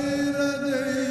خير دين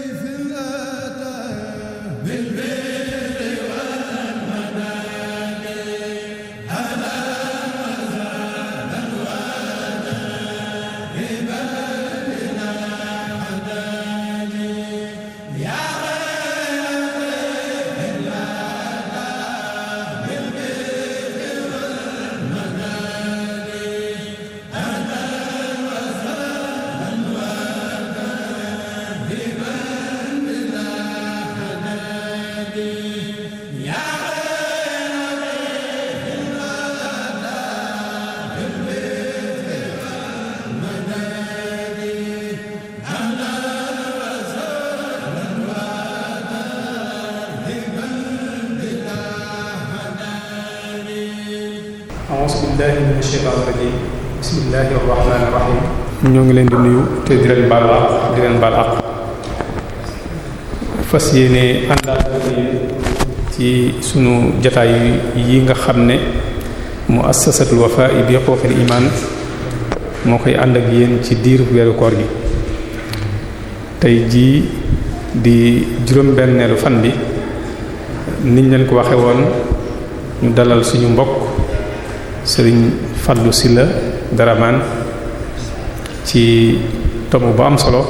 ñoo ngi leen di nuyu te di leen baal àq di leen baal àq fas yéene àndaat ci sunu jataay yi nga xam ne muassasatul Wafa bi huquqil iman moo koy ànd ak yéen ci diiru weeru koor gi tey jii di juróom-benneelu fan bi niñ leen ko waxe woon ñu dalal suñu mbokk Serigne Fallou Sylla Daraman ci tomb bu am solo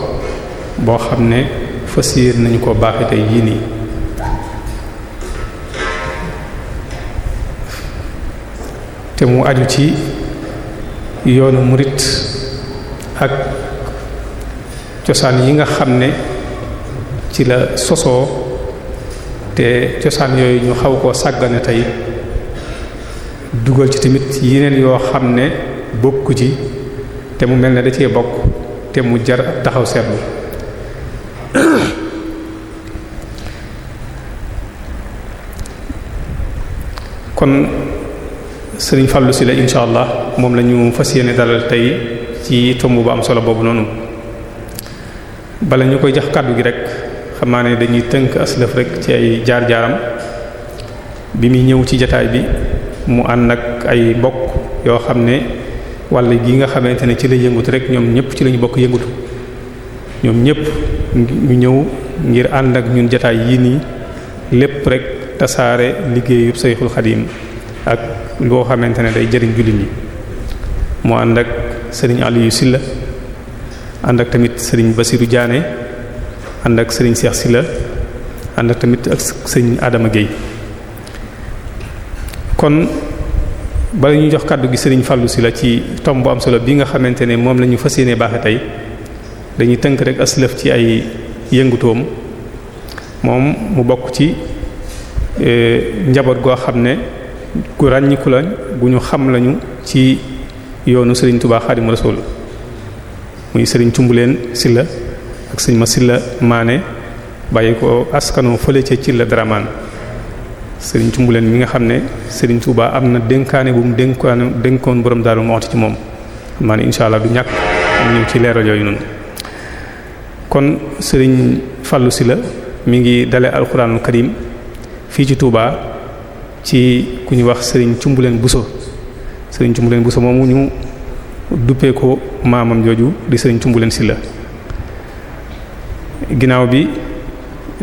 boo xam ne fas yéene nañu ko baaxe tey jii nii te mu aju ci yoonu murit ak cosaan yi nga xam ne ci la sosoo te cosaan yooyu ñu xaw koo sàggane tey dugal ci tamit yeneen yoo xam ne bokku ci te mu mel ne da cee bokk te mu jar ab taxaw seetlu kon sëriñ Fallou si la incha allah moom lañu ñu fas yéene dalal tey ci tomb bu am solo boobu noonu bala ñu koy jox kàddu gi rek xam naa ne dañuy tënk aslëf rekk ci ay jaar-jaaram bi muy ñëw ci jataay bi mu ànd ak ay bokk yoo xam ne wala gi nga xamante ne ci la yëngutu rek ñoom ñëpp ci bokk yëngutu ñëpp ñu ñëw ngir ànd ak ñun jataay yii nii lépp rek tasaare liggéeyub Sayxul Xadiim ak loo xamante ne day jëriñ jullit ñi moo ànd ak sëriñ Aliou Silla ànd ak tamit sëriñ Basirou jaane ànd ak sëriñ Cheikh Silla ànd ak tamit ak sëriñ Adama Gueye kon bala ñu jox kàddu gi sëriñ Fallou si la ci tomb bu am solo bi nga xamante ne moom lañu ñu fas yéene baaxe tey dañuy tënk rek aslëf ci ay yëngutoom moom mu bokk ci e, njaboot goo xam ne gu ràññiku lañ gu ñu xam lañu ci yoonu sëriñ Touba Xaadimu Rasuul muy sëriñ Tumbuleen Silla ak sëriñ ma Silla Maane bàyyi ko askano fële ca ci la Dramane sëriñ Cumbuleen mi nga xam ne sëriñ Touba am na dénkaane bu mu dénkaane dénkoon borom Darou Moukhty ci moom xam naa ne incha allah du ñàkk ñu ci leeral yooyu noonu. kon sëriñ Fallou Sylla mi ngi dalee alxuraanul karim fii ci Touba ci ku ñu wax sëriñ Cumbuleen Bousso sëriñ Cumbuleen moom moomu ñu duppee ko maamam jooju di sëriñ Cumbuleen Sylla ginnaaw bi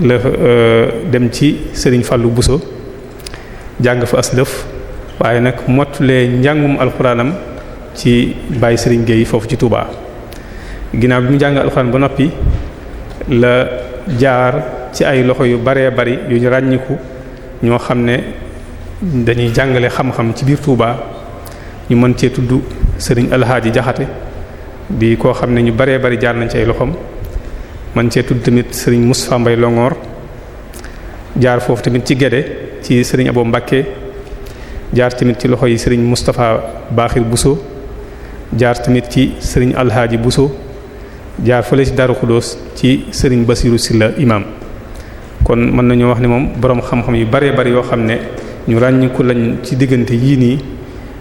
la euh, dem ci sëriñ fàllu buso jàng fa aslëf waaye nag motulee njàngum alxuraanam ci bàyyi sëriñ Gueye foofu ci Touba ginnaaw bi mu jàng alxuraan ba noppi la jaar ci ay loxo yu baree bari yu ñu ràññiku ñoo xam ne dañuy jàngale xam-xam ci biir tuuba ñu mën cee tudd Serigne Alhaaji Jaxate bi koo xam ne ñu baree bari jaar nañ ci ay loxoom mën cee tudd tamit sëriñ Moustapha Mbaye Longoor jaar foofu tamit ci Guédé ci sëriñ Abo Mbacke jaar tamit ci loxo yi sëriñ mustafa Baaxir Bousso jaar tamit ci sëriñ alxaaji Bousso jaar fële ci Darou Khoudoss ci sëriñ Basirou Silla imaam kon mën nañoo wax ni moom boroom xam-xam yu baree bari yoo xam ne ñu ràññiku lañ ci diggante yii nii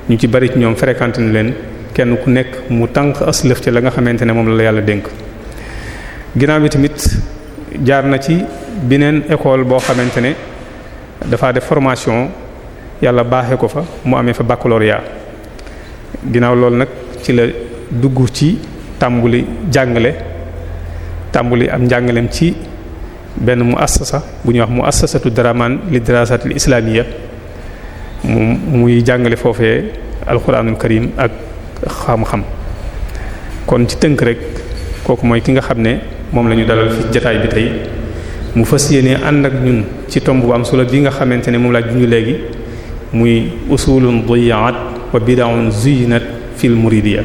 ñu ci bari ci ñoom fréquenté na leen kenn ku nekk mu tànk aslëf ci la nga xamante ne moom la yàlla dénk ginnaaw bi tamit jaar na ci beneen école boo xamante ne dafa def formation yàlla baaxe ko fa mu amee fa baccalauréat ginnaaw loolu nag ci la dugg ci tàmbuli jàngale tàmbuli am njàngaleem ci benn mu assasa bu ñuy wax mu assasatu daraman li dirasatil islamiyya mu muy jàngale foofee alquranul karim ak xam-xam kon ci tënk rek kooku mooy ki nga xam ne moom la ñu dalal fi jataay bi tey mu fas yéene ànd ak ñun ci tomb bu am solo bi nga xamante ne moom laa junj léegi muy usulun diyaat wa bid'un zuyinat fil muridiyya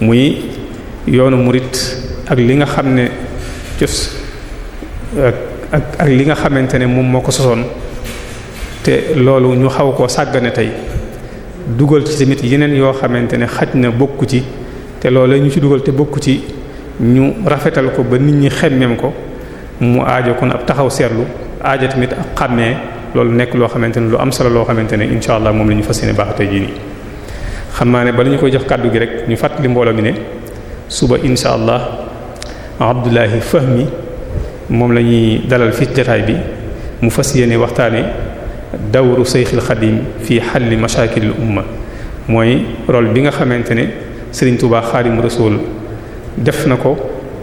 muy yoonu murid ak li nga xam ne cos ak ak li nga xamante ne moom moo ko sosoon te loolu ñu xaw ko sàggane tey dugal ci tamit yeneen yoo xamante ne xaj na bokk ci te loolu ñu ci dugal te bokku ci ñu rafetal ko ba nit ñi xemmeem ko mu aajo kon ab taxaw seetlu aajo tamit ak xàmmee loolu nekk loo xamante ne lu am solo loo xamante ne incha allah moom lañu ñu fas yéene baax xam naa ne bala ñu koy jox kàddu gi rek ñu fàttali mbooloo ne suba incha allah Abdullahi Fahmi moom la ñuy dalal fii jotaay bi mu fas yéene waxtaane dawru Seyxul Xadim fii xalli mashaakilil umma mooy rôle bi nga xamante ne Serigne Touba Xaadimu Rasuul def na ko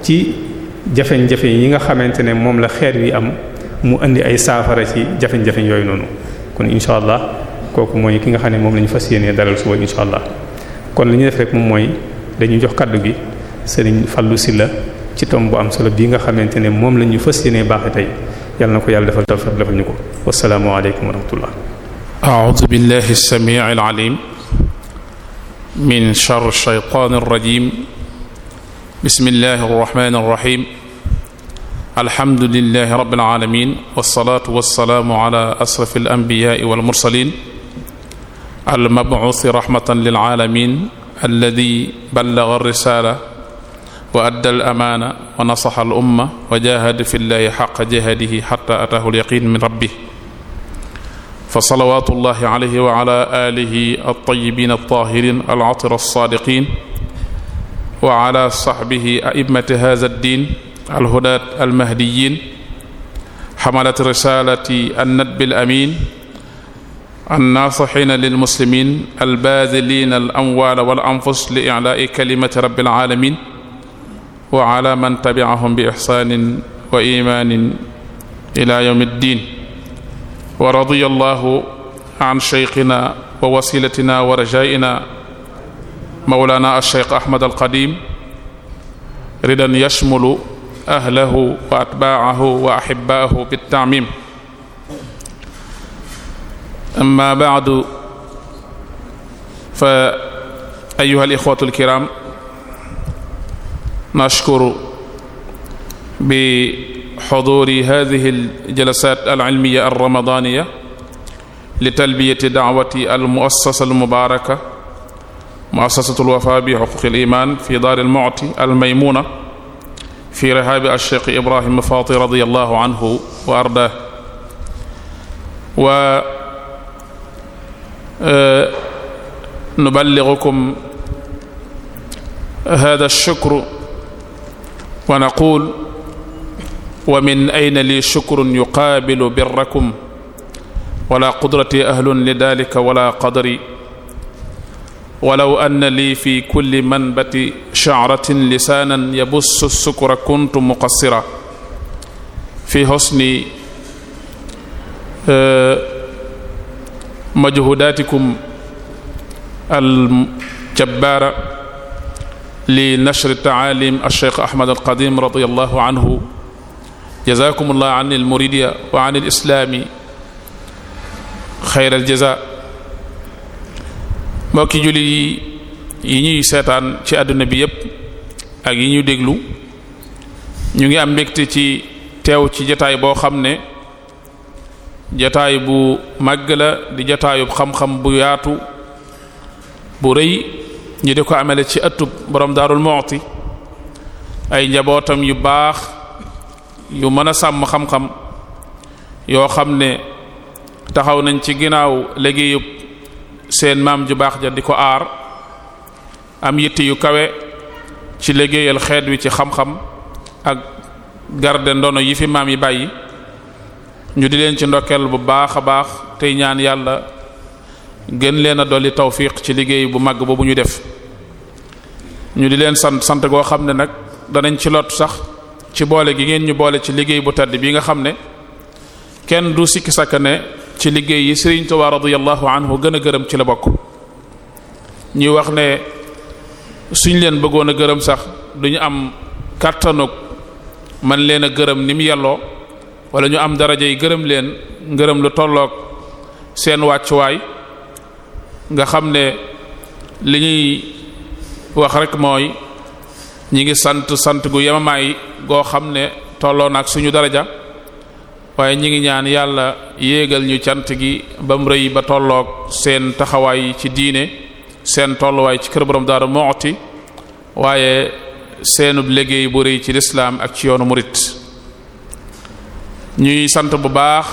ci. jafe-jafe yi nga xamante ne moom la xeet wi am mu indi ay saafara ci jafe-jafe yooyu noonu kon incha allah kooku mooy ki nga xam ne moom lañu ñu fas yéenee dalal suba incha allah kon li ñu def rek moom mooy dañu jox kaddu gi sëriñ Fallou la ci tom bu am solo bii nga xamante ne moom la ñu fas yéenee baaxe tey yàlla na ko yàlla defal tawfiq defal ñu ko wasalaamu aleykum wa rahmatullah a'udhu billahi as-sami'il min sharri shaytanir rajim bismillahi arrahmani irrahim alhamdulilahi rabilalamin walsalaatu walsalaamu ala asraf alanbiyai walmursalin almabuusi rahmatan lilaalamin alladi ballaga alrisala wa adda alamaana wa nasaxa alumma wa jahada fi llahi xaqa jahadihi xata ataahu alyaqin min rabbih fa salawatullahi alayhi wa ala alihi altayibin altahirin alatir alsaadiqin wa ala sahbihi a'immati hadha ad-din al-hudat al-mahdiyyin hamalat risalati an-nadb al-amin an-nasihin lil-muslimin al-bazilin al-amwal wal-anfus li-i'la'i kalimati rabbil alamin wa ala man tabi'ahum bi ihsanin wa imanin ila yawmiddin wa radiyallahu an shaykhina wa wasilatina wa raja'ina mawlaana alcheikh ahmad alqadim ridan yashmulu ahlahu wa atbaahu wa ahibaahu bittaamim amma baadu fa ayuha alixwatu alkiram nashkuru bixuduri hadihi aljalasat alilmiya alramadaniya litalbiyati daawati almuassasa almubaraka muassasatu alwafa bi xuquqi aliman fi daar almu'ti almaymuna fi rihaabi alcheikh ibrahim fati radiyallahu anhu wa arda wa nuballighukum hada alshukru wa naqul wa min ayna li shukrun yuqaabilu birrakum wala qudrati ahlun li dalika wala qadri walaw anna lii fi kulli manbati sha'ratin lisaanan yabussu sukra kuntu muqassira fi husni majhudaatikum aljabbaara li nashri taalim alcheikh ahmad alqadim radiyallahu anhu jazaakumullah an almuridiya wa an alislaami xayra aljaza mbokki jullit yi yi ñuy seetaan ci àdduna bi yépp ak yi ñuy déglu ñu ngi am mbégte ci teew ci jataay boo xam ne jataay bu màgg la di jataayub xam-xam bu yaatu bu rëy ñu di ko amele ci ëttub borom daarul mooti ay njabootam yu baax yu mën a sàmm xam-xam yoo xam ne taxaw nañ ci ginnaaw liggéeyub seen maam ju baax ja di ko aar am yitte yu kawe ci liggéeyal xeet wi ci xam-xam ak garde ndono yi fi maam yi bàyyi ñu di leen ci ndokkeel bu baax a baax tey ñaan yàlla gën leen a dolli tawfiq ci liggéey bu màgg boobu ñu def ñu di leen sant sant goo xam ne nag danañ ci lot sax ci boole gi ngeen ñi boole ci liggéey bu tedd bi nga xam ne kenn du sikki sakka ne ci liggéey yi Serigne Touba radiyallahu anhu gën a gërëm ci la bokk ñuy wax ne suñ leen bëggoon a gërëm sax duñu am kàttanug man leen a gërëm ni mu yelloo wala ñu am daraja yi gërëm leen ngërëm lu tollook seen wàccuwaay nga xam ne li ñuy wax rek mooy ñi ngi sant sant gu yemamaay goo xam ne tolloo naag suñu daraja waaye ñi ngi ñaan yàlla yéegal ñu cant gi ba mu rëy ba tollook seen taxawaay ci diine seen tolluwaay ci kër borom Daaru Muxti waaye seenub léggéey bu rëy ci lislaam ak ci yoonu murit ñuy sant bu baax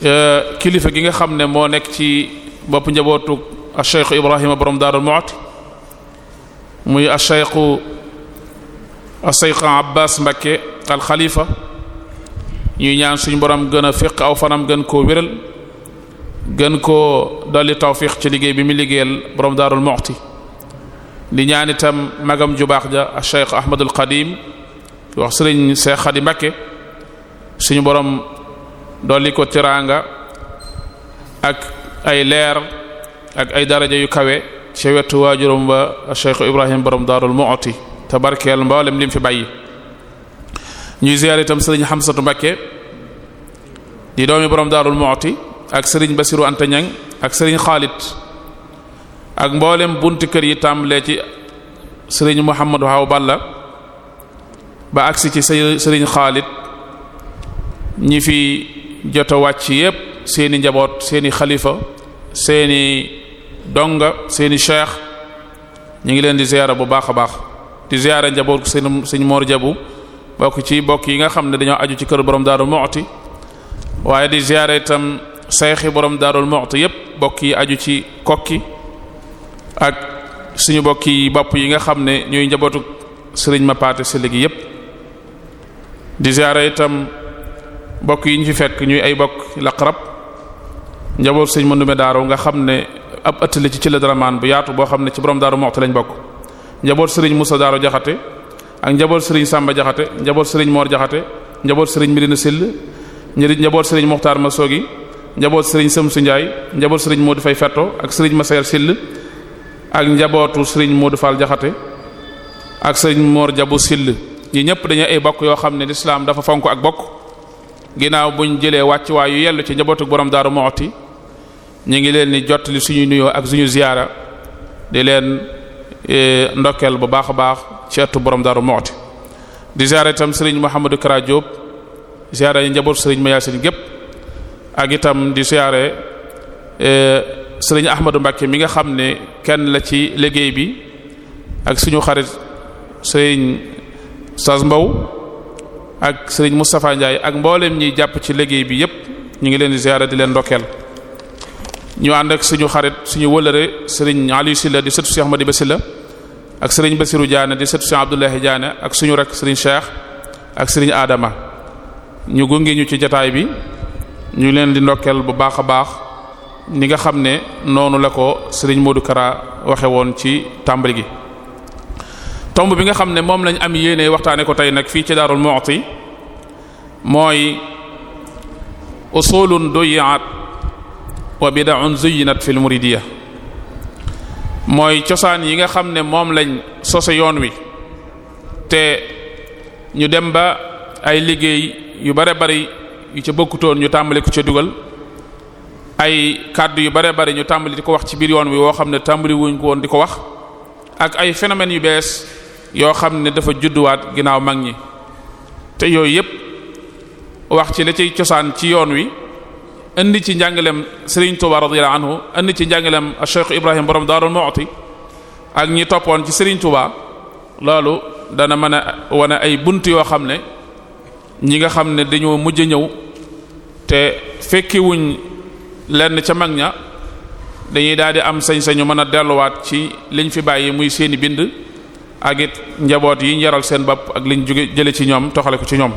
e, kilifa gi nga xam ne moo nekk ci bopp njabootu Cheikh Ibrahima borom Daaru Muxti muy Cheikh Cheikh Abbas Mbakke al Khalifa ñuy ñaan suñu borom gën a fiq aw fanam gën koo wéral gën koo dolli tawfiq ci liggéey bi mu liggéeyal borom daarul muxti di ñaan itam magam ju baax ja Cheikh Ahmadul Xadim wax sëriñ Cheikh Xadim Mbakke suñu borom dolli ko tiraanga ak ay leer ak ay daraja yu kawe ci wetu waajuram ba Cheikh Ibrahim borom daarul muxti te barkeel mboolem lim fi bàyyi ñuy ziyaar itam sëriñ Xamsatu Mbakke di doomi borom Daarul Muxti ak sëriñ Basiru Anta Ñang ak sëriñ Xaalit ak mboolem bunti kër yi tàmbalee ci sëriñ Muhammadu Haw Balla ba agsi ci sëriñ Xaalit ñi fi jot a wàcc yépp seeni njaboot seeni xalifa seeni donga seeni cheikh ñu ngi leen di ziyaara bu baax a baax di ziyaara njaboot seen sëñ Moor Jabu bokk ci bokk yi nga xam ne dañoo aju ci kër borom daarul muxti waaye di ziyaare itam sayxi borom daarul muxti yépp bokk yi aju ci kokki ak suñu bokk yi bopp yi nga xam ne ñuy njabootu sëriñ ma paate si léegi yépp di ziyaare itam bokk yi ñu fi fekk ñuy ay bokk laqrab njaboot ma mëndume daaru nga xam ne ab ëttali ci ci la maan bu yaatu boo xam ne ci borom daaru muxti lañ bokk njaboot sëriñ musa daaru jaxate ak njaboot sëriñ Samba Jaxate njaboot sëriñ Mor Jaxate njaboot sëriñ Medina Sill njëriñ njaboot sëriñ Muxtaar Masogi njaboot sëriñ Sëmsu Njaay njaboot sëriñ Modou Fay Fetto ak sëriñ Masayer Sill ak njabootu sëriñ Modou Fall Jaxate ak sëriñ Mor Jabu Sill ñi ñëpp dañu ay bokk yoo xam ne lislaam dafa fonk ak bokk ginnaaw buñ jëlee wàcc waay yu yellu ci njabootu borom Daaru Muxti ñu ngi leen di jottali suñu nuyoo ak suñu ziyaara di leen eh, ndokkeel bu baax a baax ci ëttu borom daaru mooti di ziare itam sëriñ Mouhamadou Kara Diop yi njaboot sëriñ Mayacine gépp ak itam di ziare e, sëriñ ahmadu Mbacke mi nga xam ne kenn la ci liggéey bi ak suñu xarit sëriñ Saz Mbow ak sëriñ Moustapha Ndiaye ak mboolem ñiy jàpp ci liggéey bi yépp ñu ngi leen di ziare di leen ndokkeel ñu ànd ak suñu xarit suñu wëlëre seriñ Aliou Sylla di sëtu Cheikh Ahmadou Basila ak sëriñ Basiru Diané di sëtu Cheikh Abdoulaye Diané ak suñu rek sëriñ Cheikh ak sëriñ aadama ñu gunge ci jataay bi ñu leen di ndokkeel bu baax a baax ni nga xam ne noonu la ko sëriñ Modou Kara waxe woon ci tàmbali gi. tomb bi nga xam ne moom lañ am yéene waxtaane ko tey nag fii ci Darou Moukhty mooy usulun duyiat wa bid'un zuyinat fil muridiyya mooy cosaan yi nga xam ne moom lañ soso yoon wi te ñu dem ba ay liggéey yu bare bari yu ca bokkutoon ñu tàmbali ko ca dugal ay kàddu yu bare bari ñu tàmbali di ko wax ci biir yoon wi woo xam ne tàmbali wuñ ko woon di ko wax ak ay phénomènes yu bees yoo xam ne dafa judduwaat ginnaaw mag ñi te yooyu yépp wax ci la cay cosaan ci yoon wi indi ci njàngaleem Serigne Touba radiyallahu anhu indi ci njàngaleem Cheikh Ibrahim borom Darou Moukhty ak ñi toppoon ci Serigne Touba loolu dana mën a wane ay bunt yoo xam ne ñi nga xam ne dañoo mujj ñëw te fekkiwuñ lenn ca mag ña dañuy daal di am sañ-sañu mën a delluwaat ci liñ fi bàyyi muy seeni bind ak njaboot yi ñu yaral seen bopp ak lañ jóge jële ci ñoom toxale ko ci ñoom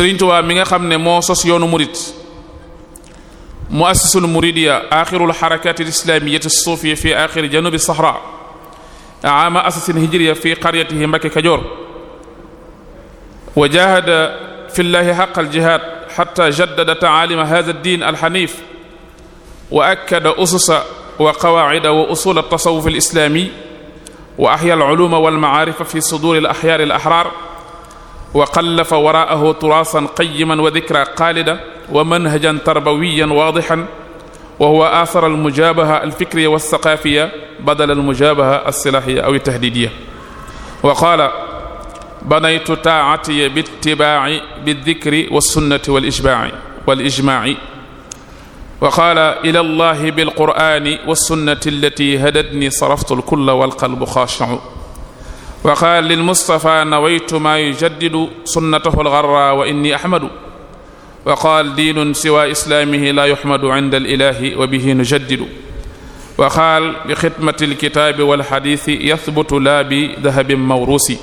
Sëriñ Tuubaa mi nga xam ne moo sos yoonu murit mu assisul muridiya axirul xarakaati lislaamiyati suufiya fi axiri janubi sahra ama asasin hijriya fi qaryatihi Mbakke Kajoor wa jahada fi llahi xaqa aljihad xata jaddada taalima hada ddin alxanif wa akkada ususa wa qawaacida wa usula tasawuf alislami wa axya alculuma walmacaarifa fi suduri alaxyaar alaxraar wa xallafa waraahu turaasan qayiman wa dikra xaalida wa manhajan tarbawiyan waadixan wa huwa athara almujabaha alfikriya walsaqaafiya badala almujabaha alsilaahiya aw tahdidiya wa qaala banaytu taatiya bittibaaci bildikri walsunnati walijmaaci walijmaaci wa qaala ila allahi bilqur'ani walsunnati allati hadatni saraftu alkulla walqalbu xaashicu wa qaal lilmustafa nawaytu maa yujaddidu sunnatahu algarra wa inni ahmadu wa qaal diinun siwa islaamihi la yuhmadu inda alilahi wa bihi nujaddidu wa qaal bi xidmati alkitaabi walxadiisi yathbutu laa bi dahabin mawruusi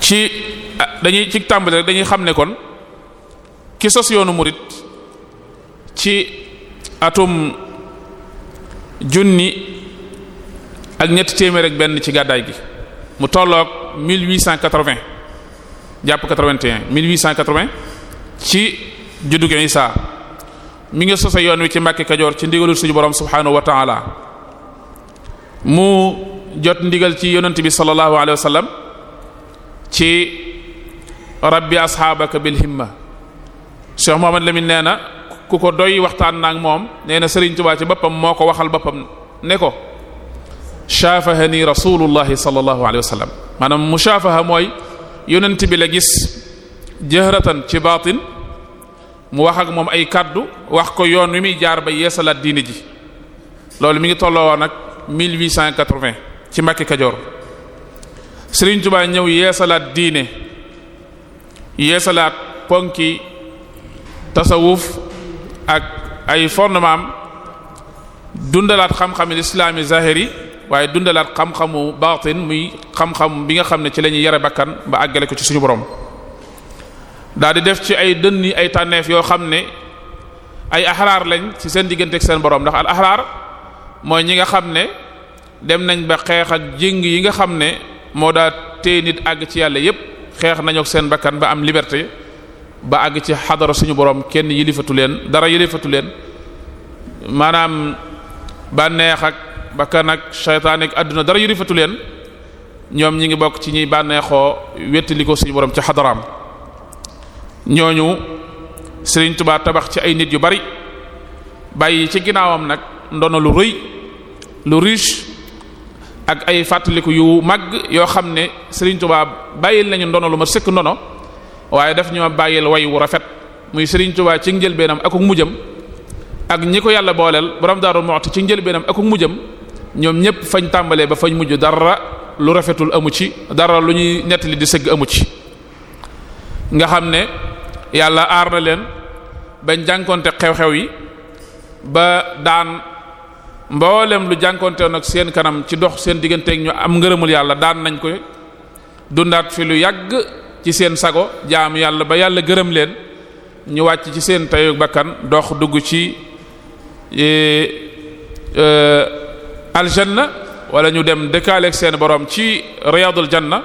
ci dañuy ci tàmbali rek dañuy xam ne kon ki sos yoonu murit ci atum junni ak ñetti téeméer ak benn ci gàddaay gi mu tolloog 1880 jàpp 81 1880 ci juddu gi Isa mi ngi sose yoon wi ci Mbàkke Kajoor ci ndigalul suñu borom subhaanahu wa taala mu jot ndigal ci yonant bi sallallahu alayhi wa sallam ci rabbi asxaabaka bil himma Cheikh Mohammed Lamine nee na ku ko doy waxtaan naag moom nee na Serigne Touba ci boppam moo ko waxal boppam ne ko shaafaha nii rasulullahi sallallahu alayhi bi la gis jahratan baatin mu wax moom ay kaddu wax ko yoon mi muy jaar ba yeesalaat diini ji loolu mi ngi tolloo woon nag 1880 ci Mbàkke Kajoor Sëriñ Tuubaa ñëw yeesalaat diine yeesalaat ponki tasawuf ak ay fondement dundalaat xam-xami lislaami zahiri waaye dundalaat xam-xamu baatin muy xam-xam bi nga xam ne ci lañuy yare bakkan ba àggale ko ci suñu borom daal di def ci ay dënni ay tànneef yoo xam ne ay ahraar lañ ci seen diggante ak seen borom ndax al ahraar mooy ñi nga xam ne dem nañ ba xeex ak jéng yi nga xam ne moo daa téye nit àgg ci yàlla yépp xeex nañu ak seen bakkan ba am liberté ba àgg ci xadara suñu borom kenn yilifatu leen dara yilifatu leen maanaam bànneex ak bakkan ak shaytaan ak àdduna dara yu rifatu leen ñoom ñi ngi bokk ci ñuy bànneexoo wettali suñu borom ci xadaraam ñooñu sëriñ tubaa tabax ci ay nit yu bari bàyyi ci ginnaawam nag ndono lu rëy lu riche ak ay fàttaliku yu mag yoo xam ne Serigne Touba bàyyil nañu ndono lu ma sëkk ndono waaye def ñoo bàyyil way wu rafet muy sëriñ tubaa ci njëlbeenam ak mujjam ak ñi ko yàlla booleel borom Daaru Muxti ci njëlbeenam ak mujjam. ñoom ñépp fañ tàmbalee ba fañ mujj dara lu rafetul amu ci dara lu ñuy nettali di sëgg amu ci nga xam ne yàlla aar na leen bañ jànkonte xew-xew yi ba daan mboolem lu jànkonte nag seen kanam ci dox seen digganteeg ñu am ngërëmul yàlla daan nañ ko dundaat fi lu yàgg ci seen sago jaamu yàlla ba yàlla gërëm leen ñu wàcc ci seen tayu bàkkan dox dugg ci eh, eh, aljanna wala ñu dem dëkkaaleeg seen boroom ci riyadul janna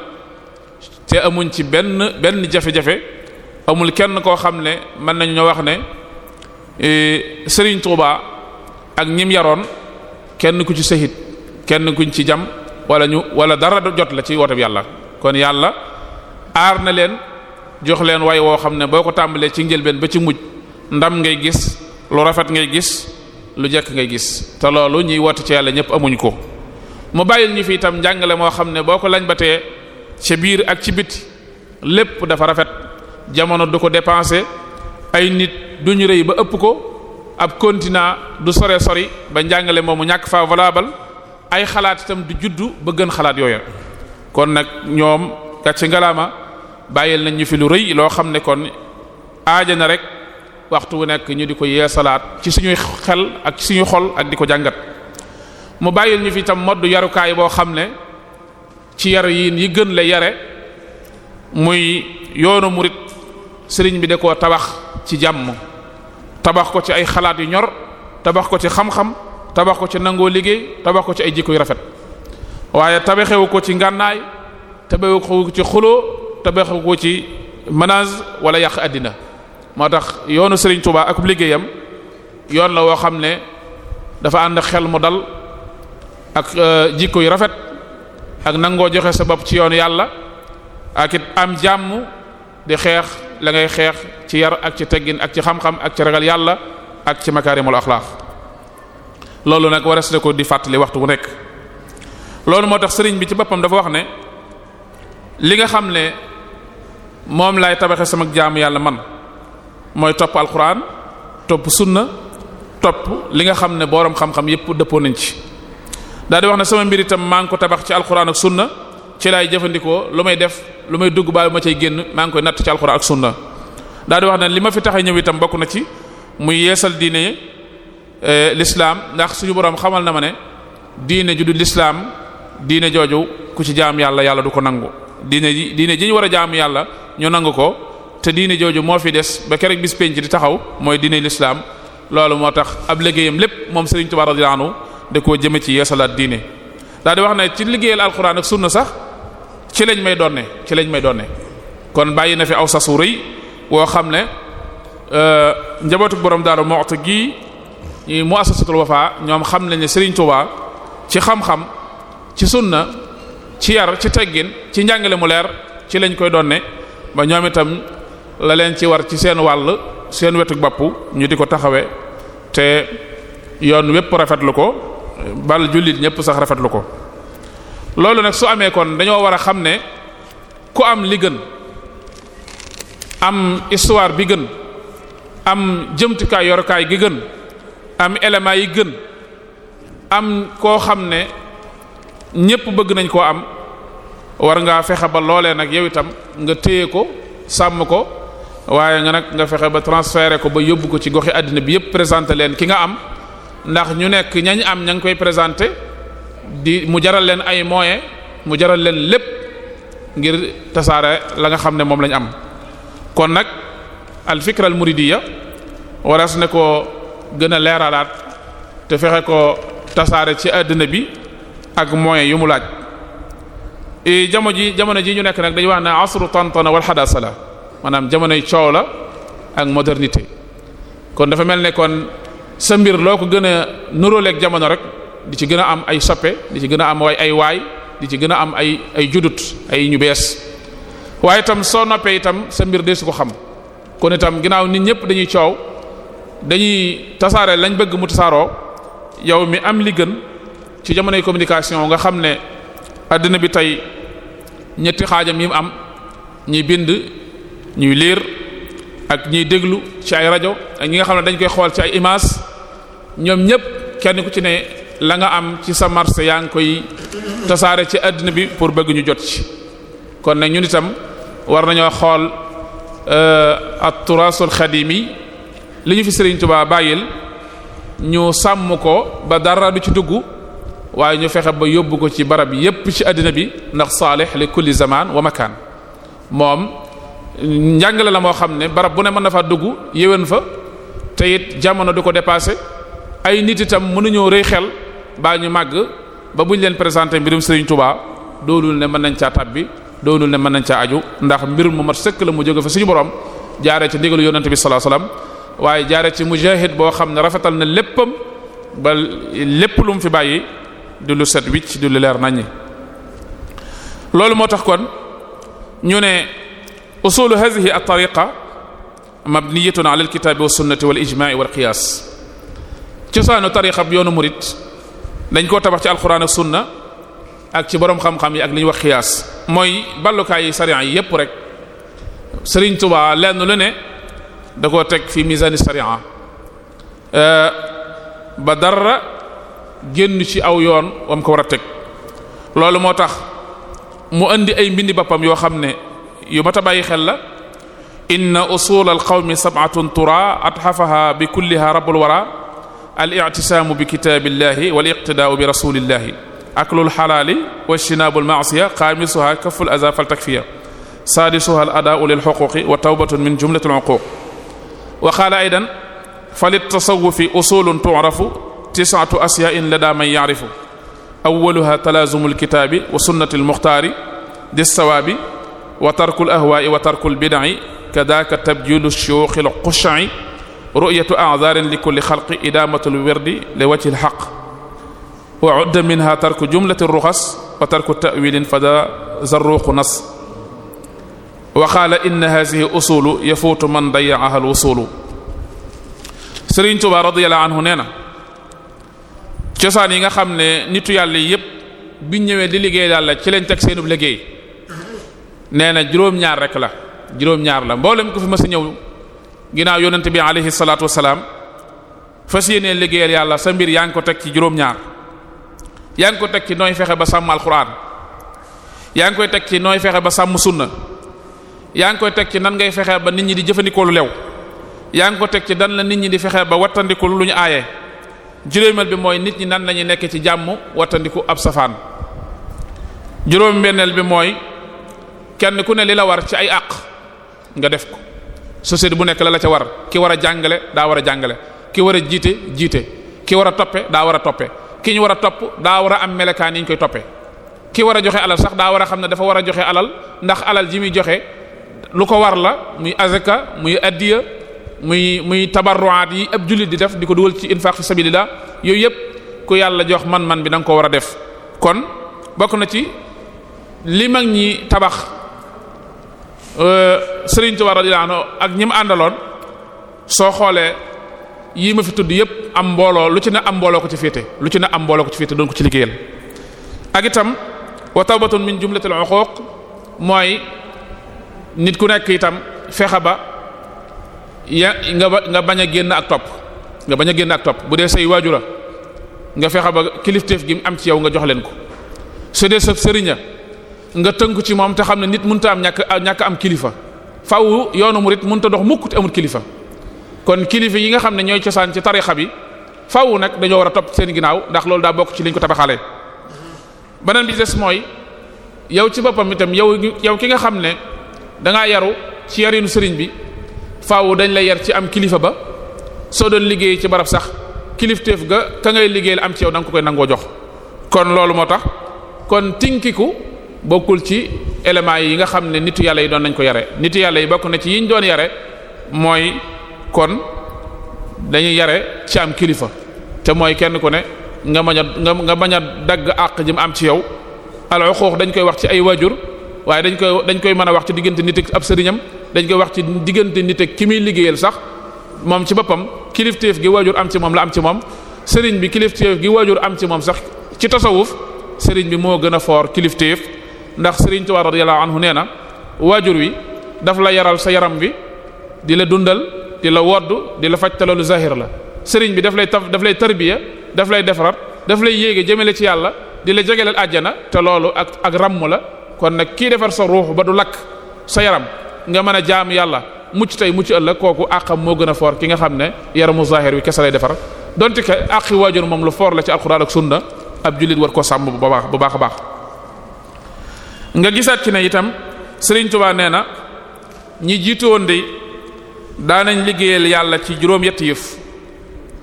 te amuñ ci benn benn jafe-jafe amul kenn koo xam ne mën nañu wax ne e, sëriñ Touba ak ñim yaroon kenn ku ci sahit kenn kuñ ci jam walla ñu wala dara jot la ci woote yàlla kon yàlla aar na leen jox leen way woo xam ne boo ko tàmbalee ci njëlbeen ba ci mujj ndam ngay gis lu rafet ngay gis lu jekk ngay gis te loolu ñuy woote ci yàlla ñëpp amuñu ko mu bàyyil ñu fi itam njàngale moo xam ne boo ko lañ batee ca biir ak ci biti lépp dafa rafet jamono du ko dépenser ay nit du ñu rëy ba ëpp ko ab continent du sore sori ba njàngale moomu ñàkk fa valable ay xalaat itam du juddu ba gën xalaat yooya kon nag ñoom ci ngalaama bàyyil nañ ñu fi lu rëy loo xam ne kon aaja na rek waxtu wu nekk ñu di ko yeesalaat ci suñuy xel ak ci suñuy xol ak di ko jàngat mu bàyyil ñu fi tam modd yarukaay boo xam ne ci yar yiin yi gën la yare muy yoonu murit sëriñ bi da koo tabax ci jàmm tabax ko ci ay xalaat yu ñor tabax ko ci xam-xam tabax ko ci nangoo liggéey tabax ko ci ay jikko yu rafet waaye tabaxewu ko ci ngànnaay tabaxewu ko ci xuloo tabaxewu ko ci menace wala yàq àddina moo tax yoonu Serigne Touba ak liggéeyam yoon la woo xam ne dafa ànd xel mu dal ak euh, jikko yu rafet ak nangoo joxe sa bopp ci yoonu yàlla ak it am jàmm di xeex la ngay xeex ci yar ak ci teggin ak ci xam-xam ak ci ragal yàlla ak ci makaarimul axlaax loolu nag waras na ko di fàttali waxtu bu nekk loolu moo tax sëriñ bi ci boppam dafa wax ne li nga xam ne moom laay tabaxe sama jaamu yàlla man mooy topp alquran topp sunna topp li nga xam ne boroom xam-xam yépp dëppoo nañ ci daal di wax ne sama mbir itam maa ngi ko tabax ci alquran ak sunna ci laay jëfandikoo lu may def lu may dugg baayu ma cay génn maa ngi koy natt ci alquran ak sunna daal di wax ne li ma fi tax ñëw itam bokk na ci muy yeesal diine e, lislaam ndax suñu boroom xamal na ma ne diine ju du l'islam diine jooju ku ci jaam yàlla yàlla du ko nangu diine ji diine ji ñu war a jaam yàlla ñu nangu ko te diine jooju moo fi des ba keroog bis penc di taxaw mooy diine lislaam loolu moo tax ab liggéeyam lépp moom Serigne Touba radiyallahu anhu da koo jëme ci yeesalaat diine daal di wax na ci liggéeyal alxuraan ak sunna sax ci lañ may donne ci lañ may donne kon bàyyi na fi aw sasu rëy woo xam ne euh, njabootu borom Daaru Muxti gii ñi muassasatul Wafa ñoom xam nañ ne Serigne Touba ci xam-xam ci sunna ci yar ci teggin ci njàngale mu leer ci lañ koy donne ba la leen ci war ci seen wàll seen wetu bopp ñu di ko taxawe te yoon wépp rafetlu ko bal jullit ñépp sax rafetlu ko loolu nag su amee kon dañoo war a xam ne ku am li gën am histoire bi gën am jëmtukaay yorukaay gi gën am éléments yi gën am koo xam ne ñépp bëgg nañ koo am war ngaa fexe ba loolee nag yow itam nga téye ko sàmm ko waaye nga nag nga fexe ba transféré ko ba yóbbu ko ci goxi àddina bi yépp présenté leen ki nga am ndax ñu nekk ñañ am ña ngi koy présenté di mu jaral leen ay moyens mu jaral leen lépp ngir tasaare la nga xam ne moom lañ am kon nag al fikra al ya waras ne ko gën a leeralaat te fexe ko tasaare ci àddina bi ak moyens yu mu laaj eh, jamono ji jamono ji ñu nekk nag dañu wax ne asru tantana wal hadasala maanaam jamonoy coow la ak modernité kon dafa mel ne kon sa mbir loo ko gën a nuróoleeg jamono rek di ci gën a am ay soppe di ci gën a am ay waay di ci gën a am ay ay judut ay ñu bees waaye itam soo noppee itam sa mbir de su ko xam kon itam ginnaaw nit ñëpp dañuy coow dañuy tasaare lañ bëgg mu tasaaroo yow mi am li gën ci jamonoy communication nga xam ne àddina bi tey ñetti xaajam yi am ñi bind ñuy liir ak ñuy déglu ci ay rajo ak ñi nga xam ne dañ koy xool ci ay image ñoom ñépp kenn ku ci ne la nga am ci sa marché yaa ngi koy tasaare ci àddina bi pour bëgguñu jot ci kon nag ñun itam war nañoo xool euh, at-turasul xadimi li ñu fi Sëriñ Tuubaa bàyyil ñu sàmm ko ba dara du ci dugg waaye ñu fexe ba yóbbu ko ci barab yépp ci àddina bi ndax saalix li kulli zamaan wa makaan moom njàngale la moo xam ne barab bu ne mën na faa dugg yéwén fa te it jamono du ko dépassé ay nit itam mënuñoo rëy xel baa ñu màgg ba buñ leen présenté mbirum Serigne Touba doolul ne mën nañ caa tab bi doonul ne mën nañ caa aju ndax mbir mu mat sëkk la mu jóge fa suñu borom jaaree ci ndigalu yonante bi sallallahu alayhi waaye jaaree ci mujahid boo xam ne rafetal na léppam ba lépp lu fi bàyyi du lu set wicc du lu leer naññi loolu moo tax kon ñu ne usulu hadhihi at-tariqa mabniyatun ala al-kitabi was-sunnati wal-ijma'i wal-qiyas cosaanu tariqa bi yoonu murit dañ koo tabax ci alquran ak sunna ak ci borom xam-xam yi ak li ñuy wax xiyaas mooy ballukaay yi sariya yi yépp rek Serigne Touba lenn lu ne da koo teg fi misaani sariya ba dara génn ci aw yoon wam ko war a teg loolu moo tax mu indi ay mbindi boppam yoo xam ne yu mat a bàyyi xel la inna usul alqawmi sab'atun tura atxafaha bi kulliha rabbul wara al i'tisaamu bi kitaabillahi wal iqtidaa'u bi rasulillahi aklul xalaali wa shinaabul ma'siya xaamisuha kaful aza fal takfiya saadisuha al adaa'u lil xuquqi wa tawbatun min jumlatil uquq wa qaala aydan fa littasawufi usulun tu'rafu tis'atu asyaa'in ladaa man ya'rifu awwaluha talaazumul kitaabi wa sunnatil muxtaari dis sawaabi wa tarkul ahwaai wa tarkul bidai kadaka tabjilu shuyuuxi l qushai ruyatu a'zaarin li kulli xalqi idaamatu l wirdi li wajhi l xaq wa udda minha tarku jumlati ruxas wa tarku ta'wiilin fada zarruuqu nas wa qaala inna haadihi usulu yafuutu man dayaaha l wusulu Sëriñ Tuubaa radiyallahu anhu nee na cosaan yi nga xam ne nitu yàlla yépp biñ ñëwee di liggéey yàlla ci lañ teg seenub liggéey nee na juróom-ñaar rekk la juróom-ñaar la mboolem ku fi mës a ñëw ginnaaw yonent bi alayhi salaatu wasalaam fas yéenee liggéeyal yàlla sa mbir yaa ngi ko teg ci juróom-ñaar yaa ngi ko teg ci nooy fexe ba sàmm alxuraan yaa ngi koy teg ci nooy fexe ba sàmm sunna yaa ngi koy teg ci nan ngay fexe ba nit ñi di jëfandikoo lu lew yaa ngi ko teg ci dan la nit ñi di fexe ba wattandiku lu ñu aaye juróomeel bi mooy nit ñi nan lañuy nekk ci jàmm wattandiku ab safaan juróom bi mooy kenn ku ne li la war ci ay àq nga def ko société bu nekk la la ca war ki war a jàngale daa war a jàngale ki war a jiite jiite ki war a toppe daa war a toppe ki ñu war a topp daa war a am melekaan yi koy toppe ki war a joxe alal sax daa war a xam ne dafa war a joxe alal ndax alal ji muy joxe lu ko war la muy azaka muy addiya muy muy tabarruaat yi ab jullit di def di ko dugal ci infaq fi sabilillah yooyu yëpp ku yàlla jox man-man bi da ko war a def kon bokk na ci tabax Euh, Serigne Touba radiyallahu anhu ak ñi mu àndaloon soo xoolee yii ma fi tudd yépp am mbooloo lu ci na am mbooloo ko ci féete lu ci ne am mbooloo ko ci féete doon ko ci liggéeyal ak itam wa tawbatun min jumlatil uquq mooy nit ku nekk itam fexe ba ya nga nga bañ a génn ak topp nga bañ a génn ak topp bu dee say waajura nga fexe ba kilifteef gi mu am ci yow nga jox leen ko su dee sa sëriña nga tënku ci moom te xam ne nit mënta am ñàkk ñàkk am kilifa faaw yoonu murit mënta dox mukk te amul kilifa kon kilifa yi nga xam ne ñooy cosaan ci tarixa bi faaw nag dañoo war a topp seen ginnaaw ndax loolu daa bokk ci liñ ko tabaxalee beneen bi des mooy yow ci boppam itam yow yow ki nga xam ne dangaa yaru ci yarinu sëriñ bi faaw dañ la yar ci am kilifa ba soo doon liggéey ci barab sax kilifteef ga ka ngay liggéeyal am ci yow da ko koy nangoo jox kon loolu moo tax bokkul ci éléments yi nga xam ne nitu yàlla yi doon nañ ko yare nitu yàlla yi bokk na ci yiñ doon yare mooy kon dañuy yare ci am kilifa te mooy kenn ku ne nga bañ a nga bañ a dagg àq ji mu am ci yow alors xoox dañ koy wax ci ay waajur waaye dañ koy dañ koy mën a wax ci diggante nit ak ab sëriñam dañ koy wax ci diggante nit ak ki muy liggéeyal sax moom ci boppam kilifteef gi waajur am ci moom la am ci moom sëriñ bi kilifteef gi waajur am ci moom sax ci tasawuf sëriñ bi moo gën a foor kilifteef ndax Sëriñ Tuubaa radiyallahu anhu nee na waajur wi daf la yaral sa yaram wi di la dundal di la wodd di la faj te loolu zahir la sëriñ bi daf lay taf daf lay tarbiya daf lay defar daf lay yéege jëmale ci yàlla di la jegeleel àjjana te loolu ak ak ràmm la kon nag kii defar sa ruux ba du lakk sa yaram nga mën a jaam yàlla mucc tey mucc ëllëg kooku àqam moo gën a foor ki nga xam ne yaramu zahir wi kese lay defar donte que àqi waajur moom lu foor la ci alxuraan ak sunna ab jullit war koo sàmm bu baax bu baax a baax nga gisaat ci ne itam Serigne Touba nee na ñi jiitu woon de daanañ liggéeyal yàlla ci juróom-yetti yëf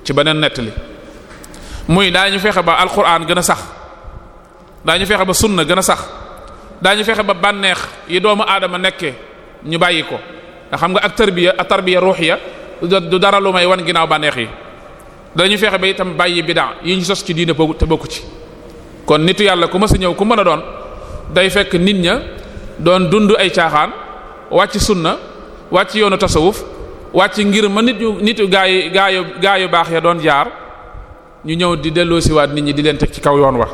ci beneen nettali muy daañu fexe ba alquran gën a sax daañu fexe ba sunna gën a sax daañu fexe ba bànneex yi doomu aadama nekke ñu bàyyi ko nga xam nga ak tarbiya ak tarbiya ruuxiya du dara lu may wan ginnaaw bànneex yi dañu fexe ba itam bàyyi bidaa yi ñu sos ci diine te bokku ci kon nitu yàlla ku mës a ñëw ku mën a doon. day fekk nit ña doon dund ay caaxaan wàcc sunna wàcc yoonu tasawuf wàcc ngir ma nit ñu nit gaa yi yu baax ya doon jaar ñu ñëw di delloosiwaat nit ñi di leen teg ci kaw yoon wa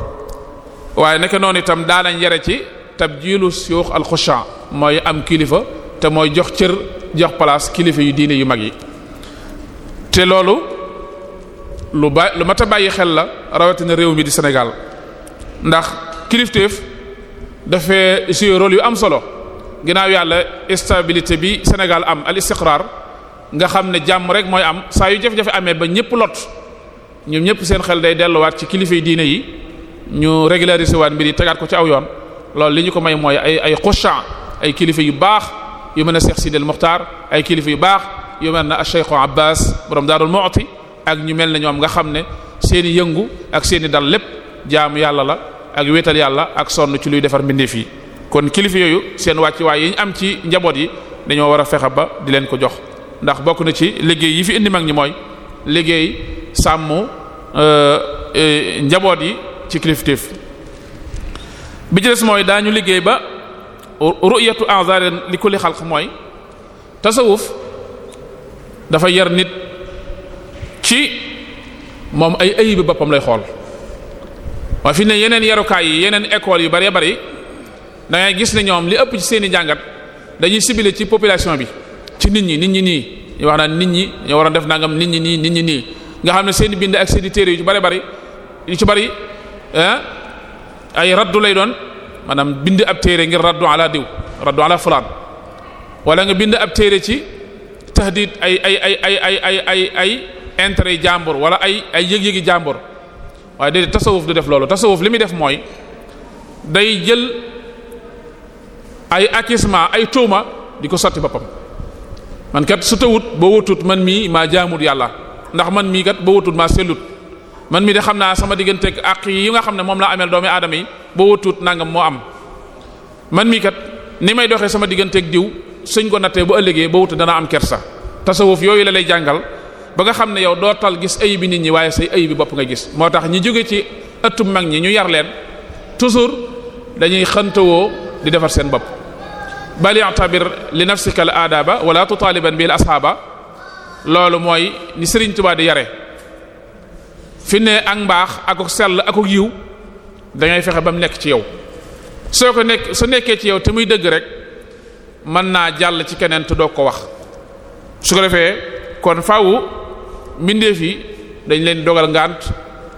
waaye naka noonu itam daa yare ci tabjiilu suyuux alxushan mooy am kilifa te mooy jox cër jox place kilifa yu diine yu mag yi te loolu lu ba lu mat a bàyyi xel la rawatina réew mi di Sénégal ndax kilifteef dafee jouer rôle yu am solo ginnaaw yàlla stabilité bi Sénégal am al istiqrar nga xam ne jàmm rek mooy am saa yu jafe-jafe amee ba ñëpp lot ñoom ñëpp seen xel day delluwaat ci kilifa yi diine yi ñu régulariser waat mbir yi tegaat ko ci aw yoon loolu li ñu ko may mooy ay ay xuchan ay kilifa yu baax yu mel ne Cheikh Sidil Muxtaar ay kilifa yu baax yu mel ne Cheikh Abbas borom Daarul Mu'ti ak ñu mel ne ñoom nga xam ne seen i yëngu ak seen i dal lépp jaamu yàlla la ak wéetal yàlla ak sonn ci luy defar mbindeef yi kon kilifa yooyu seen wàccuwaay yi ñu am ci njaboot yi dañoo war a fexe ba di leen ko jox ndax bokk na ci liggéey yi fi indi mag ñi mooy liggéey sàmm euh, euh, njaboot yi ci kilifteef bi ci mooy daañu liggéey ba ru'yatu anzaren li kulli xalq mooy tasawuf dafa yar nit ci moom ay ayibi boppam lay xool waa fi ne yeneen yarukaay yi yeneen école yu bare bëri da ngay gis ne ñoom li ëpp ci seen i jàngat dañuy ciblé ci population bi ci nit ñi nit ñi nii ñu wax naan nit ñi ñoo waroon def nangam nit ñi nii nit ñi nii nga xam ne seen i bind ak seen i téere yu ci bëri bëri yu ci bëri ay raddu lay doon maanaam bind ab téere ngir raddu ala diw raddu ala fulaan wala nga bind ab téere ci tahdid ay ay ay ay ay ay ay ay intérêt jàmbur wala ay ay yëg-yëgi waaye déedéet tasawuf du def loolu tasawuf li muy def mooy day jël ay acquisement ay tuuma di ko sotti boppam man kat su tawut boo wutut man mii maa jaamut yàlla ndax man mii kat boo wutut maa sellut man mii de xam naa sama digganteeg àq yi nga xam ne moom laa ameel doomi aadama yi boo wutut nangam moo am man mii kat ni may doxee sama digganteeg diw suñ ko nattee bu ëllëgee boo wutut dana am kersa tasawuf yooyu la lay jàngal ba nga xam ne yow doo tal gis ayi bi nit ñi waaye say ayi bi bopp nga gis moo tax ñi jóge ci ëttu mag ñi ñu yar leen toujours dañuy xantawoo di defar seen bopp bal i'tabir li nafsika al aadaba wala tutaaliban bil asxaaba loolu mooy ni Sëriñ Tuubaa di yare fi ne ak mbaax akuk sell akuk yiw dangay fexe ba mu nekk ci yow soo ko nekk su nekkee ci yow te muy dëgg rek mën naa jàll ci keneen te doo ko wax su ko defee kon faaw mbindeef yi dañ leen dogal ngant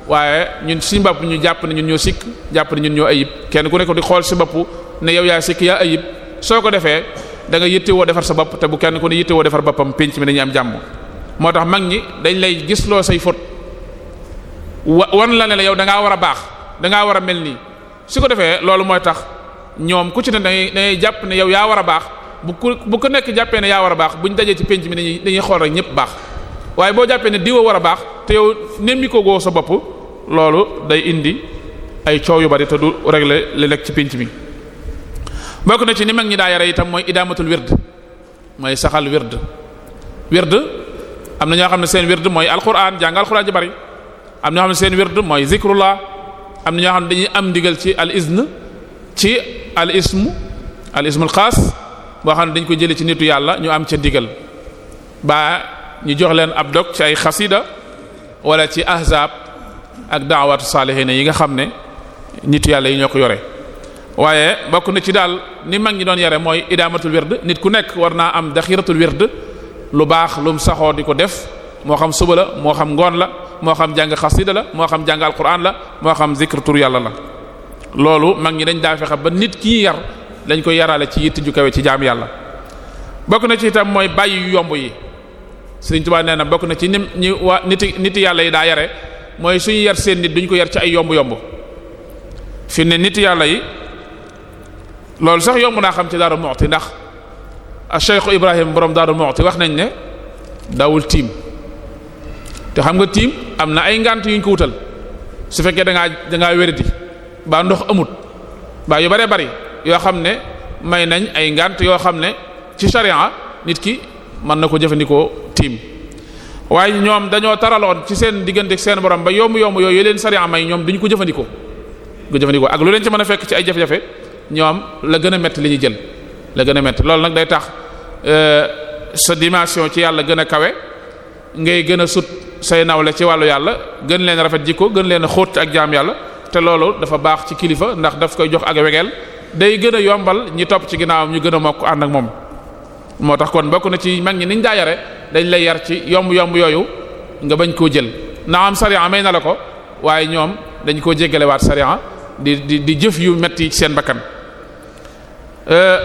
waaye ñun suñu bopp ñu jàpp ne ñun ñoo sikk jàpp ne ñun ñoo ayib kenn ku nekk di xool si bopp ne yow yaa sikk yaa ayib soo ko defee da nga woo defar sa bopp te bu kenn ku ne yittewoo defar boppam penc mi dañuy am jàmm moo tax mag ñi dañ lay gisloo say fot wa wan la ne la yow da ngaa war a baax da ngaa war a mel nii su ko defee loolu mooy tax ñoom ku ci ne dangay jàpp ne yow yaa war a baax bu ku bu ko nekk jàppee ne yaa war a baax buñ dajee ci penc mi dañuy dañuy xool rek ñëpp baax. waaye boo jàppee ne diwa war a baax te yow nemmi ko goo sa bopp loolu day indi ay coow yu bari te du régler li nekk ci pinc mi bokk na ci ni mag ñi daa yare itam mooy idaamatul wird mooy saxal wird wird am na ñoo xam ne seen wird mooy alquran jàng alquran ji bari am na ñoo xam seen wird mooy zikrullah am na ñoo xam ne dañuy am ndigal ci al izn ci al ismu al ismul xaas boo xam ne dañ ko jëlee ci nitu yàlla ñu am ca diggal ñu jox leen ab dog ci ay xasida wala ci ahzab ak daawatu saalihiina yi nga xam ne nit yàlla yi ñoo ko yore waaye bokk na ci daal ni mag ñi doon yare mooy idaamatul wird nit ku nekk war naa am daxiratul wird lu baax lum saxoo di ko def moo xam suba la moo xam ngoon la moo xam jàng xasida la moo xam jàng alquran la moo xam zikr yàlla la loolu mag ñi dañ daa fexe ba nit ki yar dañ koy yaraale ci yitt ju kawe ci jaam yàlla bokk na ci itam yi sëriñ Tuubaa nee na bokk na ci nim ñi waa niti niti yàlla yi daa yare mooy suñu yar seen nit duñ ko yar ci ay yomb-yomb fi ne nit yàlla yi loolu sax yomb naa xam ci Daaru Muxti ndax a Cheikh Ibrahim borom Daaru Muxti wax nañ ne daawul tiim te xam nga tiim am na ay ngant yuñ ko wutal su fekkee dangaa ngaa da ngaa wéradi baa ndox amut baa yu bare bari yoo xam ne may nañ ay ngant yoo xam ne ci charia nit ki mën na ko jëfandikoo tiim waaye ñoom dañoo taraloon ci seen diggante seen borom ba yomb yomb yooyu leen sariya may ñoom duñ ko jëfandikoo ko jëfandikoo ak lu leen ci mën a fekk ci ay jafe-jafe ñoom la gën a métti li ñu jël la gën a métti loolu nag day tax euh, sa dimension ci yàlla gën a kawe ngay gën a sut say nawle ci wàllu yàlla gën leen rafet jikko gën leen a xóot ak jaam yàlla te loolu dafa baax ci kilifa ndax daf koy jox ak wegeel day gën a yombal ñi topp ci ginnaawam ñu gën a mokk ànd ak moom moo tax kon bokk na ci mag ñi niñ daa yare dañ lay yar ci yomb yomb yooyu nga bañ koo jël na am sariya may na la ko waaye ñoom dañ koo jéggalewaat sariya di di di jëf yu metti ci seen bakkan euh,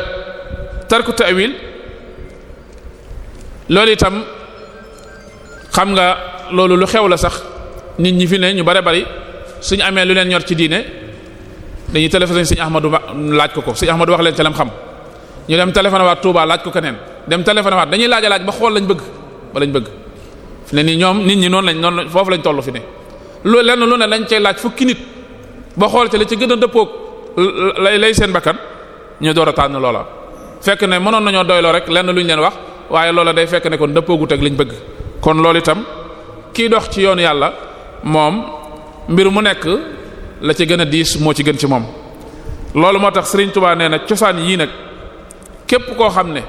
tarku ta'wil loolu itam xam nga loolu lu xew la sax nit ñi fi ne ñu bare bari suñu amee lu leen ñor ci diine dañuy téléphoné sëñ Ahmadu laaj ko ko sëñ Ahmadu wax leen ci lam xam ñu dem téléphoné waat laaj ko keneen dem téléphoné waat dañuy laaj a laaj ba xool lañ bëgg ba lañ bëgg fi ne nii ñoom nit ñi noonu lañ noonu foofu lañ toll fi ne lu lenn lu ne lañ cay laaj fukki nit ba xool ci la ci gën a dëppoog lay lay seen bakkan ñu door a tànn loola fekk ne mënoon nañoo doyloo rek lenn lu ñu leen wax waaye loola day fekk ne kon dëppoogut ak liñ bëgg kon loolu itam kii dox ci yoonu yàlla moom mbir mu nekk la ci gën a diis moo ci gën ci moom moo tax Serigne Touba nee na cosaan yii nag képp koo xam ne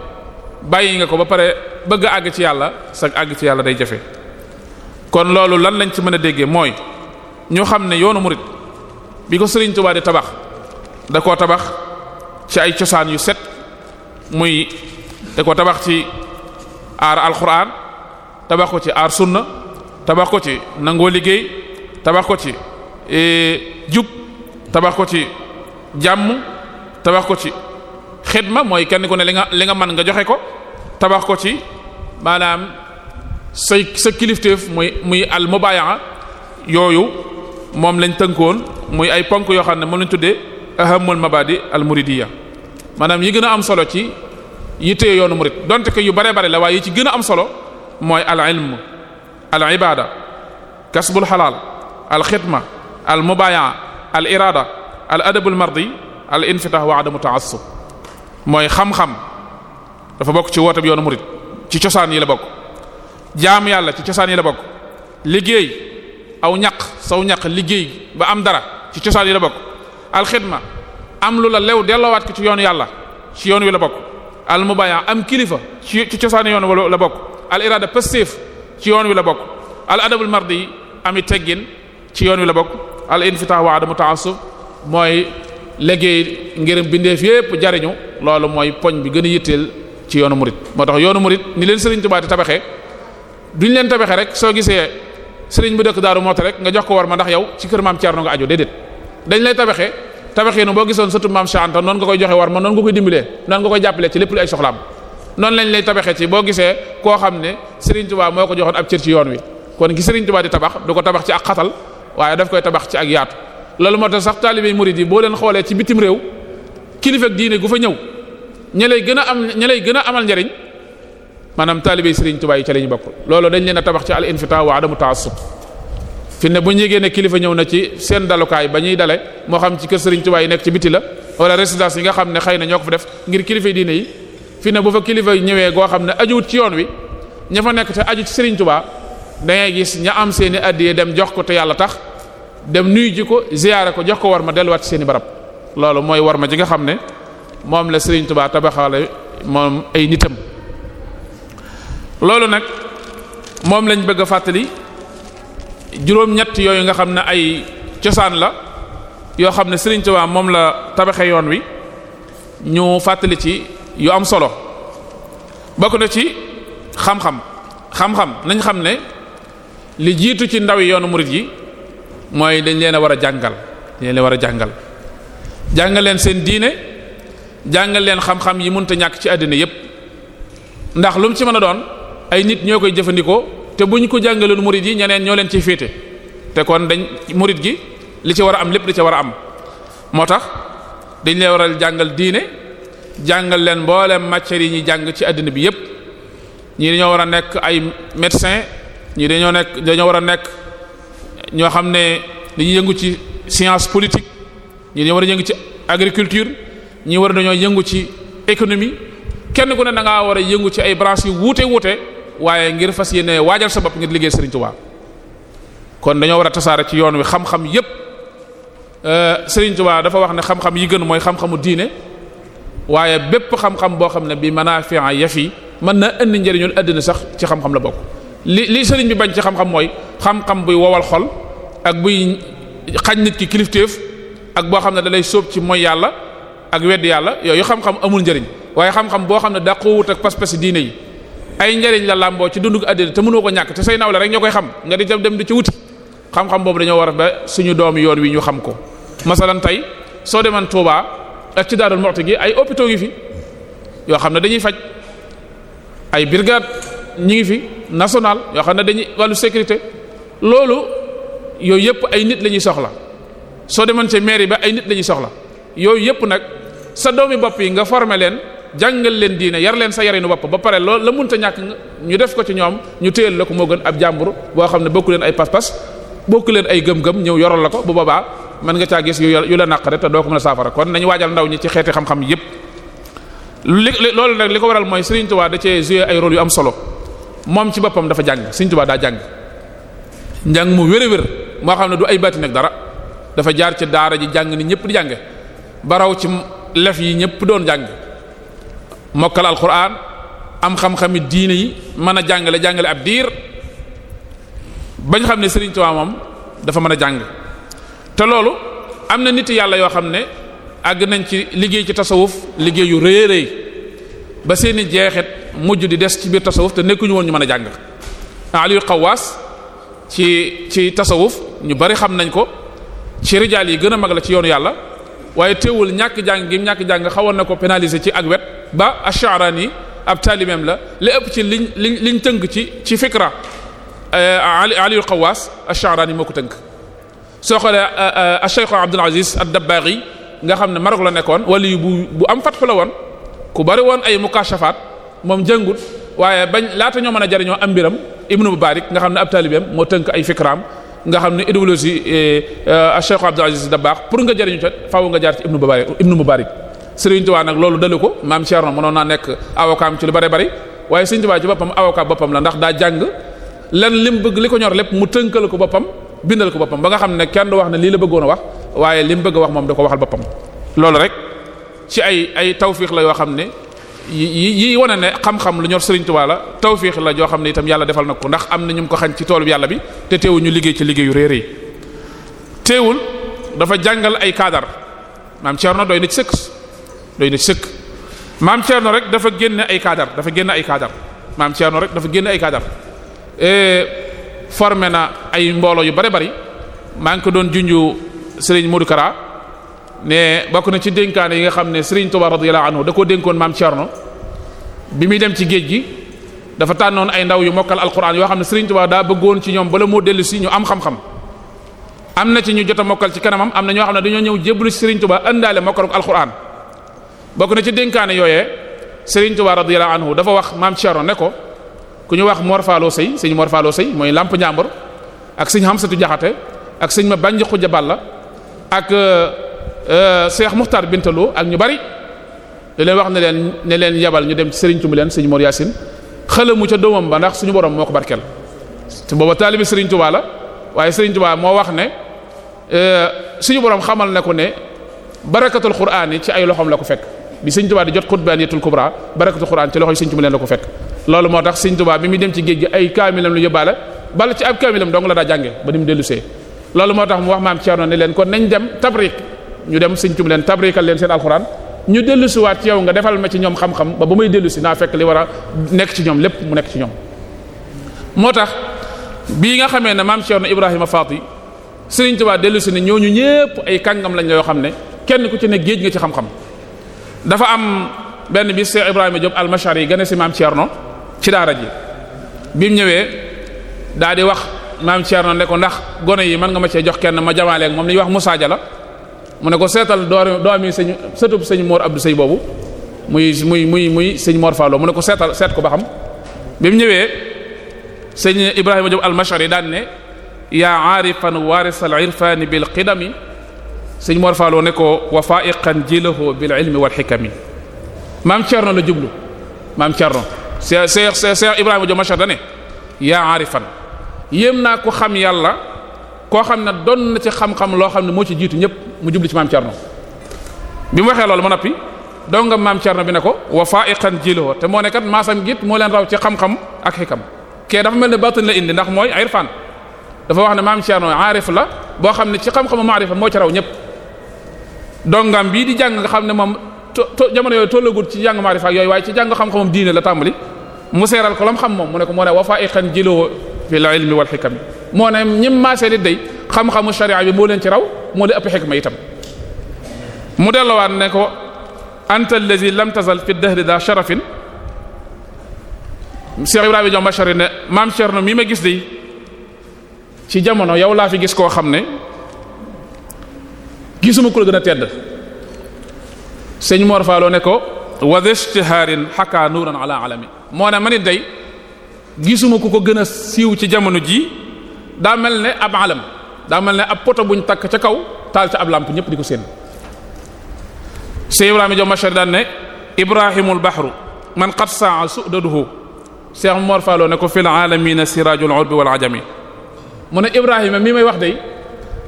bàyyi nga ko ba pare bëgg àgg ci yàlla sag àgg ci yàlla day jafe kon loolu lan lañ ci mën a déggee mooy ñu xam ne yoonu murit bi ko Sëriñ Tuubaa di tabax da koo tabax ci ay cosaan yu set muy da ko tabax ci aar alxuraan tabax ko ci aar sunna tabax ko ci nangoo liggéey tabax ko ci eh, jub tabax ko ci jàmm tabax ko ci xidma mooy kenn ku ne li nga li nga mën nga joxe ko tabax ko ci maanaam say sa kilifteef muy muy al mubayaa yooyu moom lañ tënkoon muy ay ponk yoo xam ne moom lañ tuddee ahamul mabadi al muridiyya manaam yi gën a am solo ci yittee yoonu murid donte ko yu bare bare la waaye yi ci gën a am solo mooy al ilm al ibada kasbul xalaal al xidma al mubayaa al irada al adabul mardi al infitah wa adamu taassub mooy xam-xam dafa bokk ci wootab yoonu murid ci cosaan yi la bokk jaam yàlla ci cosaan yi la bokk liggéey aw ñaq saw ñaq liggéey ba am dara ci cosaan yi la bokk alxidma am lu la lew delloowaat ko ci yoon yàlla ci yoon wi la bokk al mubaya am kilifa ci ci cosaani yoon wi la bokk al irada passif ci yoon wi la bokk al adabul mardi ami teggin ci yoon wi la bokk al infitah wa adamu ta'assub mooy liggéey ngir bindeef yépp jariñu loolu mooy poñ bi gën a yitteel ci yoonu murit moo tax yoonu murit ni leen sëriñ Tuubaa di tabaxee duñ leen tabaxee rek soo gisee sëriñ bu dëkk daaru moote rek nga jox ko war ma ndax yow ci kër maam Thierno nga aju déedéet dañ lay tabaxee tabaxee nu boo gisoon surtout maam Cheikh Anta noon nga koy joxe war ma noonu nga koy dimbalee noonu nga koy jàppalee ci lépp lu ay soxlaam noonu lañ lay tabaxee ci boo gisee koo xam ne sëriñ Tuubaa moo ko joxoon ab cër ci yoon wi kon ki sëriñ Tuubaa di tabax du ko tabax ci ak xatal waaye daf koy tabax ci ak yaatu loolu moo tax sax taalibey murid yi boo leen xoolee ci bitim réew kilifa ak diine gu fa ñëw ña lay gën a am ña lay gën a amal njariñ maanaam taalibey Serigne Touba yi ca la ñu bokk loolu dañ leen tabax ci al infita wa adamu taassub fi ne bu ñu yégee ne kilifa ñëw na ci seen dalukaay ba ñuy dale moo xam ci kër Serigne Touba yi nekk ci biti la wala résidence yi nga xam ne xëy na ñoo ko fa def ngir kilifa diine yi fi ne bu fa kilifa ñëwee goo xam ne ajuwut ci yoon wi ña fa nekk te aju ci Serigne Touba da ña am seeni addiye dem jox ko yàlla tax dem nuyu ji ko ziyaare ko jox ko war ma delluwaat ci seen barab loolu mooy war ma ji nga xam ne moom la Serigne tubaa tabaxaale moom ay nitam loolu nag moom lañ bëgg a fàttali juróom-ñett yooyu nga xam ne ay cosaan la yoo xam ne Serigne Touba moom la tabaxe yoon wi ñu fàttali ci yu am solo bokk na ci xam-xam xam-xam nañ xam ne li jiitu ci ndaw yoonu murid yi mooy dañu leen a war a jàngal dañ leen war a jàngal jàngal leen seen diine jàngal leen xam-xam yi mënta ñàkk ci àddina yépp ndax lu mu ci mën a doon ay nit ñoo koy jëfandikoo te bu ñu ko jàngaloon murid yi ñeneen ñoo leen ciy féete te kon dañ morit gi li ci war a am lépp li ci war a am moo tax dañ leen waral jàngal diine jàngal leen mbooleem matières yi ñuy jàng ci àddina bi yépp ñii dañoo war a nekk ay médecin ñii dañoo nekk dañoo war a nekk ñoo xam ne dañuy yëngu ci science politique ñu dañoo war a yëngu ci agriculture ñi war a dañoo yëngu ci économie kenn ku ne da ngaa war a yëngu ci ay branches yu wuute wuute waaye ngir fas yéene waajal sa bopp ngir liggéey Serigne Touba kon dañoo war a tasaare ci yoon wi xam-xam yépp euh, Serigne Touba dafa wax ne xam-xam yi gën mooy xam-xamu diine waaye bépp xam-xam boo xam ne bi manaafi'a yafi mën na indi njëriñul àddina sax ci xam-xam la bokk li li sëriñ bi bañ ci xam-xam mooy xam-xam buy wowal xol ak buy xañ nit ki kilifteef ak boo xam ne da lay sóob ci mooy yàlla ak wedd yàlla yooyu xam-xam amul njëriñ waaye xam-xam boo xam ne daa ko wut ak pas-pasi diine ay njëriñ la làmboo ci dundu àddina te mënoo ko ñàkk te say nawle rek ñoo koy xam nga di dem di ci wuti xam boobu dañoo war a ba suñu doom yoon wi ñu xam ko masalan tey soo deman Touba ak ci Darou Moukhty gi ay hôpitaux ngi yoo xam ne dañuy faj ay brigade ñi ngi fi national yoo xam ne dañuy wàllu sécurité loolu yooyu yëpp ay nit la ñuy soxla soo demoon ci mairie ba ay nit la ñuy soxla yooyu yëpp nag sa doomi bopp yi nga forme leen jàngal leen diine yar leen sa yarinu bopp ba pare loolu la mënta ñàkk ñu def ko ci ñoom ñu téyal la ko moo gën ab jàmbur boo xam ne bokk leen ay pas-pas bokk leen ay gëm-gëm ñëw yoral la ko bu boobaa mën nga caa gis yu la naqare te doo ko mën a saafara kon nañu waajal ndaw ñi ci xeeti xam-xam yëpp li loolu nag li ko waral mooy Serigne Touba da cee jouer ay yu am solo moom ci boppam dafa jàng Sëriñ Tuubaa daa jàng njàng mu wér a moo xam ne du ay baati nag dara dafa jaar ci daara ji jàng ni ñëpp di jàng baraw ci lef yi ñëpp doon jàng mokkal alquran am xam-xami diine yi mën a jàngale jàngale ab diir bañ xam ne Sëriñ Tuubaa moom dafa mën a jàng te loolu am na nit yàlla yoo xam ne àgg nañ ci liggéey ci tasawuf liggéey yu rëy ba seeni jeexit mujj di des ci biir tasawuf te nekkuñu woon ñu mën a jàng Aliyu Xawaas ci ci tasawuf ñu bari xam nañ ko ci rijaal yi gën a mag la ci yoonu yàlla waaye teewul ñàkk jàng gi ñàkk jàng xawoon na ko pénaliser ci ak wet ba Ash'arani ab taalibeem la li ëpp ci liñ liñ liñ tënk ci ci fikra eh, Aliyu Xawaas Ash'arani moo ko tënk soo xoolee Cheikh eh, eh, Abdul Aziz ad-Dabbaghi nga xam ne Maroc la nekkoon wala yu bu bu am fatfa la woon ku bari woon ay mukashafaat moom jëngut waaye bañ laata ñoo mën a jariñoo am mbiram ibnu mubarak nga xam ne ab taalibeem moo tënk ay fikraam nga xam ne idéologie eh, eh, Cheikh Abdou Aziz Dabakh pour nga jariñu ca faaw nga jaar ci ibnu mubarak ibnu mubarak Serigne Touba nag loolu dalu ko maam Thierno mënoon naa nekk avocat am ci lu bari bari waaye Serigne Touba ci boppam avocat boppam la ndax daa jàng lan lim bëgg li ko ñor lépp mu tënkal ko boppam bindal ko boppam ba nga xam ne kenn du wax ne lii la bëggoon wax waaye lim bëgg wax moom da ko waxal boppam loolu rek ci ay ay tawfiix la yoo xam ne yi yi wane ne xam-xam lu ñor Serigne Touba la tawfiix la joo xam ne itam yàlla defal na ko ndax am na ñu ko xañ ci toolu yàlla bi te teewul ñu liggéey ci liggéeyu réer yi teewul dafa jàngal ay cadre maam Thierno doy na ci sëkk doy na ci sëkk rek dafa génne ay cadre dafa génne ay cadre maam Thierno rek dafa génne ay cadre e, formé na ay mbooloo yu bare bari maa ngi ko doon junju Serigne Modou ne bokk na ci dénkaane yi nga xam ne Serigne Touba radiyallahu anhu da koo dénkoon maam Thierno bi muy dem ci géej gi dafa tànnoon ay ndaw yu mokkal alquran yoo xam ne Serigne Touba daa bëggoon ci ñoom bala moo dellu ñu am xam-xam am na ci ñu jot a mokkal ci kanamam am na ñoo xam ne dañoo ñëw jébbalu ci Serigne Touba ëndaale mokkalu alquran bokk na ci dénkaane yooyee Serigne Touba radiyallahu anhu dafa wax maam Thierno ne ko ku ñu wax Mor Fallou Sey sëñ Mor Sey mooy Lamp Njambur ak sëñ Hamsatu Jaxate ak sëñ ma Banj Xuja Balla ak. Euh, Euh, Cheikh Muxtar Bintaloo ak ñu bari da leen wax ne leen ne leen yabal ñu dem ci Serigne Touba leen Serigne Mor Yacine xalamu ca doomam ba ndax suñu borom moo ko barkeel te booba taalibi Serigne Touba la waaye Serigne Touba moo wax ne euh, suñu borom xamal na ko ne barakatul Qur'aan yi ci ay loxoom la ko fekk bi Serigne Touba di jot xutbaaniyatul kubra barakatul Qur'aan ci loxoy Serigne Touba leen la ko fekk loolu moo tax Serigne Touba bi muy dem ci géej gi ay kaamilam lu yóbbaale bal ci la daa jànge ba mu dellusee loolu moo tax mu wax maam Thierno leen kon nañ dem Tabrik ñu dem sëñ tum leen tabrikal leen seen alxuraan ñu dellu siwaat ci yow nga defal ma ci ñoom xam-xam ba ba may dellu si naa fekk li war a nekk ci ñoom lépp mu nekk ci ñoom moo tax bii nga xamee ne maam Cheikh Ibrahima Faati Sëriñ Tuubaa dellu si ne ñooñu ñépp ay kàngam lañ la yoo xam ne kenn ku ci ne géej nga ci xam-xam dafa am benn bis Cheikh Ibrahima Diop al yi gane si maam Thierno ci daara ji bi mu ñëwee daa di wax maam Thierno ne ko ndax gone yi mën nga ma cee jox kenn ma jamaaleeg moom li wax Musaa Ja la mu ne ko seetal doom doomi sëñ sëtub sëñ Mor Abdou Sey boobu muy muy muy muy sëñ Mor mu ne ko seetal seet ko ba xam bi mu ñëwee sëñ Ibrahima Diop al-Mashari daan ne yaa aarifan waaris al-irfani bil qidami sëñ Mor Fallo ne ko wa faaiqan jilahu bil ilmi wal xikami maam Thierno la jublu maam Thierno Cheikh Cheikh Ibrahima Diop al-Mashari daan yaa aarifan yéem naa ko xam yàlla. koo xam ne doon na ci xam-xam loo xam ne moo ci jiitu ñëpp mu jubli ci maam Thierno bi mu waxee loolu ma noppi dong nga maam Thierno bi ne ko wa faaiqan jiloo te moo ne kat maasam moo leen raw ci xam-xam ak xikam kee dafa mel ne batin indi ndax mooy irfan dafa wax ne maam Thierno aarif la boo xam ne ci xam-xamu moo ci raw ñëpp dongam bii di jàng nga xam ne moom jamono yooyu tollagul ci jàng maarifa ak yooyu waaye ci jàng xam-xamam diine la tàmbali mu xam moom ne ko moo ne fil ilmi wal xikam moo ne ñim maase di day xam-xamu sharia bi moo leen ci raw moo leen ëpp xikma itam mu delluwaat ne ko anta allazi lam tazal fi dahri da sharafin Cheikh Ibrahima Diom Bachari ne maam Thierno mi ma gis de ci jamono yow laa fi gis koo xam ne gisuma ku la gën a tedd sëñ Mor Fallou ne ko wa ishtihaarin haka nuuran ala alami moo ne man it day gisuma ku ko gën a siiw ci jamono jii daa mel ne ab alam daa mel ne ab poto buñ takk ca kaw taal ca ab làmp ñëpp di ko seen Seydou Ibrahima Diop Machar daan ne Ibrahimul Bahru man qad saa su'daduhu Cheikh Mor Fallo ne ko fil alamina sirajul urbi wal ajami mu ne Ibrahima mi may wax de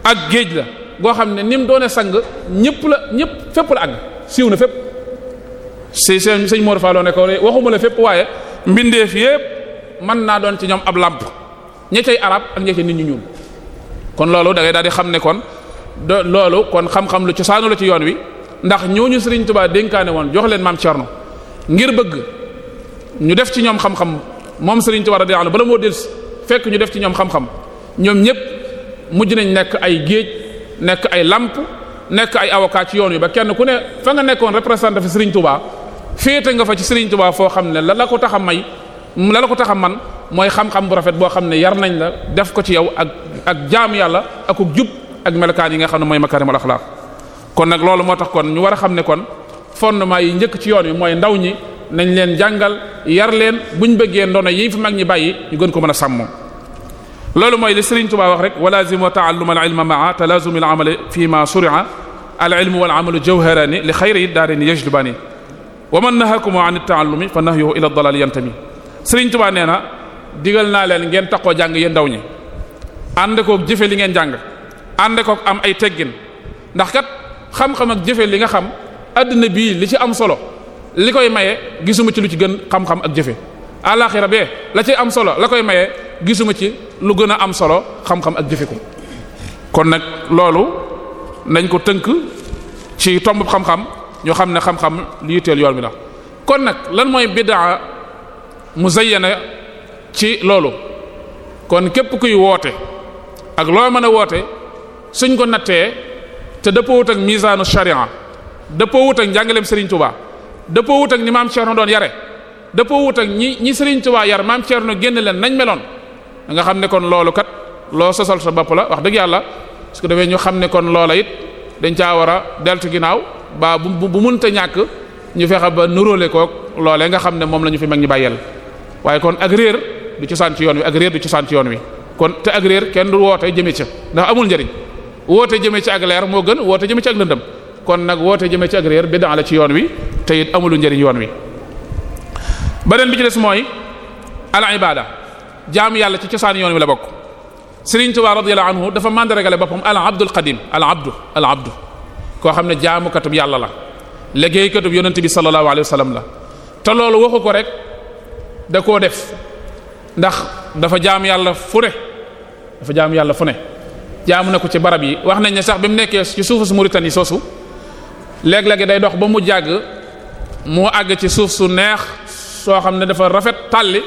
ak géej la goo xam ne ni mu doone sang ñëpp la ñëpp fépp la àgg siiw na fépp. sëñ sëñ Mor Fallo ne ko waxuma la fépp waaye mbindeef yépp mën naa doon ci ñoom ab làmp ña cay arab ak ña ca nit ñu ñuul kon loolu da daal di xam ne kon do loolu kon xam-xam lu cosaanu la ci yoon wi ndax ñu Serigne Touba dénkaane woon jox leen maam Thierno ngir bëgg ñu def ci ñoom xam-xam moom Serigne Touba radiyallahu anhu la moo si fekk ñu def ci ñoom xam-xam ñoom ñëpp mujj nañ nekk ay géej nekk ay làmp nekk ay avocat ci yoon wi ba kenn ku ne fa nga nekkoon représenté fi Serigne Touba féete nga fa ci Serigne Touba foo xam ne la la ko tax a may. la la ko tax man mooy xam-xam bu rafet boo xam ne yar nañ la def ko ci yow ak ak jaam yàlla akuk jub ak melokaan yi nga xam ne mooy makaarimul axlaaq kon nag loolu moo tax kon ñu war a xam ne kon fondement yi njëkk ci yoon wi mooy ndaw ñi nañ leen jàngal yar leen buñ bëggee ndono yi fi mag ñi bàyyi ñu gën ko mën a sàmm loolu mooy li Serigne Touba wax rek walazim wa taallum al ilma maa talazum al amal fi ma suria al ilmu wal amalu jawharani li xayri daarini yajlubani wa man nahakum an at taallumi fa nahyuhu ila ad-dalal yantami Sëriñ Tuubaa nee na digal naa leen ngeen taxoo jàng yéen ndaw ñi ànd kook jëfe li ngeen jàng ànd kook am ay teggin ndax kat xam-xam ak jëfe li nga xam àddina bii li ci am solo li koy maye gisuma ci lu ci gën xam-xam ak jëfe àlaxira bee la ci am solo la koy maye gisuma ci lu gën a am solo xam-xam ak jëfe ko kon nag loolu nañ ko tënk ci tomb xam-xam ñu xam ne xam-xam li yitteel yoon bi la kon nag lan mooy biddaa mu muzayyana ci loolu kon képp kuy woote ak loo mën a woote suñ ko nattee te dëppoowut ak misaanu sharia dëppoowut ak njàngaleem Serigne Touba dëppoowut ak ni maam Thierno doon yare dëppoowut ak ñi ñi Serigne Touba yar maam Thierno génn leen nañ meloon nga xam ne kon loolu kat loo sosal sa bopp la wax dëgg yàlla su ko defee ñu xam ne kon loola it dañ caa war a deltu ginnaaw baa bu bu munta ñàkk ñu fexe ba nuróole koog loolee nga xam ne moom la ñu fi mag ñi bàyyeel waaye kon ak réer du cosaan ci yoon wi ak du cosaan ci yoon wi kon te ak réer kenn du woote jëme ca ndax amul njariñ woote jëme ci ak leer moo gën woote jëme ci ak lëndëm kon nag woote ci ak réer bid'a la ci yoon wi te it amulu njariñ yoon wi beneen bi ci des mooy al ibada jaam yàlla ci cosaan yoon wi la bokk Sëriñ Tuubaa radiyallahu anhu dafa mandargale boppam al abdul qadim al abdu al abdu koo xam ne jaamukatub yàlla la liggéeykatub yonent bi sallallahu alayhi wa sallam la te loolu waxu ko rek da koo def ndax dafa jaam yàlla fu ne dafa yàlla fu ne jaamu na ko ci barab yi wax nañ ne sax bi mu nekkee ci suufu su Mauritanie soosu léeg-léeg day dox ba mu jàgg mu àgg ci suuf su neex soo xam ne dafa rafet tàlli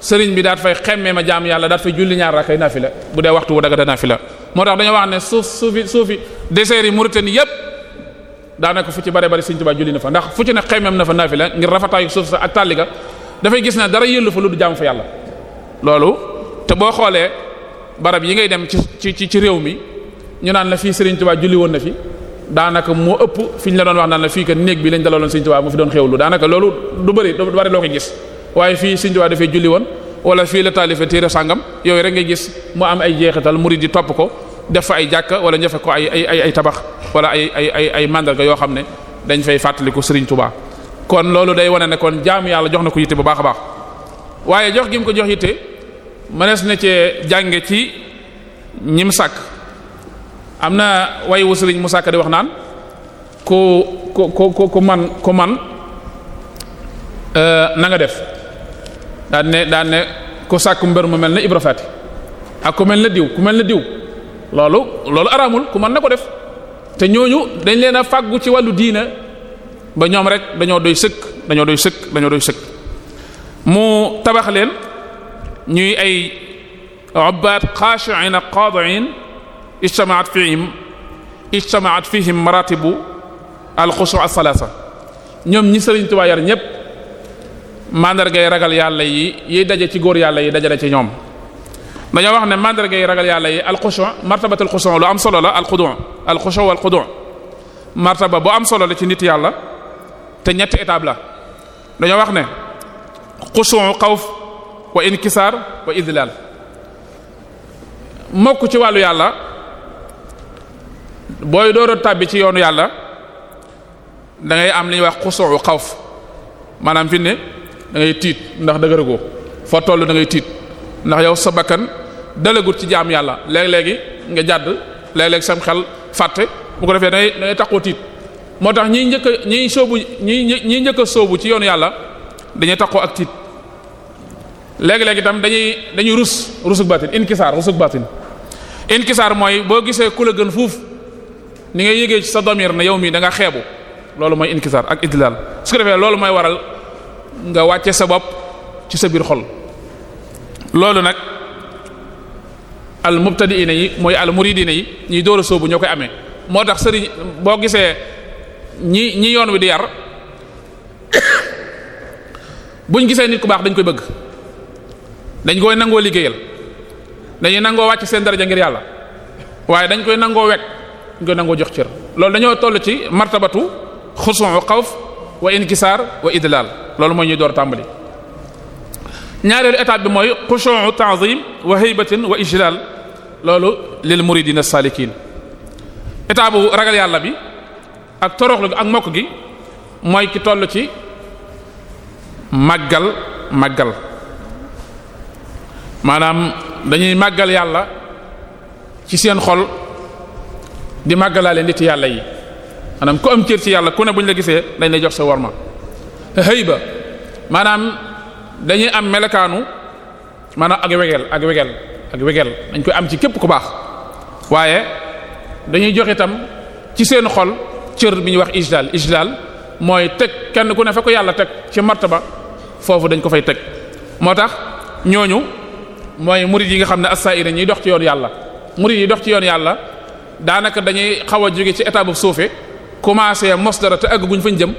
sëriñ bi daat fay xemmee ma jaam yàlla daat fay julli ñaar rakkay naafila bu dee waxtu wu dagata naafila moo tax dañoo wax ne suuf suufi suufi désert yi Mauritanie yépp daanaka fu ci bare bari Sëriñ Tuubaa julli na fa ndax fu ci ne xemmeem na fa naafila ngir rafetaayu suuf sa ak tàlli dafay gis naa dara yëllu fa lu du jaamu fa yàlla loolu te boo xoolee barab yi ngay dem ci ci ci réew mi ñu naan la fii Serigne Touba julli woon na fi daanaka moo ëpp fi ñu la doon wax naan la fii que néeg bi lañ dalaloon Serigne Touba mu fi doon xewlu daanaka loolu du bëri du bëri loo koy gis waaye fii Serigne Touba dafay julli woon wala fii la taalife téere sàngam yooyu rek ngay gis mu am ay jeexital murid di topp ko def fa ay jàkka wala ñafe ko ay ay ay tabax wala ay ay ay ay mandarga yoo xam ne dañ fay fàttaliku Serigne Touba. kon loolu day wane ne kon jaamu yàlla jox na ko yitte bu baax a baax waaye jox gi ko jox yitte mënees na cee jànge ci ñim sàkk am na way wu mu sàkk di wax naan ku ku ku ku man ku man euh, na nga def daan ne daan ne ku sàkk mbër mu mel ne Ibra Faty ak ku mel ne diw ku mel na diw loolu loolu araamul ku man na ko def te ñooñu dañ leen fàggu ci wàllu diina ba ñoom rek dañoo doy sëkk dañoo doy sëkk dañoo doy sëkk mu tabax leen ñuy ay ubbaat xaashi'ina qaadi'in ijtamaat fihim ijtamaat fihim maratibu alxushu' as-salasa ñoom ñi Sëriñ Tuubaa yar ñépp mandargay ragal yàlla yi yiy daje ci góor yàlla yi dajale ci ñoom dañoo wax ne mandargay ragal yàlla yi alxushu' martabatul xushu' lu am solo la alxudu' alxushu' wal xudu' martaba bu am solo la ci nit yàlla te ñetti étape la dañoo wax ne xusuu xawf wa inkisaar wa idlal mokk ci wàllu yàlla booy dooro tàbbi ci yoonu yàlla dangay am li wax wax xusuu xawf maanaam fi ne tiit ndax dëgëragoo foo tollu dangay tiit ndax yow sa bakkan dalagut ci jaam yàlla léeg-léegi nga jàdd léeg-léeg sam xel fàtte bu ko defee da ngay da tiit moo tax ñiy njëkk a ñiy soobu ñiy ñiy njëkk a sóobu ci yoonu yàlla dañuy takkoo ak tiit léegi-léegi itam dañuy dañuy rus rusuk batin inkisaar rusuk batin inkisaar mooy boo gisee ku la gën fuuf ni nga yégee ci sa domir na yow mii da xeebu loolu mooy inkisaar ak idlal su ko defee loolu mooy waral nga wàcce sa bopp ci sa biir xol loolu nag al mubtadiina yi mooy al muridiina yi ñuy door a ñoo koy amee moo tax sëriñ boo gisee ñi ñi yoon wi di yar buñ gisee nit ku baax dañ koy bëgg dañ koy nangoo liggéeyal dañuy nangoo wàcc seen daraja ngir yàlla waaye dañ koy nangoo wekk dañ koy nangoo jox cër loolu dañoo toll ci martabatu xusun wa xawf wa inkisaar wa idlaal loolu mooy ñuy door tàmbali ñaareelu étape bi mooy xusun ta'zim wa haybatin wa ijlaal loolu lil muridina salikin étape bu ragal yàlla bi ak toroxlu gi ak mokk gi mooy ki toll ci màggal màggal maanaam dañuy màggal yàlla ci seen xol di màggalaale ci yàlla yi maanaam ku am cër ci yàlla ku ne bu la gisee dañ lay jox sa warma xëy ba maanaam dañuy am melekaanu maanaam ak wegel ak wegel ak wegel dañ koy am ci képp ku baax waaye dañuy jox itam ci seen xol cër bi ñuy wax ijlal ijlal mooy teg kenn ku ne fa ko yàlla teg ci martaba foofu dañ ko fay teg moo tax ñooñu mooy murid yi nga xam ne as-sa'ira ñuy dox ci yoon yàlla murid yi dox ci yoon yàlla daanaka dañuy xaw a jóge ci état bu suufee commencé mos dara te àgg guñ fañ jëm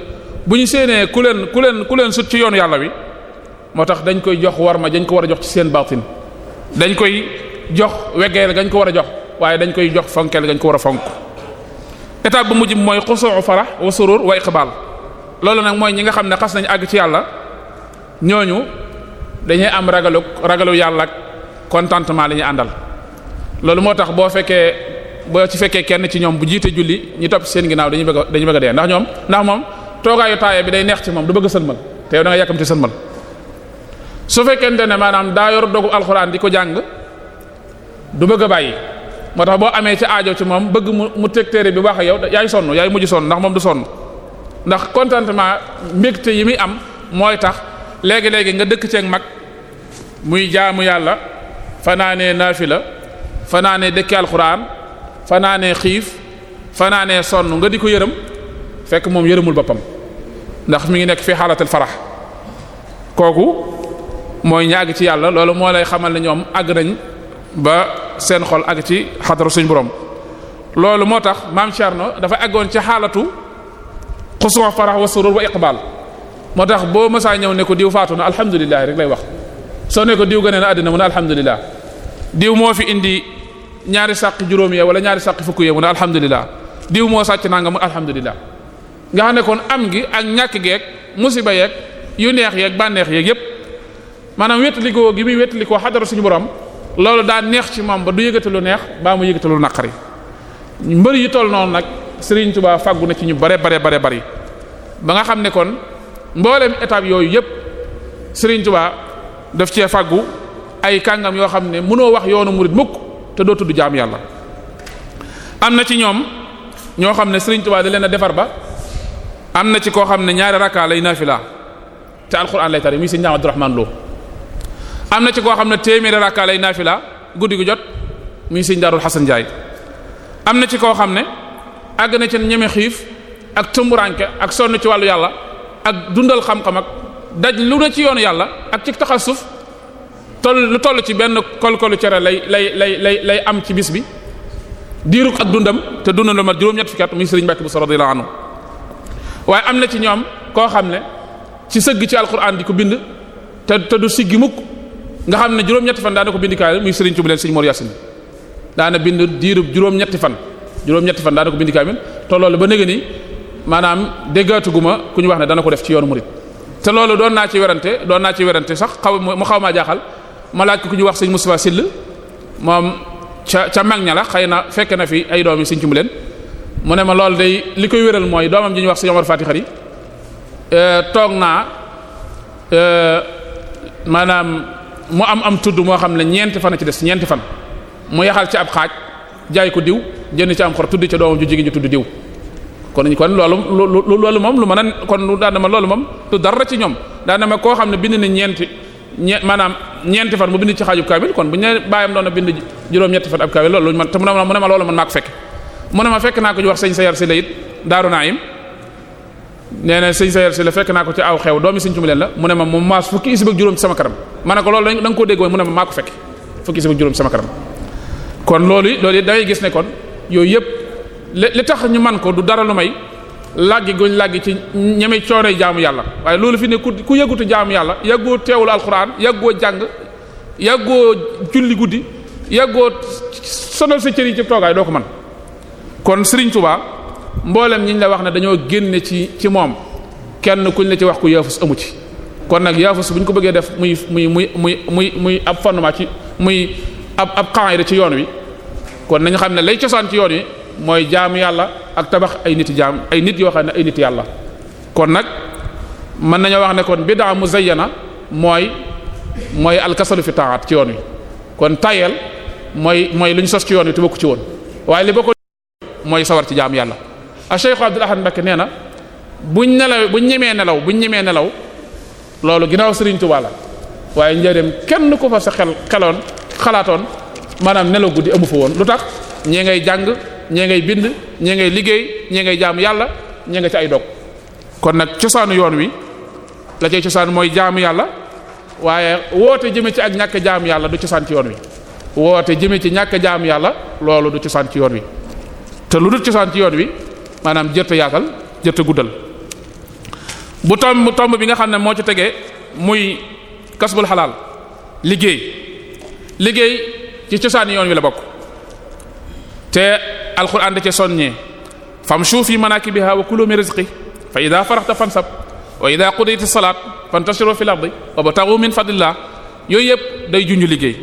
bu ñu séenee ku leen ku leen ku leen sut ci yoon yàlla wi moo tax dañ koy jox war ma dañ ko war a jox ci seen baatin dañ koy jox weggeel gañ ko war a jox waaye dañ koy jox fonkeel gañ ko war a fonk étape bu mujj mooy xusuu farax wa surur wa iqbal loolu nag mooy ñi nga xam ne xas nañu àgg ci yàlla ñooñu dañuy am ragalu ragalu yàlla ak contentement la ñuy àndal loolu moo tax boo fekkee boo ci fekkee kenn ci ñoom bu jiite julli ñi topp seen ginaaw dañuy bëgg dañuy bëgg dee ndax ñoom ndax moom toogaayu taaya bi day neex ci moom du bëgg sëlmal te yow da nga yàkkamti sëlmal su fekkente ne maanaam daa yor dogu alxuraan di ko jàng du bëgg a bàyyi moo tax boo amee ci aajo ci moom bëgg mu mu teg téere bi wax ak yaay sonn yaay mujj sonn ndax moom du sonn ndax contentement mbégte yi muy am mooy tax léegi-léegi nga dëkk ceeg mag muy jaamu yàlla fanaanee naafila fanaanee dëkki alxuraan fanaanee xiif fanaanee sonn nga di ko yërëm fekk moom yërëmul boppam ndax mu ngi nekk fii xaalatal farax kooku mooy ñaag ci yàlla loolu moo lay xamal ne ñoom àgg nañ ba seen xol ak ci xadara suñ borom loolu moo tax maam Thierno dafa eggoon ci xaalatu xusuwa farax wa surur wa iqbal moo tax boo ma mësaa ñëw ne ko diw faatu na alhamdulilah rek lay wax soo ne ko diw gënee na àddina mu ne diw moo fi indi ñaari sàq juróom yee wala ñaari sàq fukk yee mu ne alhamdulilah diw moo sàcc naa nga mu alhamdulilah nga xam ne kon am gi ak ñàkk geeg musiba yeeg yu neex yeeg bànneex yeeg yépp maanaam wétli loolu daa neex ci moom ba du yëgate lu neex baa mu yëgate lu naqari mbër yi toll noonu nag sëriñ Touba fàggu na ci ñu bare bare bare bari ba nga xam ne kon mboolem étape yooyu yépp Serigne Touba daf cee fàggu ay kàngam yoo xam ne mënoo wax yoonu murid mukk te doo tudd jaam yàlla am na ci ñoom ñoo xam ne Serigne Touba da leen a defar ba am na ci koo xam ne ñaari rakka lay naafila te alxuraan lay tari muy si ñaaw Abdourahmane Lo am na ci koo xam ne téeméeri rakka lay naafila guddi gu jot muy sëñ daarul xasan Ndiaye am na ci koo xam ne àgg na ci ñeme xiif ak tëmburanke ak sonn ci wàllu yàlla ak dundal xam-xam ak daj lu na ci yoonu yàlla ak ci taxasuf toll lu toll ci benn kol-kolu cere lay lay lay lay lay am ci bis bi diiru ak dundam te dundal ma juróom-ñett fukki at muy sëriñ Mbàkke bu sa radiyallahu anhu waaye am na ci ñoom koo xam ne ci sëgg ci alquran di ko bind te du siggi mukk nga xam ne juróom-ñetti fan daana ko bind kaamil muy Serigne Touba leen Serigne Mor daana bind diirub juróom-ñetti fan juróom-ñetti fan daana ko bind kaamil te loolu ba nëgë ni maanaam déggaatuguma ku ñu wax ne dana ko def ci yoonu murid te loolu doon naa ci werante doon ci werante sax xaw mu xaw maa jaaxal ma laaj ku ñu wax Serigne Moustapha Sill moom ca ca mag la xëy na fekk na fi ay doom yi Serigne mu ne ma loolu day li koy wéral mooy doomam ji ñuy wax Serigne Omar Fati Khari euh, toog naa euh, maanaam. mu am am tudd moo xam ne ñeenti fan a ci des ñeenti fan mu yaxal ci ab xaaj jaay ko diw jënd ci am xor tudd ca doomam ju jigéen ñu tudd diw kon kon loolu loolu moom lu mën a kon daan na ma loolu moom du dara ci ñoom daan na ma koo xam ne bind na ñeenti ñe maanaam ñeenti fan mu bind ci xaajub kaamil kon bu ñu nee bàyyam doon na bind juróom-ñetti fan ab kaamil loolu luñu man te mu ne ma mu ma loolu fekk mu ne ma fekk naa ko ñu wax sëñ sa yar si la it daaru naayim nee na sëñ sayel si la fekk naa ko ci aw xew doomi sëñ Cumbuleen la mu ne ma moom maas fukki isib ak juróom ci sama karam ma ne ko loolu da nga kon loolu loolu da ngay gis ne kon yooyu yëpp li tax ñu man ko du dara lu may laggi guñ laggi ci ñeme coonay jaamu yàlla waaye loolu fi ne ku ku yëgutu jaamu yàlla yàggoo teewul alxuraan yàggoo jàng yàggoo julli guddi yàggoo sonal sa cër ci toogaay doo ko man kon Serigne Touba mboolem ñi ñu la wax ne dañoo génne ci ci moom kenn kuñ la ci wax ku yaafus amu ci kon nag yaafus bu ñu ko bëggee def muy muy muy muy muy muy ab fondement ci muy ab ab xaayira ci yoon wi kon nañu xam ne lay cosaan ci yoon wi mooy jaamu yàlla ak tabax ay nit jaam ay nit yoo xam ne ay nit yàlla kon nag mën nañoo wax ne kon bidaa muzayyana mooy mooy alkasalu fi taat ci yoon wi kon tayel mooy mooy lu ñu sos ci yoon wi te ci woon waaye li bokk mooy sawar ci jaamu yàlla a Cheikh Abdoul Ahad Mbacké nee na buñ nelaw buñ ñemee nelaw buñ ñemee nelaw loolu ginnaaw Serigne Touba la waaye njëriñ kenn ku fa sa xel xeloon xalaatoon maanaam nelaw guddi amu fa woon lu tax ñee ngay jàng ñee ngay bind ñee ngay liggéey ñee ngay jaamu yàlla ñee nga ci ay dog kon nag cosaanu yoon wi la cay cosaan mooy jaamu yàlla waaye woote jëme ci ak ñàkk jaamu yàlla du cosaan ci yoon wi woote jëme ci ñàkk jaamu yàlla loolu du cosaan ci yoon wi te lu dul cosaan ci yoon wi maanaam jërta yaatal jërta guddal bu tomb tomb bi nga xam ne moo ci tegee muy kasbul xalaal liggéey liggéey ci cosaan yoon wi la bokk te alxuraan da ci soññee famshu fi manakibiha wa kulu min rizqi fa ida faraxta fansab wa ida qudiyati salaat fantashiru fil ardi wabtagu min fadlillah yooyu yëpp day junj liggéey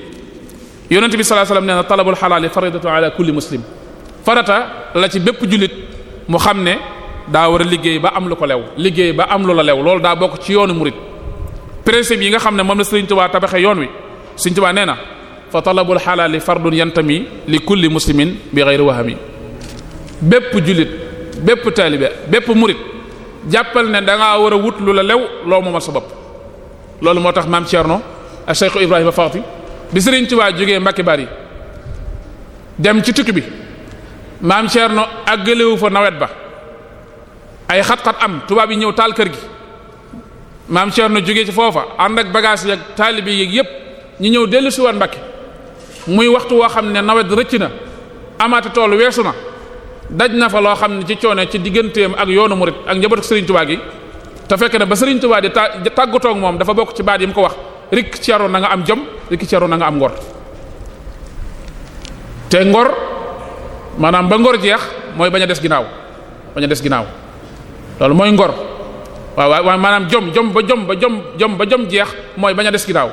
yonent bi sallallahu alayhi wasallam nee na faridatu ala kulli muslim farata la ci bépp jullit mu xam ne daa war a liggéey ba am lu ko lew liggéey ba am lu la lew loolu daa bokk ci yoonu murid principe yi nga xam ne moom la Sëriñ Tuubaa tabaxe yoon wi Sëriñ Tuubaa nee na fa talabul xalaali fardun yantami li kulli muslimin bi ghayri wahmi bépp jullit bépp taalibe bépp murid jàppal ne danga war a wut lu la lew loo moomal sa bopp loolu moo tax maam Thierno ak Cheikh Ibrahima Faati bi Sëriñ Tuubaa jógee Mbàkke Bari dem ci tukki bi maam ak àggalewu fa nawet ba ay xat-xat am tubaab yi ñëw taal kër gi maam Thierno jóge ci foofa ànd ak bagage yeeg taalibe yeeg yépp ñu ñëw dellu si waat Mbakke muy waxtu woo xam ne nawet rëcc na amaati tool weesu na daj na fa loo xam ne ci coone ci digganteem ak yoonu murit ak njabootu Serigne Touba gi te fekk na ba Serigne Touba di ta tàggatoo moom dafa bokk ci baat yi mu ko wax rikk ceeru na nga am jom rikk ceeru na nga am ngor te ngor. maanaam ba ngor jeex mooy bañ a des ginnaaw bañ a des ginnaaw loolu mooy ngor waaw waaw maanaam jom jom ba jom ba jom jom ba jom jeex mooy bañ a des ginnaaw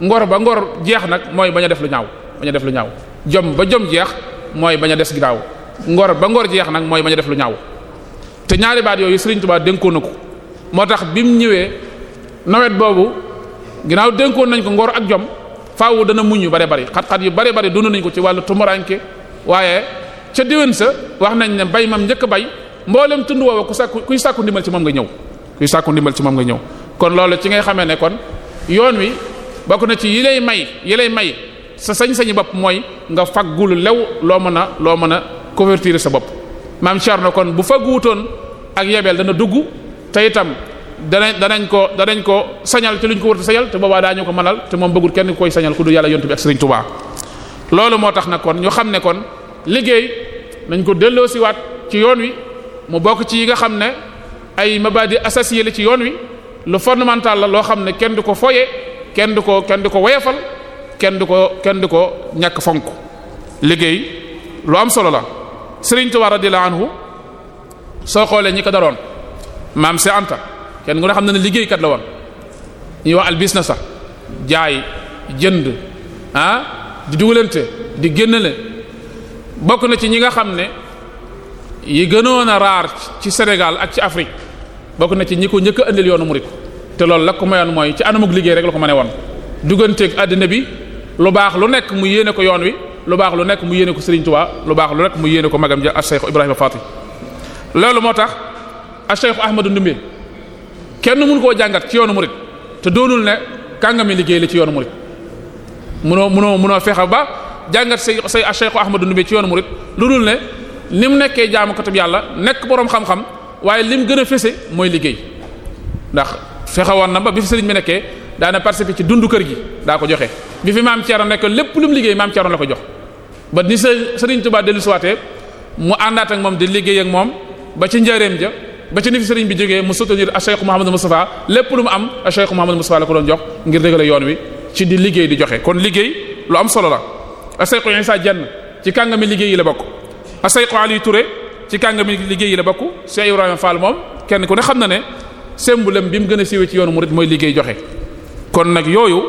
ngor ba ngor jeex nag mooy bañ a def lu ñaaw bañ def lu ñaaw jom ba jom jeex mooy bañ a des ginnaaw ngor ba ngor jeex nag mooy bañ a def lu ñaaw te ñaari baat yooyu Serigne Touba dénkoon na ko moo tax bi mu ñëwee nawet boobu ginnaaw dénkoon nañ ko ngor ak jom faawu dana muñ yu bare bari xat-xat yu bare bari dund nañ ko ci wàllu tumuranke waaye ca déwén sa wax nañ ne bay mam njëkk bay mboolem tund woowa ku sàkku kuy sàkku ndimbal ci moom nga ñëw kuy sàkku kon loolu ci ngay xamee ne kon yoon wi bokk na ci yi lay may yi lay sa sañ-sañu bopp mooy nga fag faggulu lew loo mën a loo mën a couverture sa bopp maam kon bu fagguwutoon ak yebeel dana dugg te itam danañ danañ ko danañ ko sañal ci luñ ko war a sañal te boobaa daañu ko mënal te moom bëggul kenn koy sañal ku du yàlla yontu bi ak Sëriñ Tuubaa loolu moo tax na kon ñu xam ne kon liggéey nañ ko delloo siwaat ci yoon wi mu bokk ci yi nga xam ne ay mabadi assasiye la ci yoon wi lu fondamental la loo xam ne kenn du ko foye kenn du ko kenn di ko woyafal kenn du ko kenn du ko ñàkk fonk liggéey lu am solo la Sëriñ Tuubaa radiyallahu anhu soo xoolee ñi ko daroon maam si anta kenn nga xam ne ne liggéeykat la woon ñuy wax albis na sax jaay jënd ah di dugalante di génnale bokk na ci ñi nga xam ne yi gënoon a raar ci Sénégal ak ci Afrique bokk na ci ñi ko njëkk a indil yoonu murid te loolu la ko mayoon mooy ci anamuk liggéey rek la ko mënee woon dugganteeg àddina bi lu baax lu nekk mu yéene ko yoon wi lu baax lu nekk mu yéene ko Serigne Touba lu baax lu nekk mu yéene ko magam ja ak Cheikh Ibrahima Faty loolu moo tax ak Cheikh Ahmadou kenn mun koo jàngat ci yoonu murid te doonul ne kàngami liggéey la ci yoonu murid munoo munoo jàngat say say ah, Cheikh Ahmadou Ndoumbé ci yoonu murid lu dul ne ni mu jaamu jaamukatub yàlla nekk boroom xam-xam waaye lim gën a fese mooy liggéey ndax fexewoon na ba bi fi sëriñ bi nekkee daana participer ci dund kër gi daa ko joxe bi fi maam Thierno nekk lépp lu mu liggéey maam Thierno la ko jox ba ni sa sëriñ Touba dellu suwaatee mu àndaat ak moom di liggéey ak moom ba ci njaareem ja ba ci ni fi sëriñ bi jógee mu soutenir a ah, Cheikh Mouhamadou Moustapha lépp lu mu am ah, a ko doon jox ngir dëgale yoon wi ci di liggéey di joxe kon liggéey lu am solo la asayqu sa Dieng ci kàngami liggéey yi la bokk asayqu Ali Touré ci kàngami liggéey yi la bokk Cheikh Ibrahima faal moom kenn ku ne xam na ne sembulem bi mu gën a siiwee ci yoonu murid mooy liggéey joxe kon nag yooyu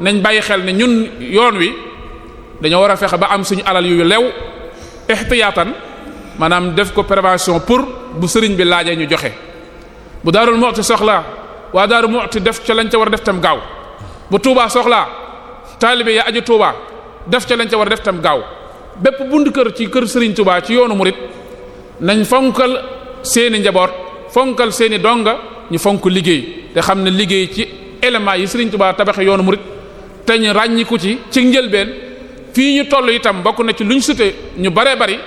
nañ bàyyi xel ne ñun yoon wi dañoo war a fexe ba am suñu alal yu lew ixtiyaatan maanaam def ko prévention pour bu sëriñ bi laajee ñu joxe bu Daarul Muxti soxlaa waa Daarul Muxti def ca lañ ca war a def tem gaaw bu Touba soxlaa taalibe ya aju def ca lañ ca war a def tam gaaw bépp bunt kër ci kër Serigne tubaa ci yoonu murit nañ fonkal seeni njaboot fonkal seeni donga ñu fonk liggéey te xam ne liggéey ci éléments yi Serigne Touba tabaxe yoonu murit te ñu ràññiku ci ci njëlbeen fii ñu toll itam bokk na ci lu luñ sute ñu baree bari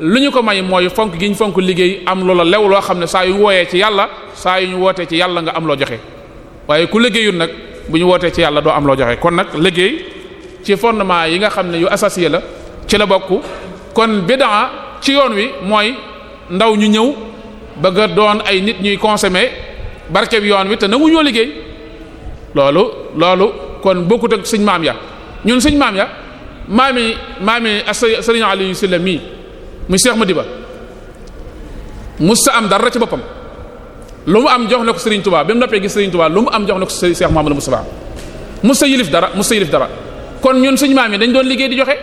lu ñu ko may mooy fonk gi ñu fonk liggéey am loola lew loo xam ne saa yu ñu wooyee ci yàlla saa yu ñu wootee ci yàlla nga am loo joxe waaye ku liggéeyul nag bu ñu wootee ci yàlla doo am loo joxe kon nag liggéey ci fondement yi nga xam ne yu associé la ci la bokk kon bidaa ci yoon wi mooy ndaw ñu ñëw bëgg doon ay nit ñuy consommer barke bi yoon wi te nangu ñoo liggéey loolu loolu kon bokkut ak suñ maam ya ñun suñ maam ya maami maami sëriñ Aliou Sylla mii mu ma Madiba musta am dara ci boppam lu mu am jox na ko Serigne Touba bi mu noppee gis Serigne Touba lu mu am jox na ko Cheikh Mouhamadou mu musta yilif dara musta yilif dara kon ñun suñu maam yi dañ doon liggéey di joxe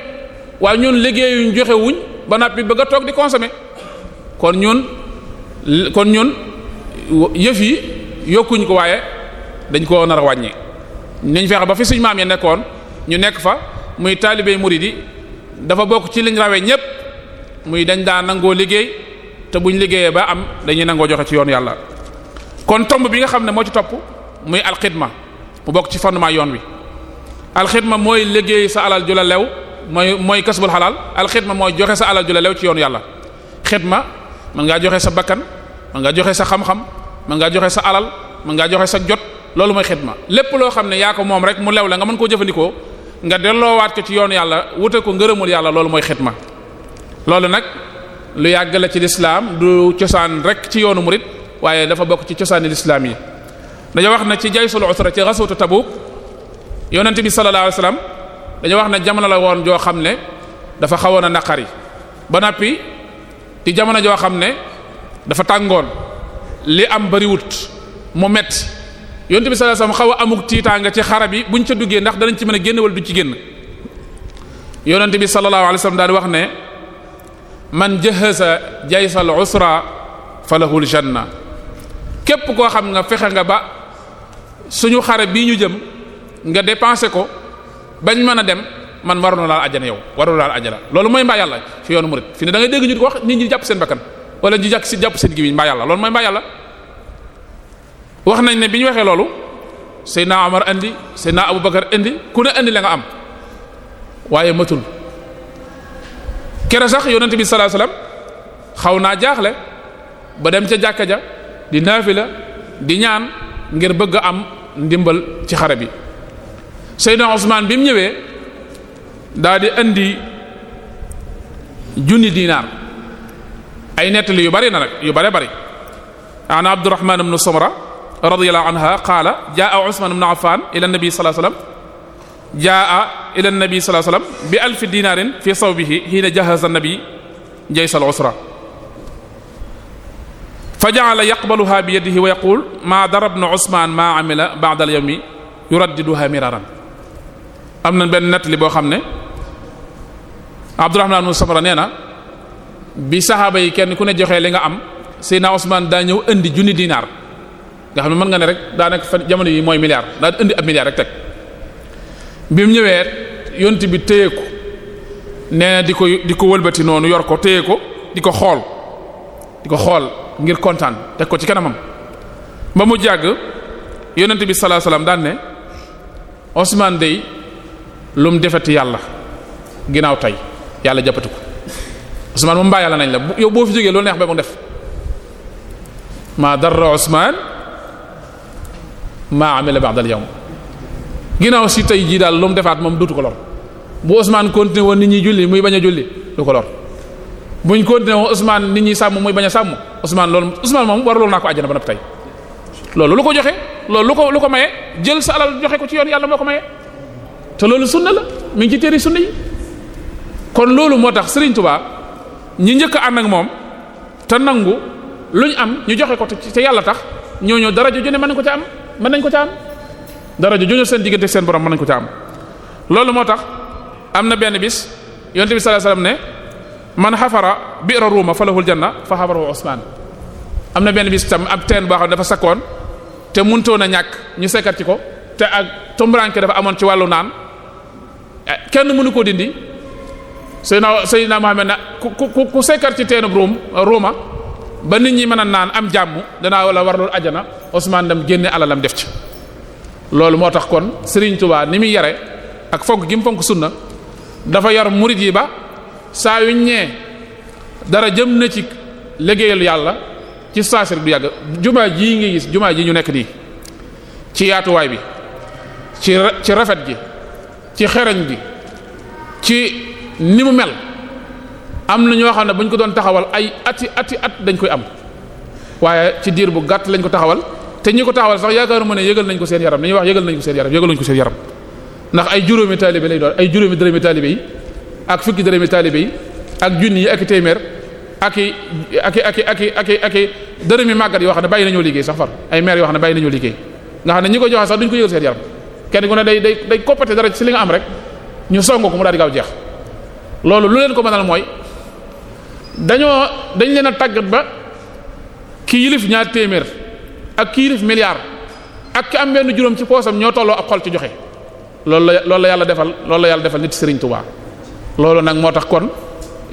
waaye ñun liggéeyuñ joxewuñ ba ba noppi bëgg a toog di consommer kon ñun kon ñun yëf yi yokkuñ ko waaye dañ koo nar wàññi nañ fexe ba fi suñu maam yi nekkoon ñu nekk fa muy taalibey muridi dafa bokk ci liñ rawee ñépp muy dañ daa nangoo liggéey te buñ liggéeyee ba am dañuy nangoo joxe ci yoon yàlla kon tomb bi nga xam ne moo ci topp muy alxidma mu bokk ci fondement yoon wi alxidma mooy liggéey sa alal ju la lew mooy mooy kasbul xalaal alxidma mooy joxe sa alal ju lew ci yoonu yàlla xidma mën ngaa joxe sa bakkan mën ngaa joxe sa xam-xam mën ngaa joxe sa alal mën ngaa joxe sa jot loolu mooy xidma lépp loo xam ne yaa ko moom rek mu lew la nga mën koo jëfandikoo nga delloowaat ko ci yoonu yàlla wute ko ngërëmul yàlla loolu mooy xidma loolu nag lu yàgg la ci lislaam du cosaan rek ci yoonu murid waaye dafa bokk ci cosaani lislaam yi dañoo wax na ci yonent bi sallallahu alayhi wasallam dañu wax ne jamono la woon joo xam ne dafa xawoon a naqari ba noppi di jamono joo xam ne dafa tàngoon li am bariwut mu metti yonent bi sallallahu alayhi xaw a amuk tiitaanga ci xara bi buñ ca duggee ndax danañ ci mën a génn wala du ci génn yonent bi sallallahu alayhi wasallam daal di wax ne man jahaza jaysal usra falahul janna képp koo xam nga fexe nga ba suñu xare bii ñu jëm nga dépensé ko bañ mën a dem man waroon laal ajjana yow waroon laal ajjana loolu mooy mbaa yàlla fi yoonu murid fi ne da dégg ñu di ko wax nit ñi jàpp seen bakkan wala ñu jàpp si jàpp seen gémmiñ mbaa yàlla loolu mooy mbaa yàlla wax nañ ne bi ñu waxee loolu naa Omar indi Seydina Aboubacar indi ku ne indi la nga am waaye matul kere sax yonent bi salaa alayhi xaw naa jaaxle ba dem ca jàkka ja di naafila di ñaan ngir bëgg am ndimbal ci xare bi Seydina Usmaan bi mu ñëwee daa di indi junni dinaar ay nettali yu bari na rek yu bare bari an Abdurrahman ibn Samra radiyallahu anha qaala jaa Usmaan ibn Affaan ila nabi sallallahu alayhi wasallam jaa ila nabi sallallahu alayhi wasallam bi alfi dinaarin fi sawbihi hiina jahaza nabi jaysal usra fa ja'ala yaqbaluha bi yadihi wa yaqul ma darabna Usmaan ma amila ba'da al-yawmi yuraddiduha miraran am na benn nettali boo xam ne Abdurrahman ibn Samra nee na bi saxaaba yi kenn ku ne joxee li nga am Seydina Usman daa ñëw indi junni dinaar nga xam ne mën nga ne rek daa nekk fan jamono yi mooy milliard daa indi ab milliard rek teg bi mu ñëwee yont bi téye ko nee na di ko di ko wëlbati noonu yor ko téye ko di ko xool di ko xool ngir kontaan teg ko ci kanamam ba mu jàgg yonent bi sallallahu alayhi daan ne Usman dey lu mu defati yàlla ginnaaw tey yàlla jàppati ko Ousmane moom mbaa yàlla nañ la yow boo fi jógee loolu neex ba mu def maa darra Ousmane maa amila ba'da al-yawm ginnaaw si tey jii daal lu mu defaat moom dutu ko lor bu Ousmane continué woon nit ñi julli muy bañ julli du ko lor buñ continué woon Ousmane nit ñi sàmm muy bañ sàmm Ousmane loolu Ousmane moom war loolu naa ko àjjana ba noppi tey loolu lu ko joxe loolu lu ko lu ko maye jël sa alal joxe ko ci te loolu sunna la mu ngi ci téere sunna yi kon loolu moo tax Serigne Touba ñi njëkk a moom te nangu luñ am ñu joxe ko te yàlla tax ñooñu dara ju ne mën nañ ko ca am mën nañ ko ca am dara ju ñu seen diggante seen borom mën nañ ko ca am loolu moo tax am na benn bis yonent bi sallallahu alayhi wasallam ne man xafara bi'ra ruuma falahul janna fa xafara Usmaan am na benn bis tam ab teen boo xam ne dafa sakkoon te mënutoon na ñàkk ñu sekkat ci ko te ak tumburanke dafa amoon ci wàllu naan. Eh, kenn mënu ko dindi Seydina Seydina Muhammad na ku ku ku sekkar ci teenub Ruum Ruuma ba nit ñi mën a naan am jàmm danaa wala war loolu ajana Ousmane dam génne alalam def ci loolu moo tax kon Serigne Touba ni muy yare ak fonk gi mu fonk sunna dafa yar murid yi ba saa yu ñee dara jëm na ci liggéeyal yàlla ci saasi rek du yàgg jumaa jii nga gis jumaa ji ñu nekk nii ci yaatuwaay bi ci rafet ji ci xereñ bi ci ni mu mel am na ñoo xam ne bu ñu ko doon taxawal ay ati ati at dañ koy am waaye ci diir bu gàtt lañ ko taxawal te ñi ko taxawal sax yaakaaruma ne yëgal nañ ko seen yaram dañuy wax yëgal nañ ko seen yaram yëgal nañ ndax ay juróomi taalibe lay doon ay juróomi dërëmi taalibe yi ak fukki dërëmi taalibe yi ak junni yi ak i téeméer ak i ak i ak i i ak ak i dërëmi màggat yoo xam ne bàyyi nañoo liggéey sax far ay maire yoo xam ne bàyyi nañoo liggéey nga xam ne ñi ko joxe sax duñ ko yëgal seen yaram kenn ku ne day day day coppite dara ci li nga am rek ñu song ko mu daal di jeex loolu lu leen ko nal mooy dañoo dañ leen a tàggat ba ki yilif ñaar téeméer ak ki yilif milliard ak ki am benn juróom ci poosam ñoo tolloo ak xol ci joxe loolu la loolu yàlla defal loolu la yàlla defal nit Serigne Touba loolu nag moo tax kon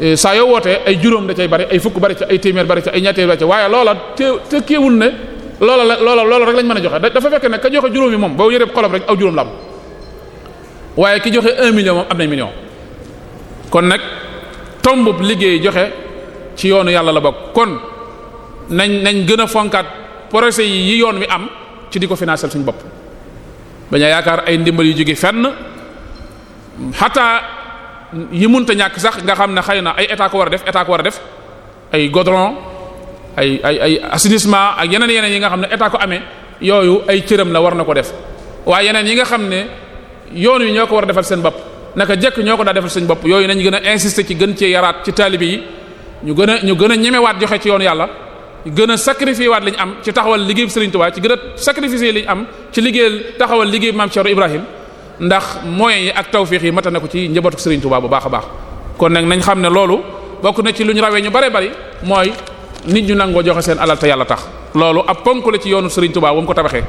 eh, saa yoo wootee ay juróom da cay bari ay fukk bari ca ay téeméer bari ca ay ñaar téeméer bari ca waaye loola te te kéewul ne. loola la loola loola rek lañ mën a joxe dafa fekk ne ka joxe juróomi moom boo yëreb xolam rek aw juróom la am waaye ki joxe un million moom am na million kon nag tombub liggéey joxe ci yoonu yàlla la bokk kon nañ nañ gën a fonkaat projet yi yi yoon wi am ci di ko financer suñu bopp bañ a yaakaar ay ndimbal yu jóge fenn xataa yi munta ñàkk sax nga xam ne xëy na ay état ko war a def état ko war a def ay godron ay ay ay assainissement ak yeneen yeneen yi nga xam ne état ko amee yooyu ay cëram la war na ko def waaye yeneen yi nga xam ne yoon yi ñoo ko war a defal seen bopp naka jekk ñoo ko daa defal seen bopp yooyu nañ gën a insister ci gën cee yaraat ci taalibe yi ñu gën a ñu gën a ñemewaat joxe ci yoon yàlla gën a sacrifier waat li am ci taxawal liggéey Serigne Touba ci gën a sacrifier li ñu am ci liggéeyal taxawal liggéey maam Cheikh Ibrahim ndax moyens yi ak tawfiix yi mata na ko ci njabootu Serigne Touba bu baax a baax kon nag nañ xam ne loolu bokk na nit ñu nangoo joxe seen alal yàlla tax loolu ab ponk la ci yoonu Serigne Touba ba mu ko tabaxee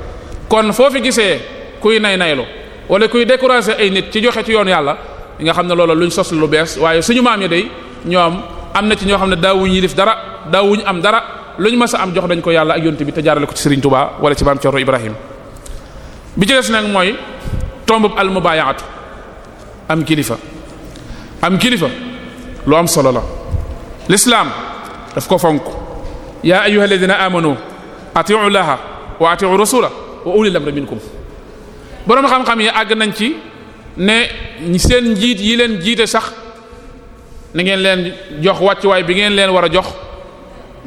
kon foo fi gisee kuy nay naylu wala kuy décourager ay nit ci joxe ci yoon yàlla nga xam ne loolu luñ sos lu bees waaye suñu maam yi dey ñoom am na ci ñoo xam ne daawuñu yilif dara daawuñu am dara luñ mës a am jox dañ ko yàlla ak yonte bi te jaarale ko ci Serigne Touba wala ci maam Thierno Ibrahim bi ci des nag mooy tombub al mubayaatu am kilifa am kilifa lu am solo la daf ko fonk yaa ayyuha alladhina amanu atiu laha wa atiu rasula wa ulil amri minkum boroom xam-xam yi àgg nañ ci ne seen njiit yi leen jiite sax na ngeen leen jox wàccuwaay bi ngeen leen war a jox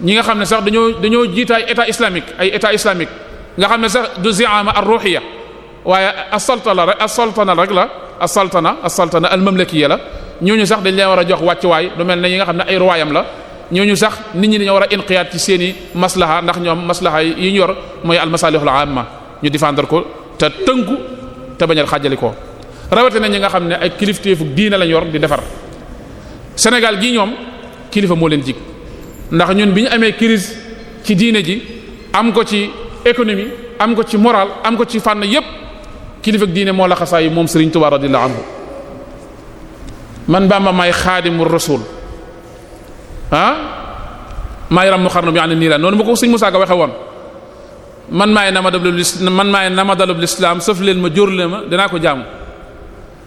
ñi nga xam ne sax dañoo dañoo jiite ay état ay état islamique nga xam ne sax du ziama ar-ruhiyya waaye as-sultana rek as-sultana rek la a sultana as-sultana al-mamlakiyya la ñooñu sax dañ leen war a jox wàccuwaay lu mel ne yi nga xam ne ay ruwaayam la ñooñu sax nit ñi dañoo war a inqiyaat ci seen i maslaha ndax ñoom maslaha yi ñu yor mooy almasalihul amma ñu défendre ko te tënku te bañal xàjjali ko rawatina ñi nga xam ne ay kilifteefu diine lañ yor di defar Sénégal gi ñoom kilifa moo leen jig ndax ñun bi ñu amee crise ci diine ji am ko ci économie am ko ci moral am ko ci fànn yépp kilifa diine moo la xasaa yi moom Serigne Touba radiyallahu anhu baa Bamba may xaadimur rasul ah maa yaram mu xarnu bi yaa ne nii la noonu bu ko suñ Musaa Ka waxe woon man maay namadalub man maay namadalub lislaam sëf leen ma jóor leen ma dinaa ko jaamu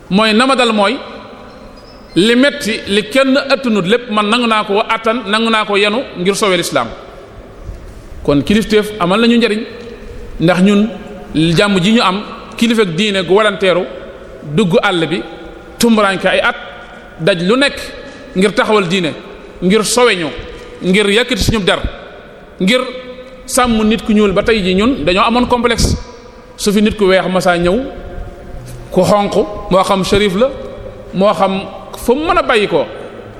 mooy namadal mooy li metti li kenn attanut lépp man nangu naa ko attan nangu naa ko yenu ngir sowee lislaam kon kilifteef amal nañu njariñ ndax ñun jàmm ji ñu am kilifa diine gu walanteeru dugg àll bi tumburanke ay at daj lu nekk ngir taxawal diine ngir soweñu ngir yàkkati suñu der ngir sàmm nit ku ñuul ba tey ji ñun dañoo amoon complexe su fi nit ku weex masaa ñëw ku xonq moo xam shérif la moo xam fu mu mën a bàyyi ko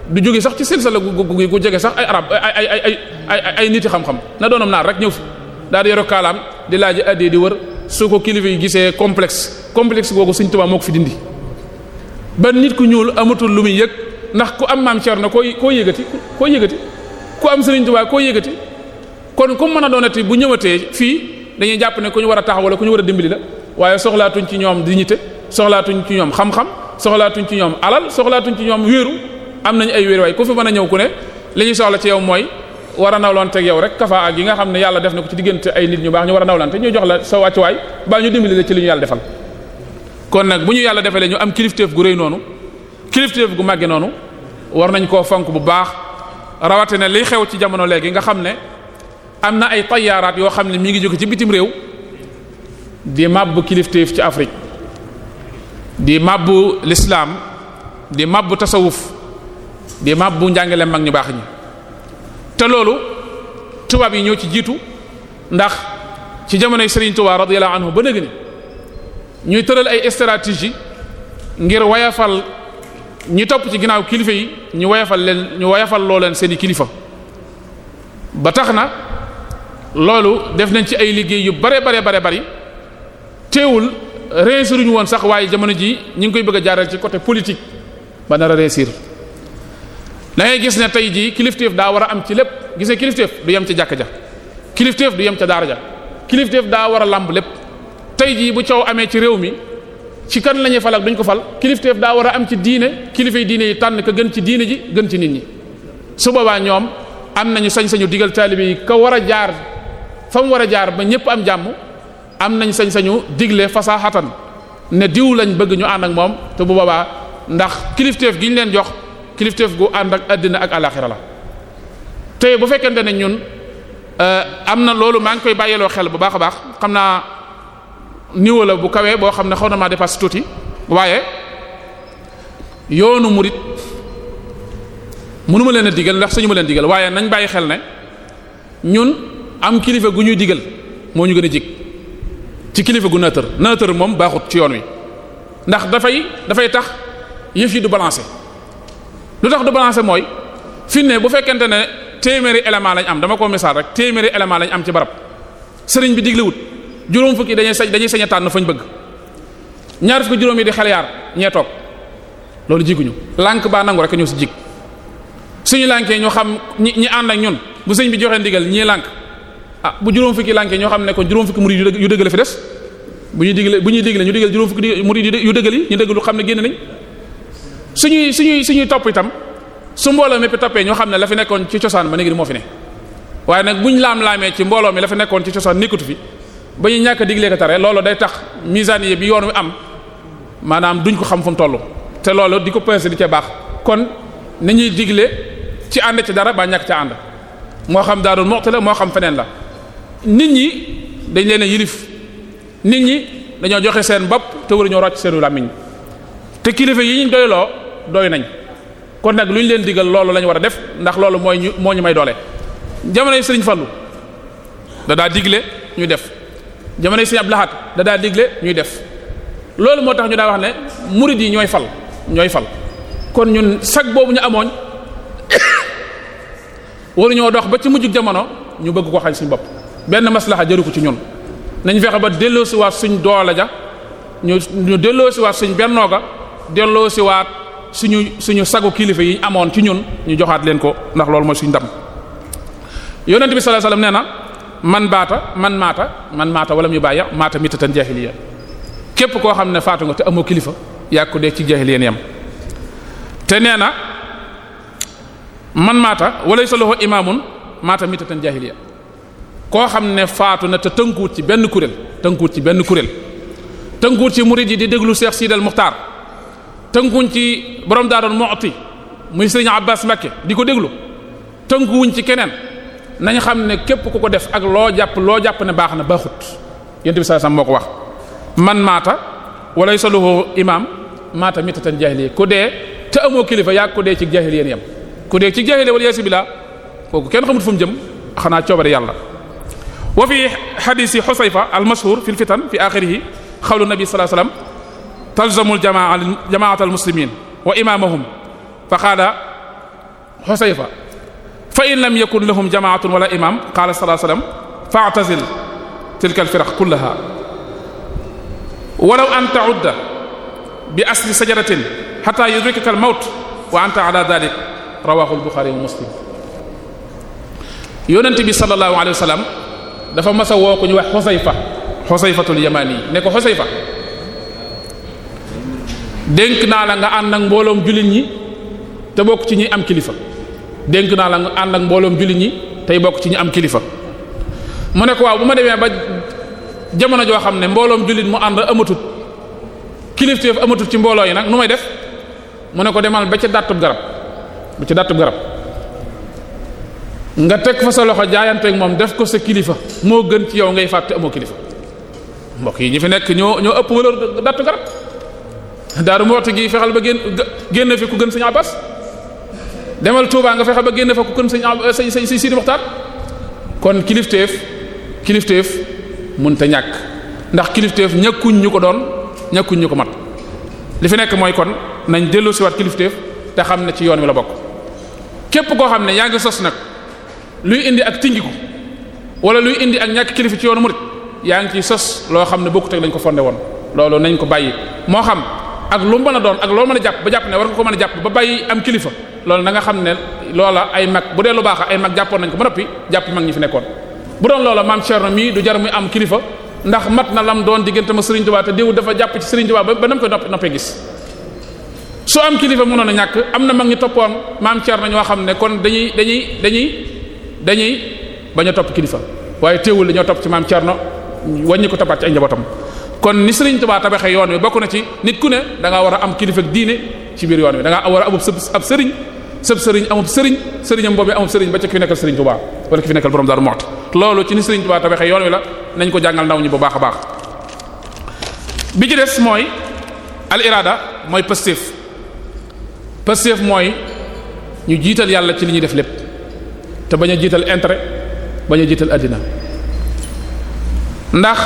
du jóge sax ci silsala gu gu jege sax ay arab ay ay ay ay ay nit yi xam-xam na doonam naar rek ñëw fi daal di yoru kaalaam di laaj addee di wër su ko kilifa yi gisee complexe complexe googu Sëriñ Tuubaa moo ko fi dindi ba nit ku ñuul amatul lu muy yëg ndax ku am maam Cerno na koo yëgati koo yëgati ku am Sëriñ Tuubaa koo yëgati kon ku mën a doonati bu ñëwatee fii dañuy jàpp ne ku ñu war a taxaw wala ku ñu war a dimbali la waaye soxlaatuñ ci ñoom di dignité soxlaatuñ ci ñoom xam-xam soxlaatuñ ci ñoom alal soxlaatuñ ci ñoom wéeru am nañ ay wéeru waaye ku fi mën a ñëw ku ne li ñuy soxla ci yow mooy war a nawlanteeg yow rek kafa ak yi nga xam ne yàlla def na ko ci diggante ay nit ñu baax ñu war a nawlante ñu jox la sa wàccuwaay baa ñu dimbali la ci li kon nag bu ñu yàlla defalee ñu am kilifteef gu rëy noonu kilifteef gu màgge noonu war nañ koo fonk bu baax rawatina liy xew ci jamono léegi nga xam ne am na ay tayaaraat yoo xam ne mi ngi jóge ci bitim réew di mabbu kilifteef ci Afrique di mabbu lislaam di mabbu tasawuf di mabbu njàngale mag ñu baax ñi te loolu tubaab yi ñoo ci jiitu ndax ci jamonoy Serigne Touba radiyallahu anhu ba nëgg ñuy tëral ay stratégie ngir wayafal ñi topp ci ginnaaw kilifa yi ñu woyafal leen ñu woyafal loo leen seeni kilifa ba tax na loolu def nañ ci ay liggéey yu bare bare bare bari teewul réussir woon sax waaye jamono ji ñu ngi koy bëgg a jaaral ci côté politique ba nar a réussir da gis ne tey jii kilifteef daa war a am ci lépp gis ne kilifteef du yem ca jàkk ja kilifteef du yem ca daar ja kilifteef daa war a làmb lépp tey jii bu coow amee ci réew mi ci kan la ñuy fal ak duñ ko fal kilifteef daa war a am ci diine kilifay diine yi tànn ka gën ci diine ji gën ci nit ñi su boobaa ñoom am nañu sañ-sañu digal taalibe yi ka war a jaar fa mu war a jaar ba ñépp am jàmm am nañ sañ-sañu digle fasaxatan ne diw lañ bëgg ñu ànd ak moom te bu boobaa ndax kilifteef gi ñu leen jox kilifteef gu ànd ak àddina ak alaxira la tey bu fekkente ne ñun euh, am na loolu maa ngi koy bàyyiloo xel bu baax a baax xam naa. niveau la bu kawee boo xam ne xaw na maa dépassé tuuti waaye yoonu murit mënuma leen a digal ndax suñu ma leen digal waaye nañ bàyyi xel ne ñun am kilifa gu ñuy digal moo ñu gën a jig ci kilifa gu nëtër nëtër moom baaxut ci yoon wi ndax dafay dafay tax yëf yi du balancer lu tax du balancer mooy fi ne bu fekkente ne téeméeri élément lañ am dama ko misaal rek téeméeri élément lañ am ci barab sëriñ bi diglewut juróom fukki dañuy sañ dañuy sañ a tànn fañ bëgg ñaar fukki juróom yi di xel yaar ñee toog loolu jiguñu lànk baa nangu rek ñoo si jig suñu lànkee ñoo xam ñi ñi ànd ak ñun bu sëñ bi joxe ndigal ñii lànk ah bu juróom fukki lànkee ñoo xam ne kon juróom fukki murid yu dëgg la fi des bu ñuy digle bu ñuy digle ñu digal juróom fukk murid yu dëggal yi ñu dëgg lu xam ne génn nañ suñuy suñuy suñuy topp itam su mbooloo mépp toppee ñoo xam ne la fi ci cosaan ba léegi moo fi ne waaye nag buñ laam-laamee ci mbooloo mi la nekkoon ci cosaan nekkatu fi ba ñu ñàkk a digle ko tare loolu day tax misaan yi bi yoon wi am maanaam duñ ko xam fu tollu te loolu di ko peese di ca baax kon ni ñuy digle ci ànd ci dara baa ñàkk ca ànd moo xam Daaru Muxti la moo xam feneen la nit ñi dañ leen a yilif nit ñi dañoo joxe seen bopp te ñoo rocc seenu làmmiñ te kilifa yi ñu doyloo doy nañ kon nag lu ñu leen digal loolu la ñu war a def ndax loolu mooy ñu moo ñu may doole jamonoy Sëriñ Fallu da daa digle ñu def. jamonoy Sëriñ Abdou Lahad da daa digle ñuy def loolu moo tax ñu daa wax ne murid yi ñooy fal ñooy fal kon ñun sag boobu ñu amoon waruñoo dox ba ci mujjug jamono ñu bëgg ko xañ suñu bopp benn maslaxa jëru ci ñun nañ fexe ba delloosiwaat suñ doole ja ñu ñu delloosiwaat suñ bennoo ga delloosiwaat suñu suñu sagu kilifa yi amoon ci ñun ñu joxaat leen ko ndax loolu mooy suñ ndam yonent bi sallallahu alayhi nee na man baata man maata man maata wala mu bàyya maata mitatan jahiliya képp koo xam ne faatu nga te amoo kilifa yaa ko dee ci jahiliya am te nee na man maata wala sa loxo imaamun maata mitatan jahiliya koo xam ne faatu na te tënkuwut ci benn kuréel tënkuwut ci benn kuréel tënkuwut ci murid yi di déglu Cheikh Sidal Muxtaar tënkuwuñ ci borom daa doon mooti muy sëriñ Abbas Mbakke di ko déglu tënkuwuñ ci keneen. nañ xam ne képp ku ko def ak loo jàpp loo jàpp ne baax na baaxut yonent bi sallallahu alayhi moo ko wax man maata walay saluhu imaam maata mitatan jahiliya ku dee te kilifa yaa ku dee ci jahiliya yam ku dee ci jahiliya wala yasi bila kooku kenn xamut fu mu jëm xanaa coobare yàlla wa fi xadiisi xusayfa almashhur fi lfitan fi axirihi xawlu nabi sallallahu alayhi wasallam talzamu jamaa jamaat almuslimin wa imaamahum fa qaala xusayfa fa in lam yakun lahum jamaatun wala imam qala sallallahu alayhi wasallam fa'tazil tilka alfiraq kullaha walaw an ta'udda bi asli sajaratin hatta yudrikaka almawt wa anta ala dhalik rawahu albukhari wa muslim yonent bi dafa mas a woo ko ñu ne ko xosayfa dénk naa la nga ànd ak mbooloom jullit ñi te bokk ci ñi am kilifa dénk naa la ànd ak mbooloom jullit ñi tey bokk ci ñu am kilifa mu ne ko waaw bu ma demee ba jamono joo xam ne mbooloom jullit mu ànd amatut kilifteef amatut ci mbooloo yi nag nu may def mu ne ko demal ba ca dàttub garab ba ca dàttub garab nga teg fa sa loxo jaayanteek moom def ko sa kilifa moo gën ci yow ngay fàtte amoo kilifa mbokk yi ñu fi nekk ñoo ñoo ëpp wala dàttu garab daaru mu waxtu gi fexal ba génn génn fi ku gën Sëriñ Abbas demal Touba nga fexe ba génne fa ku kën sëñ sëñ sëñ sëñ Sidi Muxtaar kon kilifteef kilifteef mun te ñàkk ndax kilifteef ñàkkuñ ñu ko doon ñàkkuñ ko mat li fi nekk mooy kon nañ delloo siwaat kilifteef te xam ne ci yoon wi la bokk képp koo xam ne yaa ngi sos nag luy indi ak tingiku wala luy indi ak ñàkk kilifa ci yoonu murid yaa ngi ciy sos loo xam ne bokkut ak lañ ko fondé woon loolu nañ ko bàyyi moo xam ak lu mën a doon ak loo mën a jàpp ba jàpp ne war ko mën a jàpp ba bàyyi am kilifa loolu na nga xam ne loola ay mag bu dee lu baax ay mag jàppoon nañ ko ba noppi jàpp mag ñi fi nekkoon bu doon loola maam Thierno mii du jar muy am kilifa ndax mat na lam doon diggante ma Serigne Touba te dafa jàpp ci Serigne Touba ba ba nam koy nopp noppee am kilifa mënoon a ñàkk am na mag ñu toppoon maam Thierno ñoo xam ne kon dañuy dañuy dañuy dañuy bañ a topp kilifa waaye teewul dañoo topp ci maam Thierno wàññi ko toppaat ci ay kon ni Serigne Touba tabaxee yoon wi bokk na ci nit ku ne da ngaa war a am kilifa diine ci biir yoon wi danga am war a ab ab sëriñ sëb sëriñ amub sëriñ sëriñam boobu amub sëriñ ba ca ki nekkal sëriñ Tuubaa wala ki fi nekkal borom Daaru Muxti loolu ci ni sëriñ Tuubaa tabaxee yoon wi la nañ ko jàngal ndaw ñi bu baax a baax bi ci des mooy al irada mooy pastéef pastéef mooy ñu jiital yàlla ci li ñuy def lépp te bañ a jiital intérêt bañ a jiital àddina ndax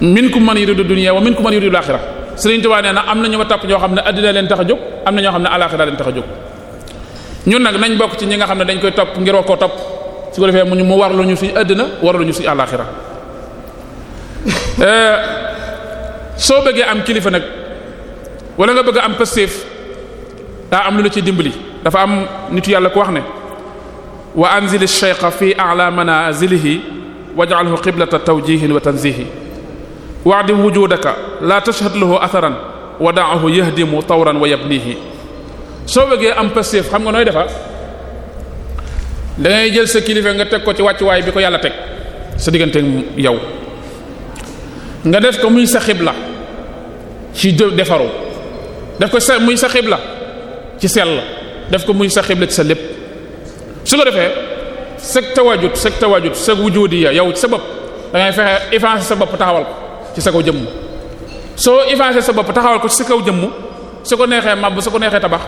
minkum man yuridu dunya wa minkum man yuridu al-akhirah Sëriñ Tuubaa nee na am na ñu ma topp ñoo xam ne addina leen tax a jóg am na ñoo xam ne alaaxira leen tax a jóg ñun nag nañ bokk ci ñi nga xam ne dañ koy topp ngir wax koo topp su ko defee mu mu warlu ñu suñu addina warlu ñu suñu alaaxira eh, soo bëggee am kilifa nag wala nga bëgg am pastéef daa am lu la ci dimbali dafa am nitu yàlla ko wax ne wa anzil ash-shaykha fi a'la manazilihi waj'alhu qiblata tawjihin wa tanzihi waadim wujudaka la tashhad lahu atharan wa da'ahu yahdimu tawran wa yabnihi soo bëggee am passif xam nga nooy defar dangay jël sa kilifa nga teg ko ci wàccuwaay bi ko yàlla teg sa diggante yow nga def ko muy sa xibla ci defaru def ko sa muy sa xibla ci sell def ko muy sa xibla ci sa lépp su ko defee sag tawajut sag tawajut sag wujudiya yow ci sa bopp da ngay fexe effacer sa bopp taxawal ko ci sa kaw soo effacé sa bopp taxawal ko si sa kaw jëmm su ko neexee mab su ko neexee tabax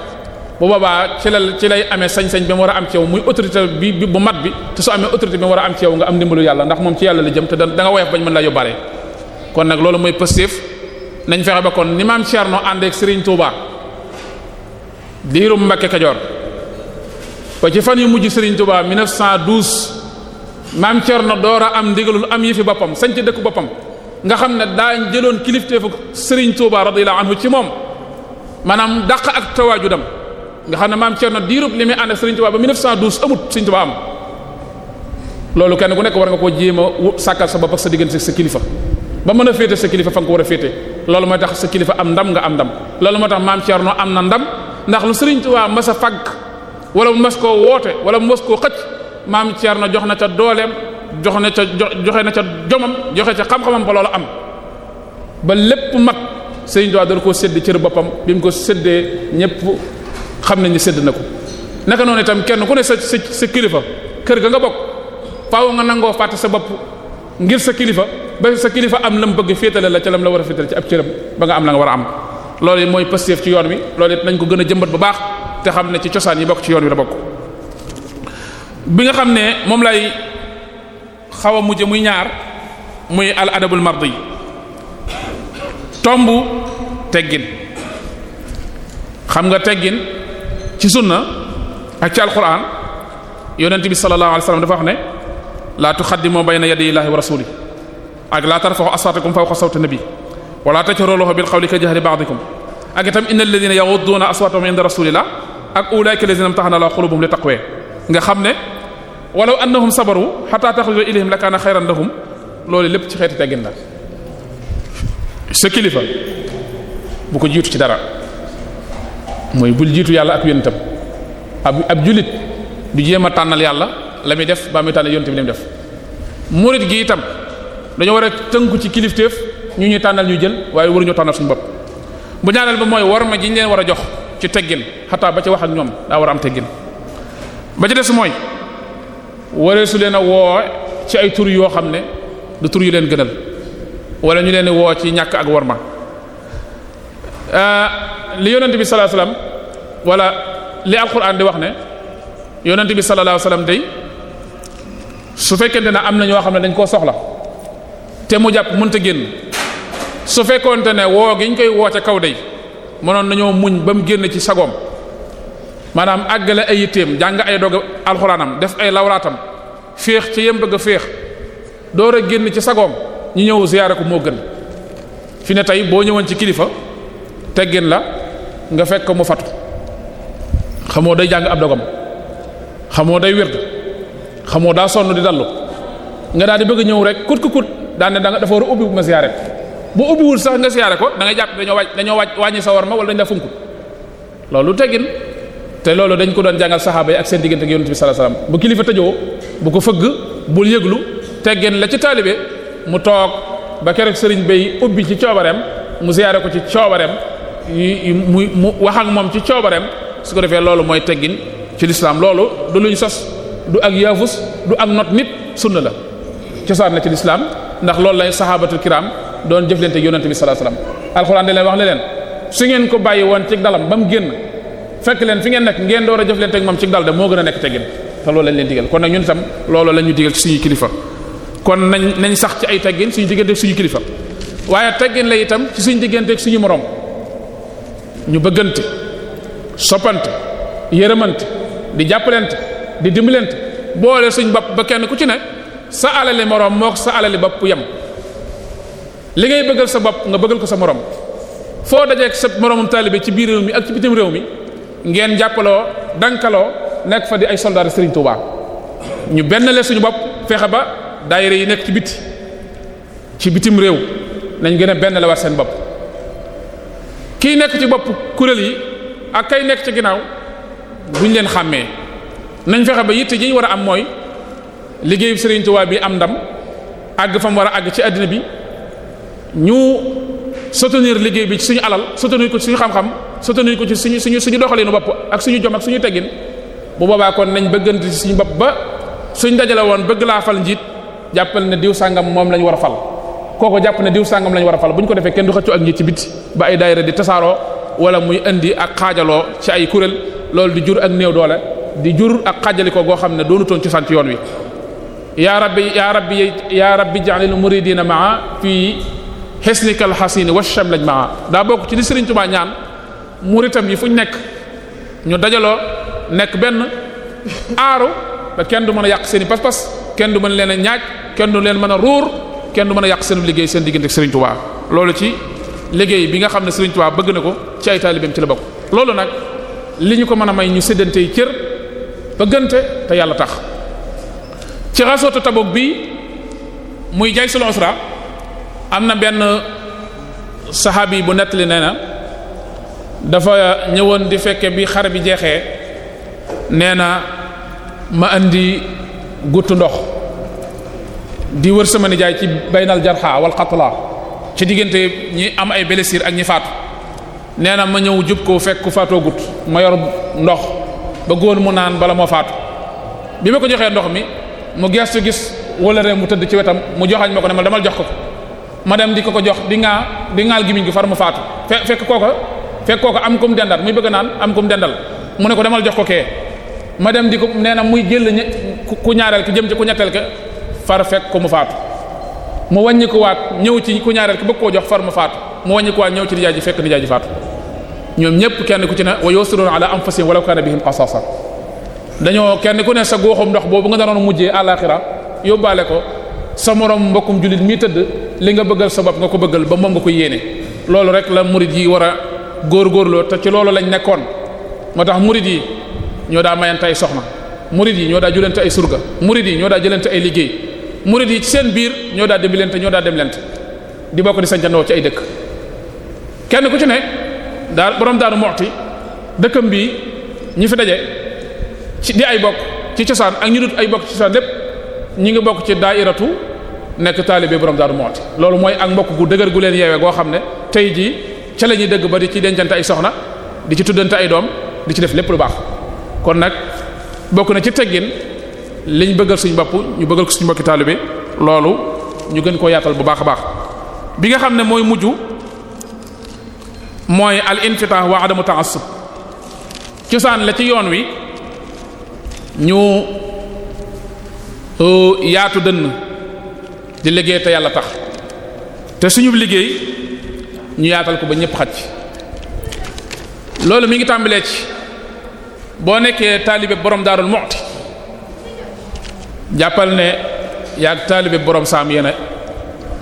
bu boobaa ci la ci lay amee sañ-sañ bi mu war a am ci yow muy autorité bi bi bu mat bi te soo amee autorité bi mu war a am ci yow nga am ndimbalu yàlla ndax moom ci yàlla la jëm te da nga woyof bañ mën laa yóbbaale kon nag loolu mooy positif nañ fexe ba kon ni maam cerno ànd ak Serigne Touba diirum Mbacke Kajoor ba ci fan yu mujj Serigne Touba 1912 maam Thierno door a am ndigalul am yi fi boppam sañ ci dëkk boppam. nga xam ne daañ jëloon kilifteefu Serigne Touba radiyallahu anhu ci moom maanaam daq ak dam nga xam ne maam Thierno diirub li muy ànd ak Serigne Touba ba 1912 amut Serigne Touba am loolu kenn ku nekk war nga koo jéem a sa bopp ak sa diggante sa kilifa ba mën a féete sa kilifa fa nga ko war a féete loolu mooy tax sa kilifa am ndam nga am ndam loolu moo tax maam Thierno am na ndam ndax lu Serigne Touba mas a fagg wala mu mas koo woote wala mu mas koo xëcc jox na ca dooleem. jox na ca joxe na ca jomam joxe ca xam-xamam ba loola am ba lépp mat sëriñ Tuubaa dana koo sedd cër boppam bi mu ko séddee ñépp xam nañu sedd na ko naka noonu itam kenn ku ne sa sa sa kilifa kër ga nga bokk faaw nga nangoo fàtte sa bopp ngir sa kilifa ba sa kilifa am lam bëgg féetale la ca lam la war a féetale ci ab cëram ba nga am la nga war a am loolu mooy pasteef ci yoon wi loolu nañ ko gën a jëmbat bu baax te xam ne ci cosaan yi bokk ci yoon wi la bokk xaw a muy ñaar muy al adabul mardi tomb teggin xam nga teggin ci sunna ak ci alquran yonent bi sallallahu alayhi wasallam dafa wax ne la tuqaddimu bayna yaday illahi wa rasuli ak la tarfa'u aswatakum fawqa sawti nabi wala tajharu lahu bil qawli ka jahri ba'dikum ak itam innal ladhina yaghudduna aswatahum inda rasulillah ak ulaika alladhina imtahana la qulubuhum li taqwa nga xam ne walaw annahum sabaru hatta takhruja ilayhim lakaana xayran lahum loolu lépp ci xeeti teggin la sa kilifa bu ko jiitu ci dara mooy bul jiitu yàlla ak yonentam ab ab jullit du jéem a tànnal yàlla la muy def ba muy tànnal yonentam li muy def murid gi itam dañoo war a tënku ci kilifteef ñu ñuy tànnal ñu jël waaye waruñoo tànnal suñu bopp bu ñaareel ba mooy war ma jiñ leen war a jox ci teggin xataa ba ci wax ak ñoom daa war a am teggin ba ci des mooy waree su leen a woo ci ay tur yoo xam ne du tur yu leen gënal wala ñu leen di woo ci ñàkk ak ma euh, li yonent bi sallallahu alayhi walla wala li alquran di wax ne yonent bi sallallahu alayhi wasallam day su fekkente ne am na ñoo xam ne dañ koo soxla te mu jàpp mënta génn su fekkoonte ne woo gi ñu koy woo ca kaw day mënoon nañoo muñ ba mu génn ci sagoom maanaam àggale ay yitteem jàng ay dog alxuraanam def ay lawraatam féex ci yem bëgg a féex door a génn ci sagoom ñu ñëw ziyaare ko moo gën fi ne tey boo ñëwoon ci kilifa teggin la nga fekk mu fatu xamoo day jàng ab dogam xamoo day wird xamoo daa sonn di dallu nga daal di bëgg ñëw rek kut ku kut daan ne dafa war a ubbi ma siyaare boo ubbiwul sax nga siyaare ko da ngay jàpp dañoo wàcc dañoo wàcc wàññi sa war ma wala dañ la funkut loolu teggin te loolu dañ ko doon jàngal saxaaba yi ak seen diggante ak yonent bi sallallahu alayhi wasallam bu kilifa tëjoo bu ko fëgg bul yëglu teggeen la ci taalibe mu toog ba keroog sëriñ bay ubbi ci coobareem mu ziyaare ko ci coobareem mu mu wax moom ci coobareem su ko defee loolu mooy teggin ci lislaam loolu du luñ sos du ak yaafus du ak not nit sunna la cosaan na ci lislaam ndax loolu lay saxaabatul kiram doon jëflante yonent bi sallallahu alayhi wasallam alxuraan da leen wax su ngeen ko bàyyi woon ci dalam ba mu génn fekk leen fi ngeen nekk ngeen door a jëf leen teg moom ci dalde moo gën a nekk teggin te loolu lañ leen digal kon ñu digal kon nañ nañ sax ci ay teggin suñu digganteeg suñu kilifa waaye teggin la itam ci suñu digganteeg suñu morom ñu bëggante soppante yërëmante di jàppalante di dimbalante boole suñ bopp ba kenn ku ci ne sa alali morom moo sa alali bopp yem li ngay bëggal sa bopp nga bëggal ko sa morom foo dajeeg sa moromam taalibe ci biir réew mi ak ci bitim réew mi. ngeen jàppaloo dankaloo nekk fa di ay soldaari Serigne Touba ñu benn le suñu bopp fexe ba daayira yi nekk ci biti ci bitim réew nañ gën a benn la seen bopp kii nekk ci bopp kuréel yi ak kay nekk ci ginnaaw duñ leen xàmmee nañ fexe ba yitte ji war a am mooy liggéeyu Serigne bi am ndam àgg fa mu war a àgg ci àddina bi ñu soutenir liggéey bi ci suñu alal soutenir ko ci suñu xam-xam soutenir ko ci suñu suñu suñu doxalinu ak suñu jom ak suñu teggin bu boobaa nañ bëggante ci suñu bopp ba suñ dajale woon bëgg laa fal njiit jàppal ne diw sàngam moom lañ war a fal kooku jàpp ne diw sàngam lañ war a fal bu ñu ko defee kenn du xëccoo ak njiit ci biti ba ay daayira di tasaaroo wala muy indi ak xaajaloo ci ay kuréel loolu di jur ak néew doole di jur ak ko goo xam ne doonutoon ci sant yoon wi yaa xesnikal xasini washam lañ maa daa bokk ci li Serigne Touba ñaan muritam yi fu ñu nekk ñu dajaloo nekk benn aaru ba kenn du mën a yàq seen i pas-pas kenn du mën leen a ñaaj kenn du leen mën a ruur kenn du mën a yàq seen liggéey seen diggante ak Serigne Touba loolu ci liggéey bi nga xam ne Serigne Touba bëgg na ko ci ay taalibeem ci la bokk. loolu nag li ñu ko mën a may ñu séddante yi cër bëggante te yàlla tax ci rasoto tabog bi muy jaay sunu usra am na benn saxaabi bu nettali nee na dafa ñëwoon di fekke bi xare bi jeexee nee na ma indi guttu ndox di wër sama nijaay ci baynal jarxa wal qatla ci diggante ñi am ay blessures ak ñi faatu nee na ma ñëw jub ko fekk ku faatoo gutt ma yor ndox ba góor mu naan bala moo faatu bi ma ko joxee ndox mi mu gestu gis wala ree mu tëdd ci wetam mu joxañ ma ko ne ma demal jox ko ko ma dem di ko ko jox di ŋaa di ŋaal gimiñ gi far mu faatu fekk kooka fekk kooka am kum dendal muy bëgg naan am kum dendal mu ne ko demal jox ko kee ma dem di ko nee na muy jël ku ñaareel ki jëm ci ku ñetteel ke far fekk ko mu faatu mu wàññi ko waat ñëw ci ku ñaareel ki bëgg jox far mu faat mu wàññi ko waat ñëw ci nijaay ji fekk nijaay ji faat ñoom ñépp kenn ku ci ne wa yusiruna ala anfusihim walaw kana bihim qasasa dañoo kenn ku ne sa góoxum ndox boobu nga danoon mujjee àlaxira yóbbaale ko sa moroom mbokkum jullit mii tëdd li nga bëggal sa bopp nga ko bëggal ba moom nga ko yéene loolu rek la murid yi war a góorgóorloo te ci loolu lañ nekkoon moo tax murid yi ñoo daa mayante ay soxna murid yi ñoo daa julente ay surga murid yi ñoo daa jëlante ay liggéey murid yi seen biir ñoo daa dimbalante ñoo daa demlante di bokk di sancandoo ci ay dëkk kenn ku ci ne daal borom daaru moxti dëkkam bii ñi fi daje ci di ay bokk ci cosaan ak ñu dut ay bokk ci cosaan lépp ñi ngi bokk ci daairatu nekk taalibe borom Daaru Muxti loolu mooy ak mbokk gu dëgër gu leen yeewee goo xam ne tey jii ca la ñuy dëgg ba di ci dencante ay soxna di ci tuddante ay doom di ci def lépp lu baax kon nag bokk na ci teggin liñ bëggal suñ bopp ñu bëggal ko suñ mbokki taalibe loolu ñu gën koo yaatal bu baax a baax bi nga xam ne mooy mujj mooy al infitah wa adamu ta'assub cosaan la ci yoon wi ñu uh, yaatu dënn di liggéey te yàlla tax te suñu liggéey ñu yaatal ko ba ñëpp xaj ci loolu mi ngi tàmbalee ci boo nekkee taalibe borom Darou Moukhty jàppal ne yaag taalibe borom saam yéen a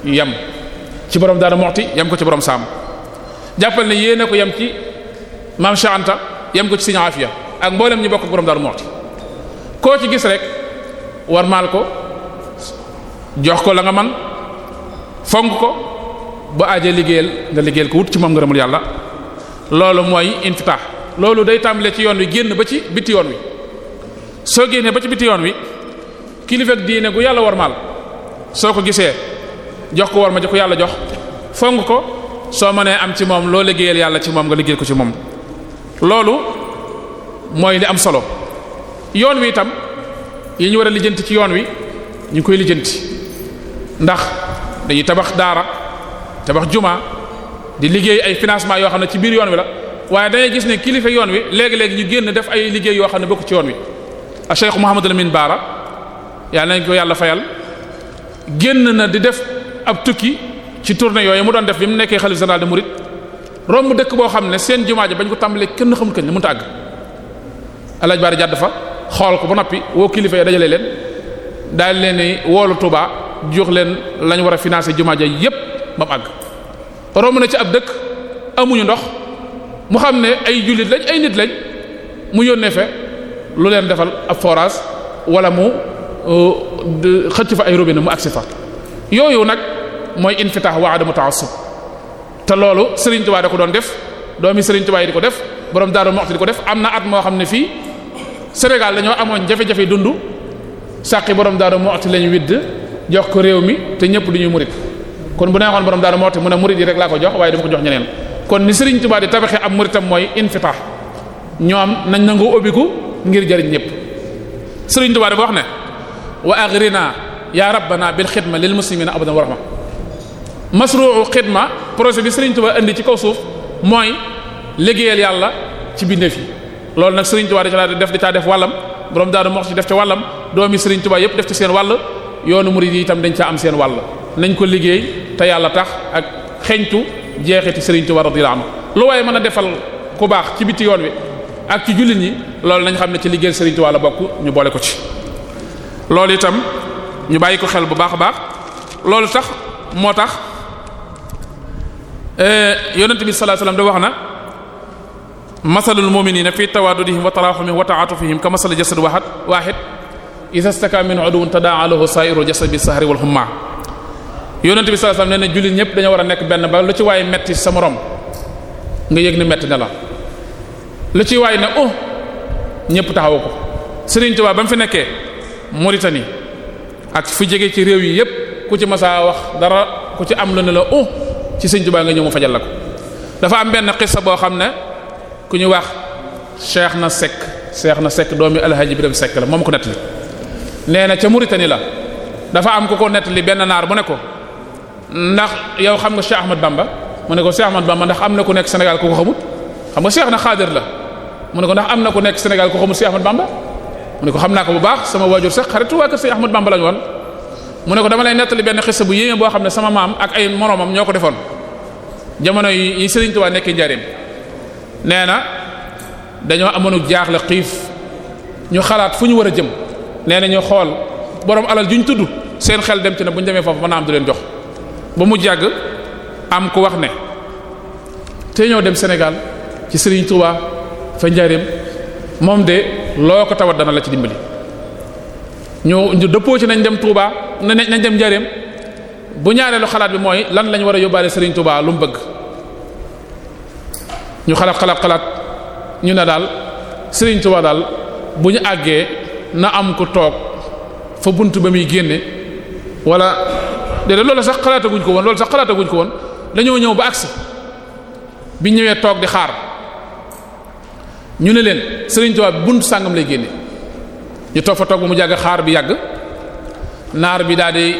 yem ci borom Darou Moukhty yem ko ci borom saam jàppal ne yéen a ko yem ci maam Cheikh Anta ko ci Sëriñ Afiya ak mboolem ñu bokk borom Darou Moukhty koo ci gis rek war maal ko. jox ko la nga man fonk ko bu aajee liggéeyal nga liggéeyal ko wut ci moom ngërëmul yàlla loolu mooy infitaax loolu day tàmbale ci yoon wi génn ba ci biti yoon wi soo génnee ba ci biti yoon wi kilifa ak diine gu yàlla warmaal soo ko gisee jox ko war ma jox yàlla jox fonk ko soo mënee am ci moom loo liggéeyal yàlla ci moom nga liggéeyal ko ci moom loolu mooy li am solo yoon wi itam yi ñu war a lijjanti ci yoon wi ñu koy lijjanti ndax dañuy tabax daara tabax juma di liggéey ay financement yoo xam ne ci biir yoon wi la waaye dañuy gis ne kilifa yoon wi léegi-léegi ñu génn def ay liggéey yoo xam ne bokk ci yoon wi a Cheikh Mouhamadou Lamine Baara yàlla nañ ko yàlla fayal génn na di def ab tukki ci tournée yooyu mu doon def bi mu nekkee xalif général de Mouride romb dëkk boo xam ne seen jumaa ji bañ ko tàmbalee kenn xamul kañ la mënut a àgg alaaj baari jàdd fa xool ko ba noppi woo kilifa dajale leen daal woolu Touba jox leen lañ war a financer jumaa ja yépp ba mu àgg romb na ci ab dëkk amuñu ndox mu xam ne ay jullit lañ ay nit lañ mu yónnee fe lu leen defal ab forage wala mu euh, xëcc fa ay robinet mu agsi fa yooyu nag mooy infitah wa adamu ta'assub te loolu sëriñ Touba da ko doon def doomi Serigne Touba yi di ko def borom Darou Moukhty di ko def am na at moo xam ne fii Sénégal dañoo amoon jafe-jafe dund sàqi borom Darou Moukhty lañu widd jox ko réew mi te ñëpp du ñu murit kon bu neexoon borom daara moo tax mu ne murit yi rek laa ko jox waaye dama ko jox ñeneen kon ni Serigne Touba di tabaxee am muritam mooy infitah ñoom nañ nangoo ubbiku ngir jariñ ñëpp Serigne Touba dafa wax ne wa agrina ya rabbana bil xidma lil muslimina abadan wa rahma masruu xidma projet bi Serigne Touba indi ci kaw suuf mooy liggéeyal yàlla ci bindeef yi loolu nag Serigne Touba da ca def di caa def wàllam borom daara moo ci def ca wàllam doomi Serigne Touba yëpp def ci seen wàll yoonu murid yi itam dañ ca am seen wàll nañ ko liggéey te yàlla tax ak xeñtu jeexiti Serigne Touba radiyallahu anhu lu waaye mën a defal ku baax ci biti yoon wi ak ci jullit ñi loolu nañ xam ne ci liggéey Serigne Touba la bokk ñu boole ko ci loolu itam ñu bàyyi ko xel bu baax a baax loolu tax moo tax eh, yonent bi sallallahu alayhi wasallam da wax na masalul mu'minina fi tawaddudihim wa tarahumihim wa ta'atufihim ka masal jasad wahid isa staka min udwun tadaa lahu sa'iru jasad bi sahri wal humma yonent bi sallallahu alayhi nee na jullit ñëpp dañoo war a nekk benn ba lu ci waaye metti sa morom nga yëg ni metti na la lu ci waay ne oh ñëpp taxawu ko Serigne Touba ba mu fi nekkee Mauritanie ak fu jege ci réew yi yëpp ku ci masaa wax dara ku ci am lu ne la oh ci Serigne Touba nga ñëw mu fajal la ko dafa am benn xissa boo xam ne ku ñu wax Cheikh na Seck Cheikh na Seck doomi Alhaji bi Seck la moom ko nee na ca Mauritanie la dafa am ku ko nettali benn naar mu ne ko ndax yow xam nga Cheikh Ahmad Bamba mu ne ko Cheikh Ahmad Bamba ndax am na ku nekk Sénégal ku ko xamut xam nga Cheikh na xaadir la mu ne ko ndax am na ku nekk Sénégal ku xamut Cheikh Ahmad Bamba mu ne ko xam naa ko bu baax sama waajur sax xaritu waa kër Cheikh Ahmad Bamba lañu woon mu ne ko dama lay nettali benn xissa bu yéeme boo xam ne sama maam ak ay moroomam ñoo ko defoon jamono yi Serigne Touba nekk njariñ nee na dañoo amoon jaaxle xiif ñu xalaat fu ñu war a jëm nee nañu xool boroom alal ju ñu tudd seen xel dem ci na bu ñu demee foofu mën naa am du leen jox ba mu jàgg am ku wax ne te ñoo dem senegal ci sëriñ Touba fa njaareem moom de loo ko tawat dana la ci dimbali ñu ñu dëppoo ci nañ dem Touba nañ dem njaareem bu ñaareelu xalaat bi mooy lan lañu war a yóbbaale Serigne Touba lu mu bëgg ñu xalaat xalaat xalaat ñu ne daal Serigne Touba daal bu ñu àggee na am ko toog fa bunt ba muy génne wala de loolu sax xalaataguñ ko woon loolu sax xalaataguñ ko woon dañoo ñëw ba agsi bi ñëwee toog di xaar ñu ne leen Sëriñ Tuubaa bunt sàngam lay génne ñu toog fa toog ba mu jàgg xaar bi yàgg naar bi daal di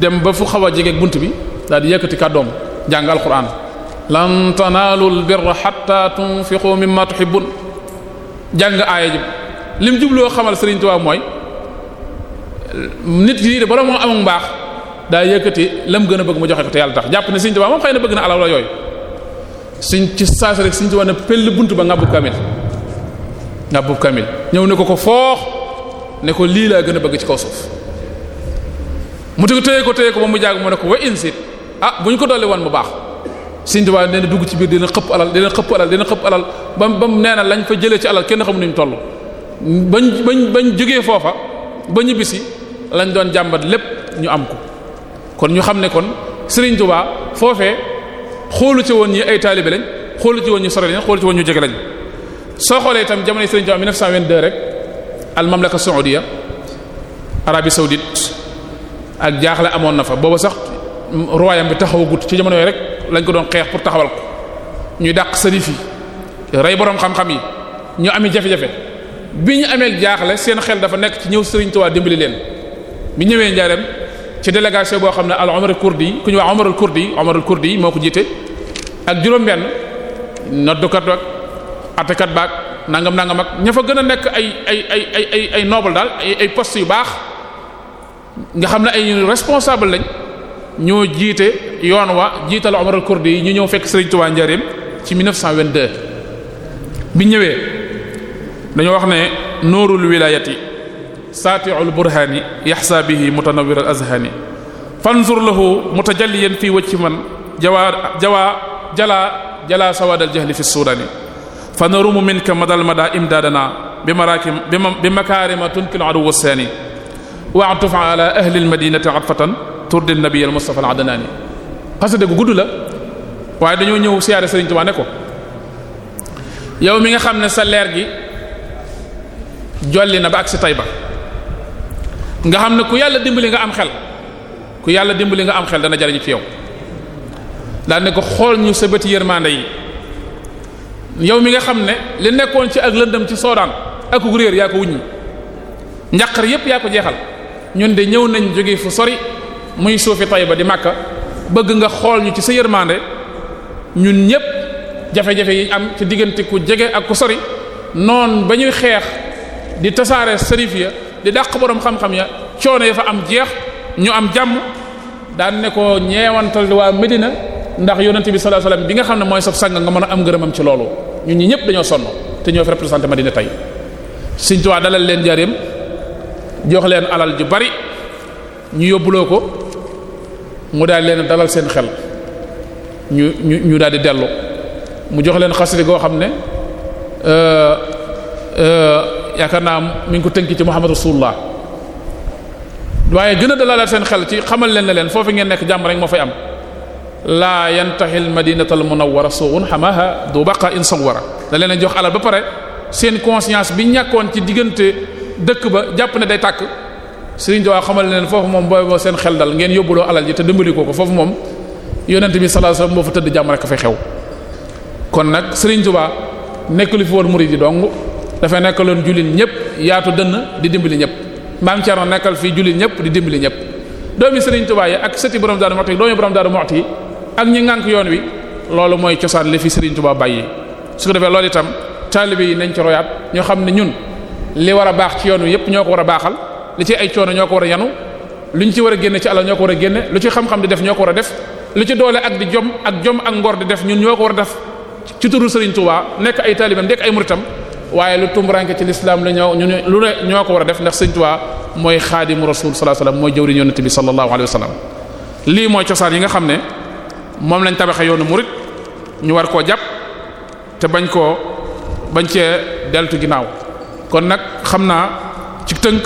dem ba fu xaw a jegeeg bunt bi daal di yëkkati kàddoom jàng alquran lan tanaalul birra hatta tunfiqu mimma tuhibbun jàng aaya ji lim jubloo xamal Serigne Touba mooy nit yii de borom moo amul mbaax daa yëkkati mu gën a bëgg mu joxe ko te yàlla tax jàpp ne Serigne Touba moom xëy na bëgg na alaw la yooyu suñ ci saas rek Serigne ne pell bunt ba ngàbbu kamil ngàbbu kamil ñëw ne ko ko foox ne ko lii laa gën a bëgg ci kaw suuf mu tëgg téye ko téye ko ba mu jàgg mu ne ko wa insit a ah bu ñu ko dolli woon mu baax Serigne Touba nee dugg ci biir dina xëpp alal dina xëpp alal dina xëpp alal ba ba mu nee na lañ fa jëlee ci alal kenn xamu nuñ toll. bañ bañ bañ jógee foofa ba ñibbisi lañ doon jàmbat lépp ñu am ko kon ñu xam ne kon Serigne Touba foofee xoolu ci woon ñi ay taalibe lañ xoolu ci woon ñu sore lañ xoolu ci woon ñu jege lañ soo xoolee itam jamono Serigne Touba 1922 rek al mamlaka saoudia Arabie saoudite ak jaaxle amoon na fa booba sax royaume bi taxawagut ci jamono yooyu rek lañ ko doon xeex pour taxawal ko ñuy dàq sërif yi rey boroom xam-xam yi ñu ami jafe-jafe bi ñu amee jaaxle seen xel dafa nekk ci ñëw Serigne Touba dimbali leen bi ñëwee Ndiarème ci délégation boo xam ne al Omar al Kurdi ku ñu wax Omar al Kurdi Omar al Kurdi moo ko ak juróom-benn noddukat ak atekat baak nangam nangam ak ña fa gën a nekk ay ay ay ay ay ay noble daal ay ay postes yu baax nga xam ne ay responsable lañ ñoo jiite yoon wa jiital Omar al Kurdi ñu ñëw fekk Serigne Touba Ndiarème ci 1922 bi ñëwee. dañoo wax ne nuurul wilayati saati'ul burhaani yaxsa bihi mutanawwir al azhaani fanzur lahu mutajalliyan fii wajhi man jawaa jawaa jalaa jalaa sawaad al jahli fi suudaani fa narumu minka madal madaa imdaadana bi maraakim bi makaarima tunkil aduwwa saani waatuf ala ahli al madinati atfatan turdi nabiy al mustafa al adnaani xasida gu gudd la waaye dañoo ñëw siyaare Sëriñ Tuubaa ne ko yow nga xam ne sa gi jolli na ba ak si Tayba nga xam ne ku yàlla dimbali nga am xel ku yàlla dimbali nga am xel dana jariñu ci yow daal ne ko xool ñu sa bëti yërmande yi yow mi nga xam ne li nekkoon ci ak lëndëm ci soodaan ak ku réer yaa ko wuññi njàqar yépp yaa ko jeexal ñun de ñëw nañ jóge fu sori muy suufi Tayba di Makka bëgg nga xool ñu ci sa yërmande ñun ñépp jafe-jafe yi am ci diggante ku jege ak ku sori noon ba ñuy xeex di tasaare sërif ya di dàq boroom xam-xam ya coono ya fa am jeex ñu am jàmm daan ne ko ñeewantal waa Medina ndax yonent bi sallallahu alayhi wasallam bi nga xam ne mooy sab sang nga mën a am ngërëmam ci loolu ñu ñi ñëpp dañoo sonn te ñoo fi ma Medina tey Sëriñ Tuubaa dalal leen jareem jox leen alal yu bari ñu yóbbuloo ko mu daal leen dalal seen xel ñu ñu ñu daal di dellu mu jox leen xasri goo xam ne euh, euh, yaakaar naa mi ngi ko tënki ci Muhammad Rasulullah waaye gën a dalal seen xel ci xamal leen ne leen foofu ngeen nekk jàmm rek moo fay am laa yantaxil madinatal munawwara a xamaha du baqa in sawara da leen jox alal ba pare seen conscience bi ñàkkoon ci diggante dëkk ba jàpp ne day tàkk Sëriñ Tuubaa xamal leen foofu moom booy boo seen xel dal ngeen yóbbuloo alal ji te dimbali ko ko foofu moom yonent bi sallallahu alayhi wasallam moo fa tëdd jàmm rek a fay xew kon nag Sëriñ Tuubaa nekk lu fi woon murid yi dafa nekkaloon jullit ñëpp yaatu dënn di dimbali ñëpp maam Thierno nekkal fii jullit ñëpp di dimbali ñëpp doomi Serigne Touba yi ak sëti borom Darou Moukhty doomi borom Darou Moukhty ak ñi ngànk yoon wi loolu mooy cosaan li fi Serigne Touba bàyyi su ko defee loolu itam taalibe yi nañ ci royaat ñoo xam ne ñun li war a baax ci yoon wi yëpp ñoo ko war a baaxal li ci ay coono ñoo ko war a yanu lu ñu ci war a génne ci alal ñoo ko war a génne lu ci xam di def ñoo ko war a ci doole ak di jom ak jom ak ngor di def ñun ñoo ko war a def ci turu Serigne Touba nekk ay taalibam nekk ay muritam waaye lu tumburanke ci lislaam la ñoo ñu ñoo ko war a def ndax sëñ mooy xaadimu rasul sallallahu alayhi wasallam mooy jëwriñ yonent bi sallallahu alayhi wasallam lii mooy cosaan yi nga xam ne moom lañ tabaxe yoonu murit ñu war koo jàpp te bañ koo bañ cee deltu ginnaaw kon nag xam naa ci tënk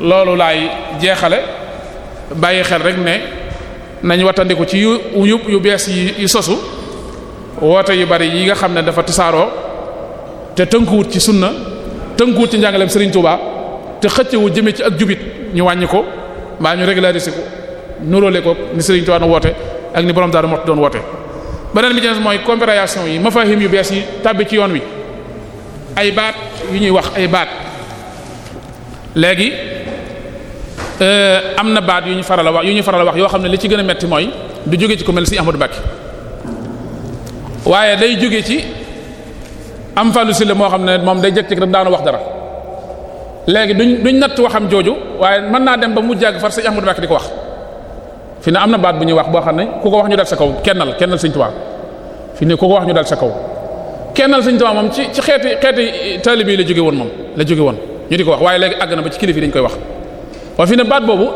loolu laay jeexale bàyyi xel rek ne nañ wattandiku ci yu yu bees yi sosu woote yu bari yi nga xam ne dafa tasaaroo te tënkuwut ci sunna tënkuwut ci njàngaleem Serigne Touba te xëccewut jëme ci ak jubit ñu wàññi ko mbaa ñu régulariser ko nuroole ko ni Serigne Touba na woote ak ni borom Darou Moukhty doon woote. beneen bi ci mooy comparaison yi mafahim yu bees yi tàbbi ci yoon wi ay baat yu ñuy wax ay baat léegi euh, am na baat yu ñu faral a wax yu ñu faral a wax yoo xam ne li ci gën a metti mooy du jóge ci ku mel si Ahmadou Bakki waaye day jóge ci. am fàllu si moo xam ne moom day jëkk-jëkk dam daana wax dara léegi duñ duñ natt xam jooju waaye mën naa dem ba mu jàgg far sëñ Ahmadou Mbacké di ko wax fi ne am na baat bu ñuy wax boo xam ne ku ko wax ñu dal sa kaw kennal kennal sëñ Tuubaa fi ne ku ko wax ñu dal sa kaw kennal sëñ Tuubaa moom ci ci xeeti xeeti taalib yi la jóge woon moom la jóge woon ñu di ko wax waaye léegi àgg na ba ci kilifa dañ koy wax waaye ne baat boobu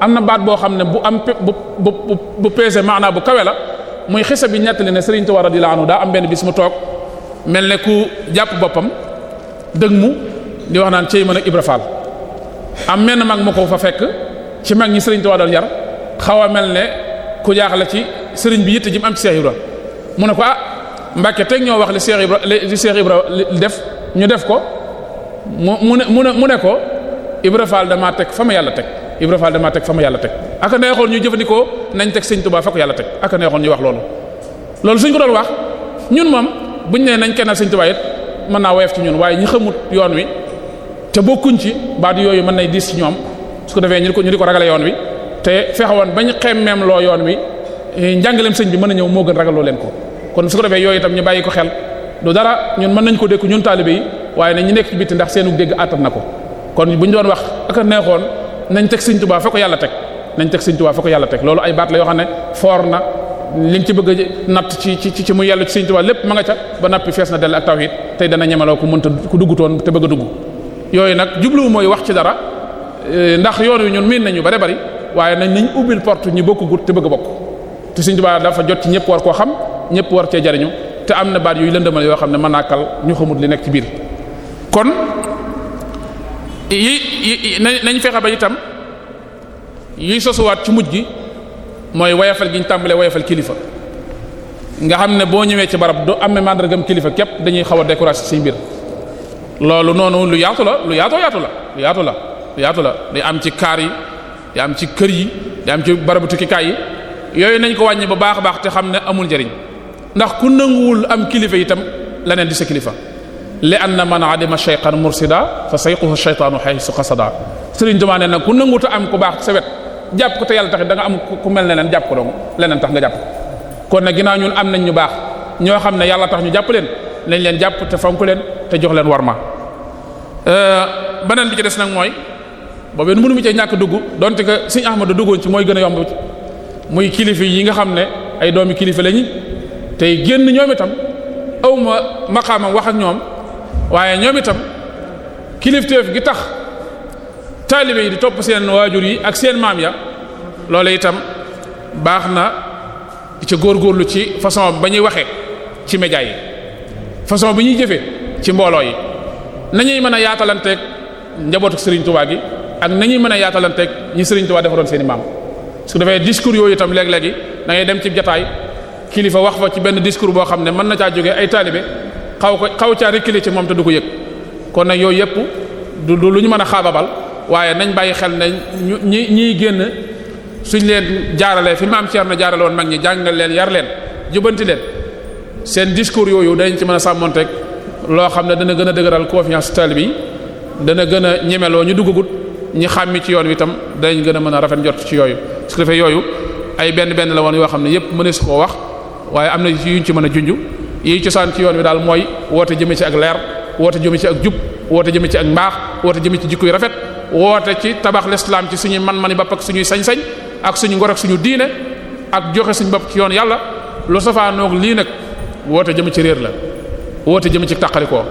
am na baat boo xam ne bu am bu bu bu peese maanaa bu kawe la muy xisa bi ñettali ne Sëriñ a radiyallahu anhu daa am benn bis mu toog mel ne ku jàpp boppam dëgg mu di wax naan cey mën ak Ibra Faal am menn mag mu ko fa fekk ci mag ñi sëriñ Tuubaa doon yar xaw a mel ne ku jaaxle ci sëriñ bi yitte ji mu am ci Seex Ibra mu ne ko ah Mbàkke teg ñoo wax li Seex Ibra li Seex Ibra def ñu def ko mu mu ne mu ne mu ne ko Ibra Faal damaa teg fa ma yàlla teg Ibra Faal damaa teg fa ma yàlla teg aka neexoon ñu jëfandikoo nañ teg sëñ Tuubaa fa ko yàlla teg aka neexoon ñu wax loolu loolu suñ ko buñ nee nañ kennal Sëriñ Tuubaa it mën naa woyof ci ñun waaye ñi xamut yoon wi te bokkuñ ci baat yooyu mën nay diis ci ñoom su ko defee ñu di ko ñu di ko ragale yoon wi te fexewoon bañ xemmeem loo yoon wi eh, njàngaleem sëñ bi mën a ñëw moo gën ragaloo leen ko kon su ko defee yooyu itam ñu bàyyi ko xel du dara ñun mën nañ ko dékku ñun taalibe yi waaye ne ñu nekk ci bitti ndax seenu dégg àttan na ko kon bu ñu doon wax ak a neexoon nañ teg sëñ Tuubaa fa ko yàlla teg nañ teg sëñ Tuubaa fa yàlla teg loolu ay baat la yoo xam ne liñ ci bëgg a natt ci ci ci mu yàlla ci Sëriñ Tuubaa lépp ma nga ca ba nappi fees na dell ak tawhid tey dana ñemeloo ku mënta ku duggutoon te bëgg dugg yooyu nag jubluwu mooy wax ci dara eh, ndax yoon wi ñun miin nañu bare bari waaye nañ nañ ubbil porte ñu bokk gut te bëgg a bokk te Sëriñ Tuubaa dafa jot ci ñëpp war koo xam ñëpp war cee jariñu te am na baat yooyu lëndëmal yoo xam ne mën naa kal ñu xamut li nekk ci biir kon yi nañ fexe ba itam yiy sosuwaat ci mujj gi mooy woyafal gi ñu tàmbalee woyafal kilifa nga xam ne boo ñëwee ci barab du amee màndargam kilifa képp dañuy xaw a découragé ci mbir loolu noonu lu yaatu la lu yaatoo yaatu la lu yaatu la lu yaatu la day am ci kaar yi day am ci kër yi day am ci barabu tukkikaay yi yooyu nañ ko wàññi ba baax a baax te xam ne amul njariñ ndax ku nanguwul am kilifa itam leneen di sa kilifa li anna man adima shaytan mursida fa sayquhu shaytanu haythu qasada sëriñ demandé nag ku nanguta am ku baax sa wet jàpp ko te yàlla taxit danga nga am ku mel ne leen jàpp ko dong leneen tax nga jàpp ko kon nag ginnaaw ñun am nañ ñu baax ñoo xam ne yàlla tax ñu jàpp leen nañ leen jàpp te fonk leen te jox leen warma euh, beneen bi ci des nag mooy boobu mënu mu cee ñàkk dugg donte que Sëriñ Ahmadu duggoon ci mooy gën a yomb ci muy kilifa yi nga xam ne ay doomi kilifa lañu tey génn ñoom itam awma maqaamam wax ak ñoom waaye ñoom itam kilifteef gi tax taalibe yi di topp seen waajur yi ak seen maam ya loolu itam baax na ci góor góorlu ci façon ba ñuy waxee ci média yi façon bi ñuy jëfee ci mbooloo yi nañuy mën a yaatalanteeg njabootu Serigne Touba gi ak nañuy mën a yaatalanteeg ñi Serigne Touba defaroon seeni i maam su defee discours yooyu itam léeg-léegi da ngay dem ci jataay kilifa wax fa ci benn discours boo xam ne mën na caa jógee ay taalibe xaw ko xaw caa reculer ci moom te du ko yëg kon nag yooyu yëpp du lu ñu mën a xaababal waaye nañ bàyyi xel ne ñu ñi ñiy génn suñ leen jaaralee fi maam Thierno jaarale woon mag ñi jàngal leen yar leen jubanti leen seen discours yooyu dañ ci mën a sàmmoon sàmmonteeg loo xam ne dana gën a dëgëral confiance taalibe bi dana gën a ñemeloo ñu duggagut ñi xàmmi ci yoon wi itam danañ gën a mën a rafet njort ci yooyu su yooyu ay benn benn la woon yoo xam ne yépp mënees koo wax waaye am na yuñ ci mën a junj yi cosaan ci yoon wi daal mooy woote jëme ci ak leer woote jëme ci ak jub woote jëme ci ak mbaax woote jëme ci jikko yu rafet woote ci tabax l'islam ci suñuy man-mani bopp bappak suñu sañ-sañ ak suñu ngor ak suñu diine ak joxe suñu bopp ci yoon yàlla lu noog lii nag woote jëm ci réer la woote jëm ci taqalikoo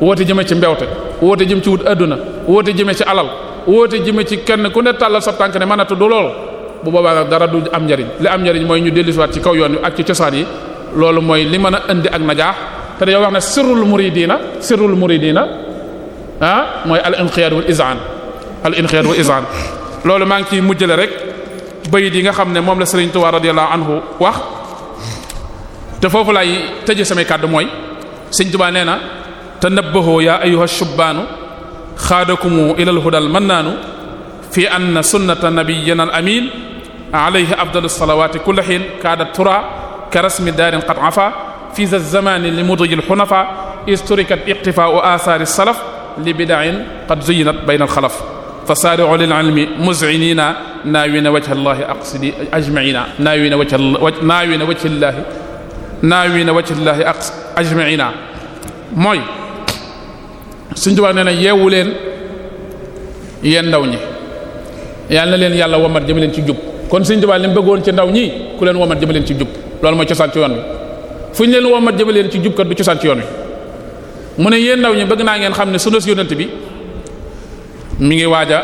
woote jëm ci mbewte woote jëm ci wut adduna woote jëm ci alal woote jëm ci kenn ku ne tàllal sa tànk ne a du lool bu boobaa dara du am njariñ li am njariñ mooy ñu dellusiwaat ci kaw yoon wi ak ci cosaan yi loolu mooy li mën a indi ak najaax te dañoo wax ne sirrul muridina sirrul muridina ah mooy al inqiyad wal izan al inqiyaad wa izaan loolu maa ngi ciy mujjale rek bayit yi nga xam ne moom la Sëriñ Tuubaa radiyallahu anhu wax te foofu laay tëje samay kàddu mooy Sëriñ Tuubaa nee na tanabbahu yaa ayyuha shubbaanu xaadakumu ilal hudal mannaanu fi anna sunnata nabiyyina al amiin alayhi afdalu salawaati kulla hiin kaada tura ka rasmi daarin qad afa fi za zamani li mudiji al hunafa istorikat iqtifaa'u aathaari salaf li bida'in qad zuyyinat bayna al xalaf fasaari'u lil ilmi muz'inina naawina wajha llahi aqsidi ajma'ina naawina wajha naawina wajha llahi naawina wajha llahi aqs ajma'ina mooy suñ tubaab nee na yeewu leen yéen ndaw ñi yal na leen yàlla womat jëm leen ci jub kon suñ tubaab li mu bëggoon ci ndaw ñi ku leen womat jëm leen ci jub lool mooy cosaan ci yoon wi fu ñu leen womat jëm leen ci jub kat du cosaan ci yoon wi mu ne yéen ndaw ñi bëgg naa ngeen xam ne sunu yonent bi. mi ngi waaj a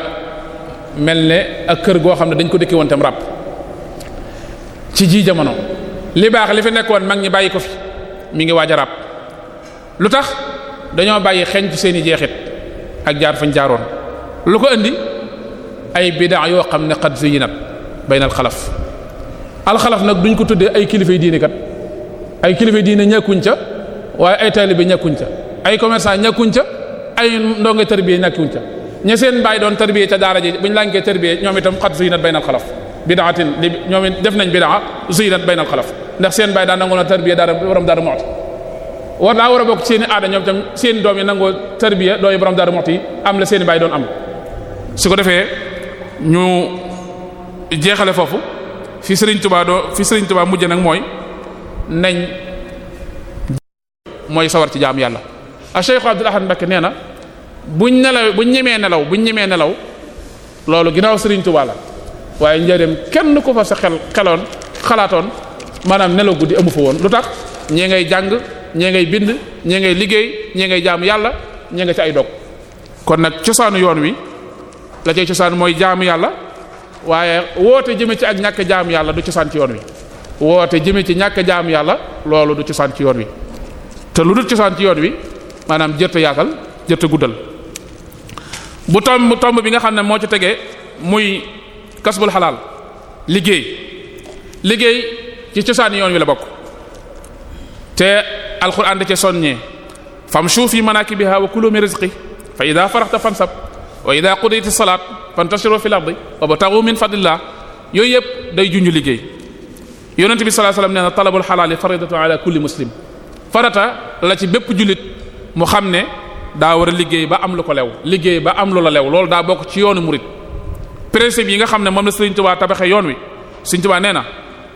mel ne ak kër goo xam ne dañ ko dëkke woon tam ràpp ci ji jamono li baax li fi nekkoon mag ñi bàyyi ko fi mi ngi waaj a ràpp lu tax dañoo bàyyi xeeñ ci seeni jeexit ak jaar fañ jaaroon lu ko indi ay bidaa yoo xam ne xat zuyinat baynal xalaf alxalaf nag duñ ko tuddee ay kilifay diine kat ay kilifay diine ñàkkuñ ca waaye ay taalibe ñàkkuñ ca ay commerçant ñàkkuñ ca ay ndongo tarbiya ñàkkuñ ca ña seen bàyyi doon tërbiyee ca daara ji bu ñu lànkee tërbiyee ñoom itam xat zuynat baynal xalaf bidaatin li ñoom it def nañ bidaa zuynat baynal xalaf ndax seen bàyyi daa nangoo na tërbiyee daara borom daara moxti war daa war a bokk seen i aada ñoom seen doom yi nangoo tërbiyee doomi borom daara moxti yi am la seen bàyyi doon am su ko defee ñu jeexale foofu fi Serigne Touba doo fi Serigne Touba mujj nag mooy nañ mooy sawar ci jaam yàlla a Cheikh Abdoul Ahad Mbacké nee na bu nelaw buñ ñemee nelaw buñ ñemee nelaw loolu ginnaaw Serigne Touba la waaye njëriñ kenn ko fa sa xel xeloon xalaatoon maanaam nelaw guddi amu fa woon lu tax ñee ngay jàng ñee ngay bind ñee ngay liggéey ñee ngay jaamu yàlla ñee nga ci ay dog kon nag cosaanu yoon wi la cay cosaan mooy jaamu yàlla waaye woote jëme ci ak ñàkk jaamu yàlla du cosaan ci yoon wi woote jëme ci ñàkk jaamu yàlla loolu du cosaan ci yoon wi te lu dul cosaan ci yoon wi maanaam jërta yaatal jërta guddal bu tomb tomb bi nga xam ne moo ci tegee muy kasbul xalaal liggéey liggéey ci cosaani yoon wi la bokk te alxuraan da ci soññee famshu fi manakibiha wa kulu min rizqi fa ida faraxta fansab wa ida qudiyati salaat fantashiru fil ardi wabtagu min fadlillah yooyu yëpp day junj liggéey yonent bi sallallahu alayhi wasallam nee faridatu ala kulli muslim farata la ci bépp jullit mu xam ne daa war a liggéey ba am lu ko lew liggéey ba am lu la lew loolu daa bokk ci yoonu murid principe yi nga xam ne moom la Sëriñ Tuubaa tabaxe yoon wi Sëriñ Tuubaa nee na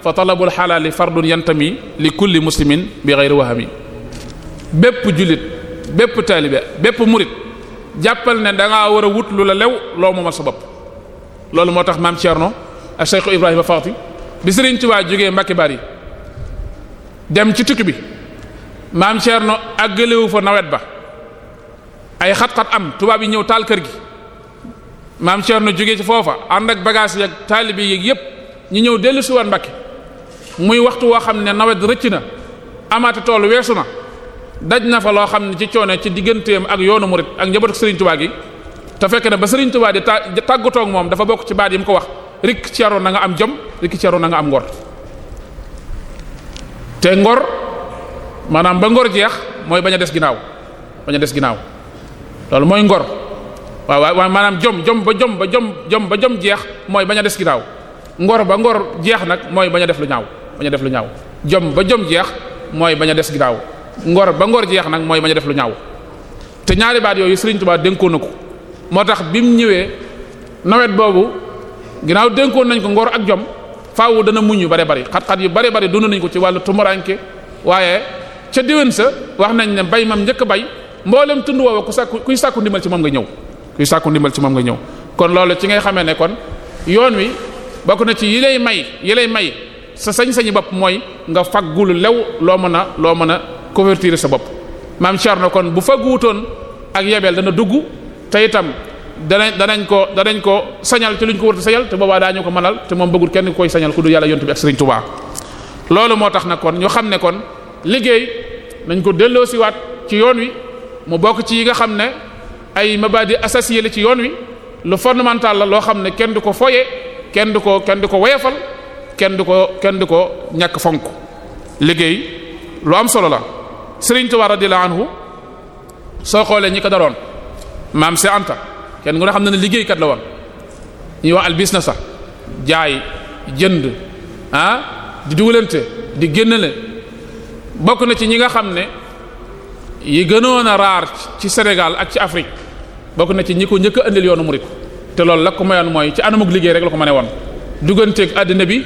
fa talabul xalaali fardun yantami li kulli muslimin bi ghayri wahami bépp jullit bépp taalibe bépp murid jàppal ne dangaa war a wut lu la lew loo moomal sa bopp loolu moo tax maam Thierno ak Cheikh Ibrahima Faati bi Sëriñ Tuubaa jógee Mbàkke Bari dem ci tukki bi maam Thierno àggalewu fa nawet ba ay xat-xat am tubaab yi ñëw taal kër gi maam Thierno jógee ci foofa ànd ak bagage yeeg taalibe yeeg yépp ñu ñëw dellu si woon Mbakke muy waxtu woo xam ne nawet rëcc na amaate tool weesu na daj na fa loo xam ne ci coone ci digganteem ak yoonu murit ak njabootu Serigne Touba gi te fekke ne ba Serigne Touba di tàggatoo moom dafa bokk ci baat yi mu ko wax rikk ci yaroon na nga am jom rikk ci na nga am ngor te ngor maanaam ba ngor jeex mooy bañ a des ginnaaw bañ des ginnaaw. loolu mooy ngor waaw waaw maanaam jom jom ba jom ba jom jom ba jom jeex mooy bañ a des ginnaaw ngor ba ngor jeex nag mooy bañ a def lu ñaaw bañ a def lu ñaaw jom ba jom jeex mooy bañ a des ginnaaw ngor ba ngor jeex nag mooy bañ def lu ñaaw te ñaari baat yooyu Serigne Touba dénkoon na ko moo tax bi mu ñëwee nawet boobu ginnaaw dënkoon nañ ko ngor ak jom faawu dana muñ yu bare bari xat-xat yu bare bari dund nañ ko ci wàllu tumuranke waaye ca déwén sa wax nañ ne bay mam njëkk bay mboolem tund woowa ku sàkku kuy sàkku ndimbal ci moom nga ñëw kon loolu ci ngay xamee ne kon yoon wi bokk na ci yi lay may yi lay may sa sañ-sañi bopp mooy nga fag faggulu lew loo mën a loo mën a couverture sa bopp maam Thierno kon bu fagguwutoon ak yebeel dana dugg te itam danañ danañ ko danañ ko sañal ci luñ ko wërta sañal te boobaa daañu ko mënal te moom bëggul kenn koy sañal ku dul yàlla yontu bi ak Serigne Touba loolu moo tax na kon ñu xam ne kon liggéey nañ ko delloosiwaat ci yoon wi mu bokk ci yi nga xam ne ay mabadi assasiye la ci yoon wi lu fondamental la loo xam ne kenn du ko foye kenn du ko kenn du ko woyofal kenn du ko kenn du ko ñàkk fonk liggéey lu am solo la Sëriñ Tuubaa radiyallahu anhu soo xoolee ñi ko daroon maam si Anta kenn nga xam ne ne liggéeykat la woon ñuy wax al na sax jaay jënd ah di dugalante di génnale bokk na ci ñi nga xam ne yi gënoon a raar ci Sénégal ak ci Afrique bokk na ci ñi ko njëkk a indil yoonu murit te loolu la ko mayoon mooy ci anamug liggéey rek la ko mënee woon dugganteeg àddina bi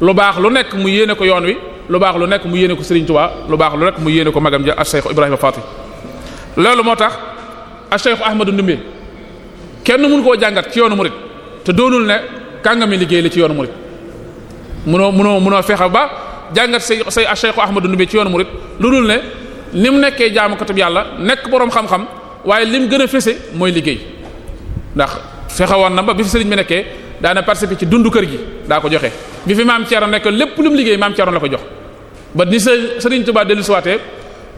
lu baax lu nekk mu yéene ko yoon wi lu baax lu nekk mu yéene ko Serigne Touba lu baax lu nekk mu yéene ko magam ja Cheikh Ibrahima Fatim loolu moo tax Cheikh Ahmadou Ndoumbé kenn mun koo jàngat ci yoonu murit te doonul ne kàngami liggéey la ci yoonu murit munoo munoo munoo fexe ba jàngat say say Cheikh Ahmadou ci yoonu murit ni mu nekkee jaamu jaamukatub yàlla nekk boroom xam-xam waaye lim gën a fese mooy liggéey ndax fexe woon na ba bi fi sëriñ bi nekkee daana participer ci dund kër gi daa ko joxe bi fi maam Thierno nekk lépp lu mu liggéey maam Thierno la ko jox ba ni së sëriñ Touba dellu siwaatee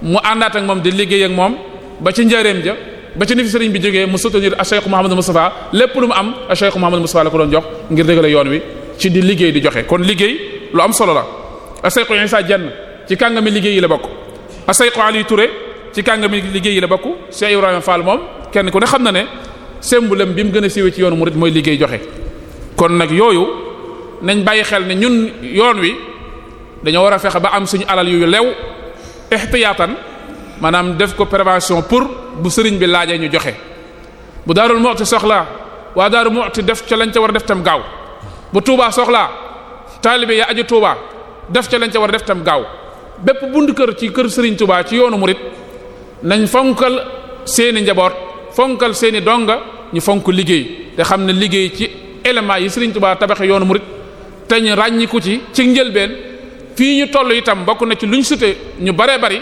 mu àndaat ak moom di liggéey ak moom ba ci njëreem ja ba ci ni fi sëriñ bi jógee mu soutenir Cheikh Mouhamadou Moustapha lépp lu mu am Cheikh Mouhamadou Moustapha la ko doon jox ngir dëgale yoon wi ci di liggéey di joxe kon liggéey lu am solo la Cheikh Issa Dieng ci kàngami liggéey yi la bokk asayqo Ali Touré ci kàngami liggéey yi la bokk Cheikh Ibrahima Fall moom kenn ku ne xam na ne sembulem bi mu gën a siiwee ci yoonu murid mooy liggéey joxe kon nag yooyu nañ bàyyi xel ne ñun yoon wi dañoo war a fexe ba am suñu alal yu lew ihtiyaatan maanaam def ko prévention pour bu sëriñ bi laajee ñu joxe bu Daarul Muxti soxlaa waa Daarul Muxti def ca lañ ca war a def tam gaaw bu Touba soxlaa taalibe ya aju Touba def ca lañ ca war a def tam gaaw bépp bund kër ci kër Serigne Touba ci yoonu murit nañ fonkal seeni njaboot fonkal seeni donga ñu fonk liggéey te xam ne liggéey ci éléments yi Serigne Touba tabaxe yoonu murit te ñu ràññiku ci ci njëlbeen fii ñu toll itam bokk na ci lu ñu sute ñu baree bari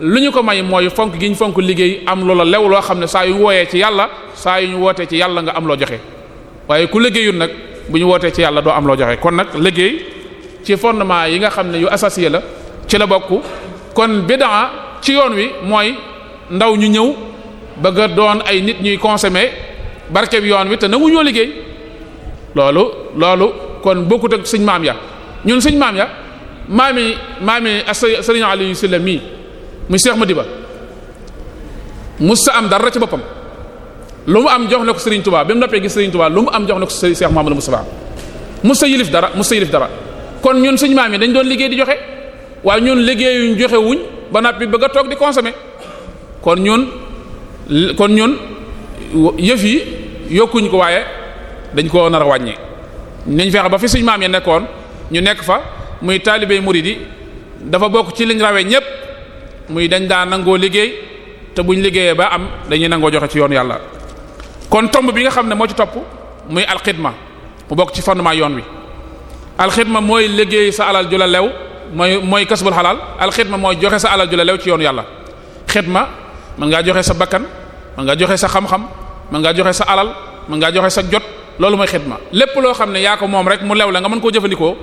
lu ñu ko may mooy fonk gi fonk liggéey am loola lew loo xam ne saa yu wooyee ci yàlla saa yu ñu wootee ci yàlla nga am loo joxe waaye ku liggéeyul nag bu ñu wootee ci yàlla doo am loo joxe kon nag liggéey ci fondement yi nga xam ne yu associé la ci la bokk kon bidaa ci yoon wi mooy ndaw ñu ñëw bëgg a doon ay nit ñuy consommer barke bi yoon wi te nangu ñoo liggéey loolu loolu kon bokkut ak suñ maam ya ñun suñ maam ya maami maami sëriñ Aliou Sylla mii mu Cheikh Madiba musta am dara ci boppam lu mu am jox na ko Serigne Touba bi mu noppee gis Serigne Touba lu mu am jox na ko Cheikh Mouhamadou Moustapha musta mu dara musta yilif dara kon ñun suñ maam yi dañ doon liggéey di joxe waaye ñun liggéeyuñ joxewuñ ba bi bëgg a toog di consommer kon ñun kon ñun yëf yi yokkuñ ko waaye dañ koo nar a wàññi nañ fexe ba fi suñ maam yi nekkoon ñu nekk fa muy taalibey muridi dafa bokk ci liñ rawee ñépp muy dañ daa nangoo liggéey te buñ liggéeyee ba am dañuy nangoo joxe ci yoon yàlla kon tomb bi nga xam ne moo ci topp muy alxidma mu bokk ci fondement yoon wi alxidma mooy liggéey sa alal ju la lew mooy mooy kasbul xalaal alxidma mooy joxe sa alal ju la lew ci yoonu yàlla xidma mën ngaa joxe sa bakkan mën ngaa joxe sa xam-xam mën ngaa joxe sa alal mën ngaa joxe sa jot loolu mooy xidma lépp loo xam ne yaa ko moom rek mu lew la nga mën koo jëfandikoo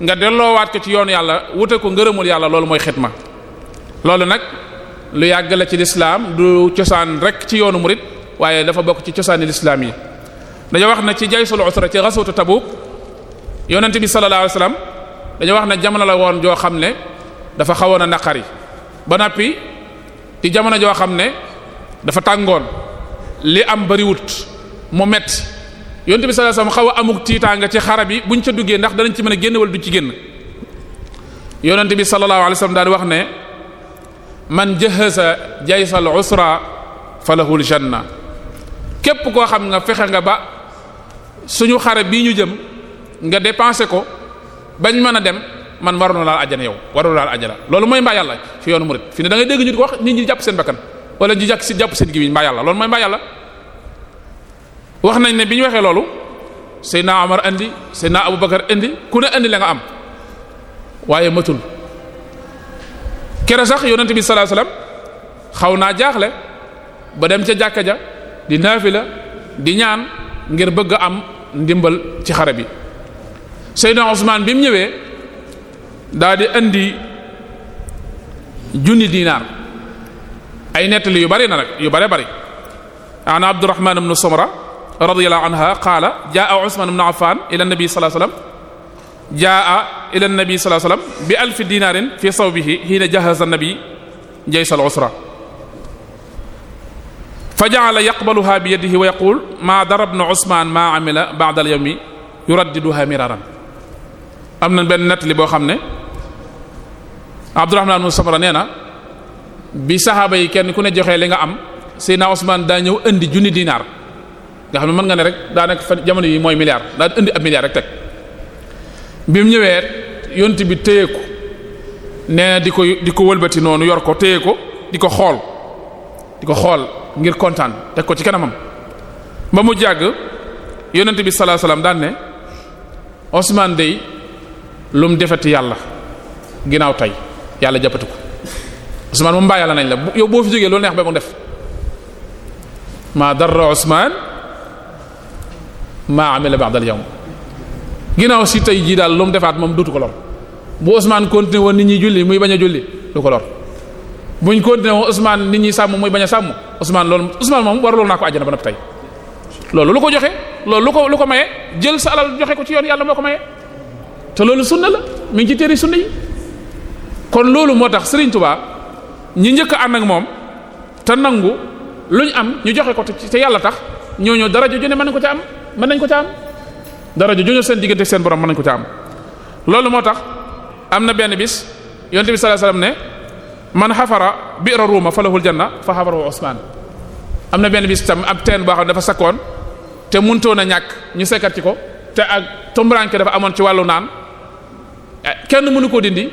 nga delloowaat ko ci yoon yàlla wute ko ngërëmul yàlla loolu mooy xidma loolu nag lu yàgg la ci lislaam du cosaan rek ci yoonu murid waaye dafa bokk ci cosaani lislaam yi dañoo wax na ci jaysul dañoo wax ne jamono la woon joo xam ne dafa xawoon a naqari ba noppi ci jamono joo xam ne dafa tàngoon li am bariwut mu metti yonent bi sallallahu alayhi xaw a amuk tiitaanga ci xara bi buñ ca duggee ndax danañ ci mën a génn wala du ci génn yonent bi sallallahu alayhi wasallam daal wax ne man jahaza jaysal usra falahul janna képp koo xam nga fexe nga ba suñu xare bii ñu jëm nga dépensé ko bañ mën a dem man waroon laal ajjana yow waroon laal ajjana loolu mooy mbaa yàlla fi yoonu murid fi ne da dégg ñu di ko wax nit ñi jàpp seen bakkan wala ñu jàpp si jàpp seen gi mbaa yàlla loolu mooy mbaa yàlla wax nañ ne bi ñu waxee loolu Seydina Omar indi Seydina Aboubacar indi ku ne indi la nga am waaye matul kere sax yoonante bi sallallahu alayhi xaw naa jaaxle ba dem ca jàkka ja di naafila di ñaan ngir bëgg am ndimbal ci xare bi Seydina Usmaan bi mu ñëwee daa di indi junni dinaar ay nettali yu bari na rek yu bare bari an Abdurrahman ibn Samra radiyallahu anha qaala jaa Usmaan ibn Affan ila nabi sallallahu alayhi wasallam jaa ila nabi sallallahu alayhi wasallam bi alfi dinaarin fi sawbihi hiina jahaza nabi jays al usra fa ja'ala yaqbaluha bi yadihi wa yaqul ma darabna Usmaan ma amila ba'da al yawmi yuraddiduha miraran am na benn nettali boo xam ne Abdurrahman ibn Samra nee na bi saxaaba yi kenn ku ne joxee li nga am Seydina Usmaan daa ñëw indi junni dinaar nga xam ne mën nga ne rek daa nekk fan jamono yi mooy milliard daa indi ab milliard rek teg bi mu ñëwee yonti bi téye ko nee na di ko di ko wëlbati noonu yor ko téye ko di ko xool di ko xool ngir kontaan teg ko ci kanamam ba mu jàgg yonent bi salaa alayhi wasallam daan ne Usmaan dey lu mu defati yàlla ginnaaw tey yàlla jàppati ko Ousmane moom mbaa yàlla nañ la yow boo fi jógee loolu neex ba mu def maa darra Ousmane maa amila ba'da dal yawm ginnaaw si tey jii daal lu mu defaat moom duutu ko lor bu Ousmane continué woon nit ñi julli muy bañ julli du ko lor buñ continué woon Ousmane nit ñi sàmm muy bañ a sàmm Ousmane loolu Ousmane moom waraloon naa ko àjjana ba noppi tey loolu lu ko joxe loolu lu ko lu ko maye jël sa alal joxe ko ci yoon te loolu sunna la mi ngi ci téere sunna yi kon loolu moo tax Serigne Touba ñi njëkk a moom te nangu lu ñu am ñu joxe ko te yàlla tax ñooñu dara ju ne man nañ ko ca am mën nañ ko ca am dara ju ñu seen diggante seen borom man nañ ko ca am loolu moo tax am na benn bis yonte bi sallallahu alayhi wasallam ne man xafara bi'ra ruuma falahul janna fa xafarahu Usmaan am na benn bis tam ab ten boo xam dafa sakkoon te mënutoon na ñàkk ñu sekkati ko te ak tumburanke dafa amoon ci wàllu naan. Eh, kenn mënu ko dindi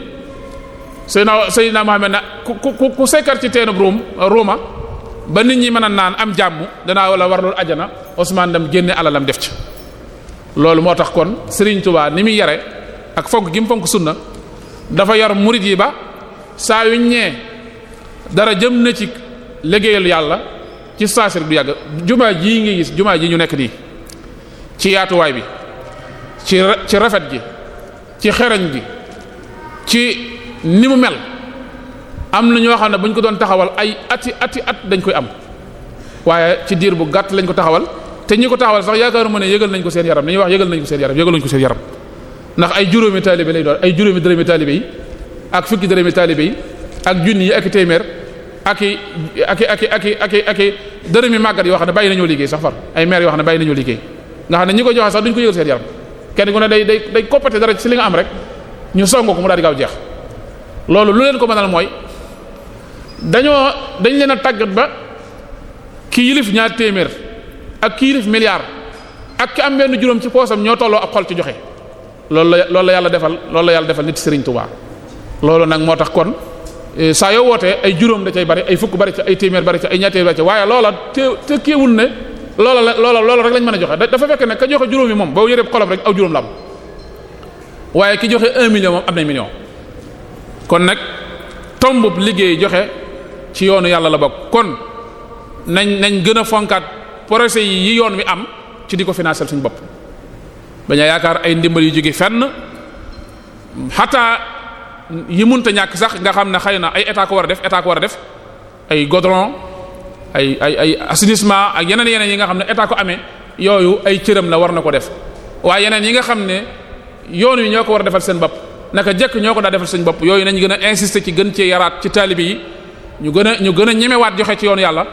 Seydina Seydina Muhammad na ku ku ku sekkar ci teenu Rome Roma ba nit ñi mën a naan am jàmm danaa wala warlul ajana Ousmane dam génne alalam def ci loolu moo tax kon Serigne Touba ni muy yare ak fonk gi mu fonk sunna dafa yar murid yi ba saa yu ñee dara jëm na ci liggéeyal yàlla ci saasir du yàgg jumaa jii ngi gis jumaa ji ñu nekk nii ci yaatuwaay bi ci rafet gi ci xerañ bi ci ni mu mel am na ñoo xam ne bu ñu ko doon taxawal ay ati ati at dañ koy am waaye ci diir bu gàtt lañ ko taxawal te ñi ko taxawal sax yaakaaruma ne yëgal nañ ko seen yaram dañuy wax yëgal nañ ko seen yaram yëgaluñ ko ndax ay juróomi taalibe lay doon ay juróomi dërëmi taalibe yi ak fukki dërëmi taalibe yi ak junni yi ak téeméer ak i ak i ak i dërëmi màggat yoo xam ne bàyyi nañoo liggéey sax far ay maire yoo xam ne bàyyi nañoo liggéey nga xam ne ñi ko joxe sax duñ ko yëgal kenn ku day day day coppite dara ci li nga am rek ñu songo ko mu daal di gaaw jeex loolu lu leen ko nal mooy dañoo dañ leen a tàggat ba ki yilif ñaar téeméer ak ki yilif milliard ak ki am benn juróom ci poosam ñoo tolloo ak xol ci joxe loolu la loolu yàlla defal loolu la yàlla defal nit Serigne Touba loolu nag moo tax kon e, saa yoo wootee ay juróom da cay bari ay fukk bari ca ay téeméer bari ca ay ñaar téeméer bari ci waaye loola te te kéewul ne. loola la loola loola rek lañ mën a joxe dafa fekk ne ka joxe juróom yi moom boo yëreb xolam rek aw juróom la am waaye ki joxe un million moom am na million kon nag tombub liggéey joxe ci yoonu yàlla la bokk kon nañ nañ gën a fonkaat projet yi yi yoon wi am ci di ko financer suñu bopp bañ a yaakaar ay ndimbal yu jóge fenn xataa yi munta ñàkk sax nga xam ne xëy na ay état ko war a def état ko war a def ay godron ay ay ay assainissement ak yeneen yeneen yi nga xam ne état ko amee yooyu ay cëram la war na ko def waaye yeneen yi nga xam ne yoon wi ñoo ko war a defal seen bopp naka jëkk ñoo ko daa defal seen bopp yooyu nañ gën a insister ci gën cee yaraat ci taalibe yi ñu gën a ñu gën ñemewaat joxe ci yoonu yàlla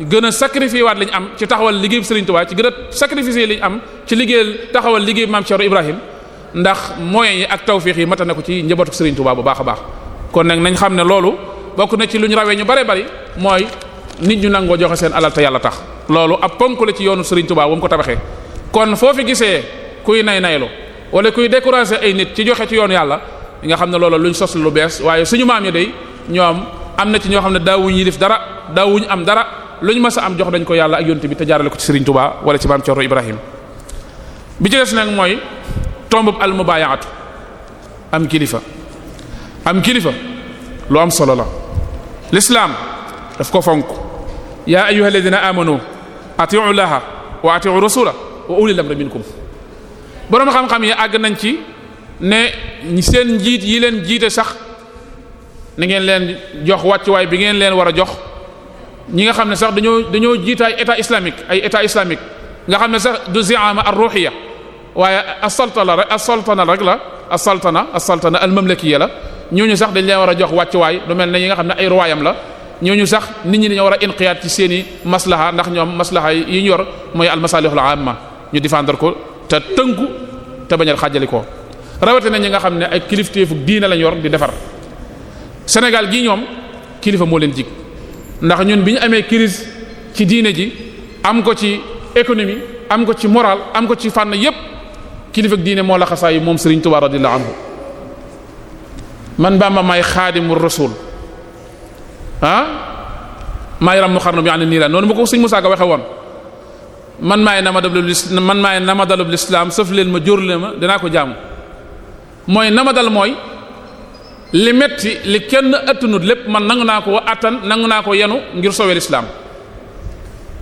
gën a sacrifier waat li am ci taxawal liggéey Serigne Touba ci gën a sacrifier li am ci liggéeyal taxawal liggéey Maam Cheikh Ibrahim ndax moyens yi ak tawfiix yi mata na ko ci njabootu Serigne Touba bu baax a baax kon nit ñu nangoo joxe seen alal yàlla tax loolu ab ponk la ci yoonu Serigne Touba wam ko tabaxe kon foo fi gisee kuy nay naylu wala kuy décourager ay nit ci joxe ci yoon yàlla nga xam ne loolu luñ sos lu bees waaye suñu maam yi dey ñoom am na ci ñoo xam ne daawuñ yilif dara daawuñ am dara luñ mës a am jox dañ ko yàlla ak yonte bi te jaarale ko ci Serigne tubaa wala ci maam Thierno Ibrahim bi ci des nag mooy tombub al mubayaatu am kilifa am kilifa lu am solo la l'islam ko fonk. yaa ayyuha dina amono atiu llaha wa atiu rasula wa ulil amri minkum boroom xam-xam yi àgg nañ ci ne seen njiit yi leen jiite sax ni ngeen leen jox wàccuwaay bi ngeen leen war a jox ñi nga xam ne sax dañoo dañoo jiite ay état ay état islamique nga xam ne sax du ziama ar ruhiya waaye asaltana rek asaltana rek la asaltana asaltana al mamlakiya la ñooñu sax dañ leen war a jox wàccuwaay lu mel ne ñi nga xam ne ay ruwaayam la ñooñu sax nit ñi dañoo war a inqiyaat ci seeni maslaha ndax ñoom maslaha yi ñu yor mooy almasalihul amma ñu défendre ko te tënku te bañal xaajali ko rawatina ñi nga xam ne ay kilifteefu diina lañ yor di defar Sénégal jii ñoom kilifa moo leen jig ndax ñun bi ñu amee crise ci diine ji am ko ci économie am ko ci moral am ko ci fànn yépp kilifa diine moo la yi moom Serigne Touba radiyallahu anhu man Bamba may xaadimur rasul ah maa yaram nu xarnu bi ànd nii la noonu ma ko sëñ Musaa Ka waxe woon man maay namadalub man maay namadalub lislaam sëf leen ma jóor ma dinaa ko jaamu mooy namadal mooy li metti li kenn attanut lépp man nangu naa ko attan nangu naa ko yenu ngir soowee lislaam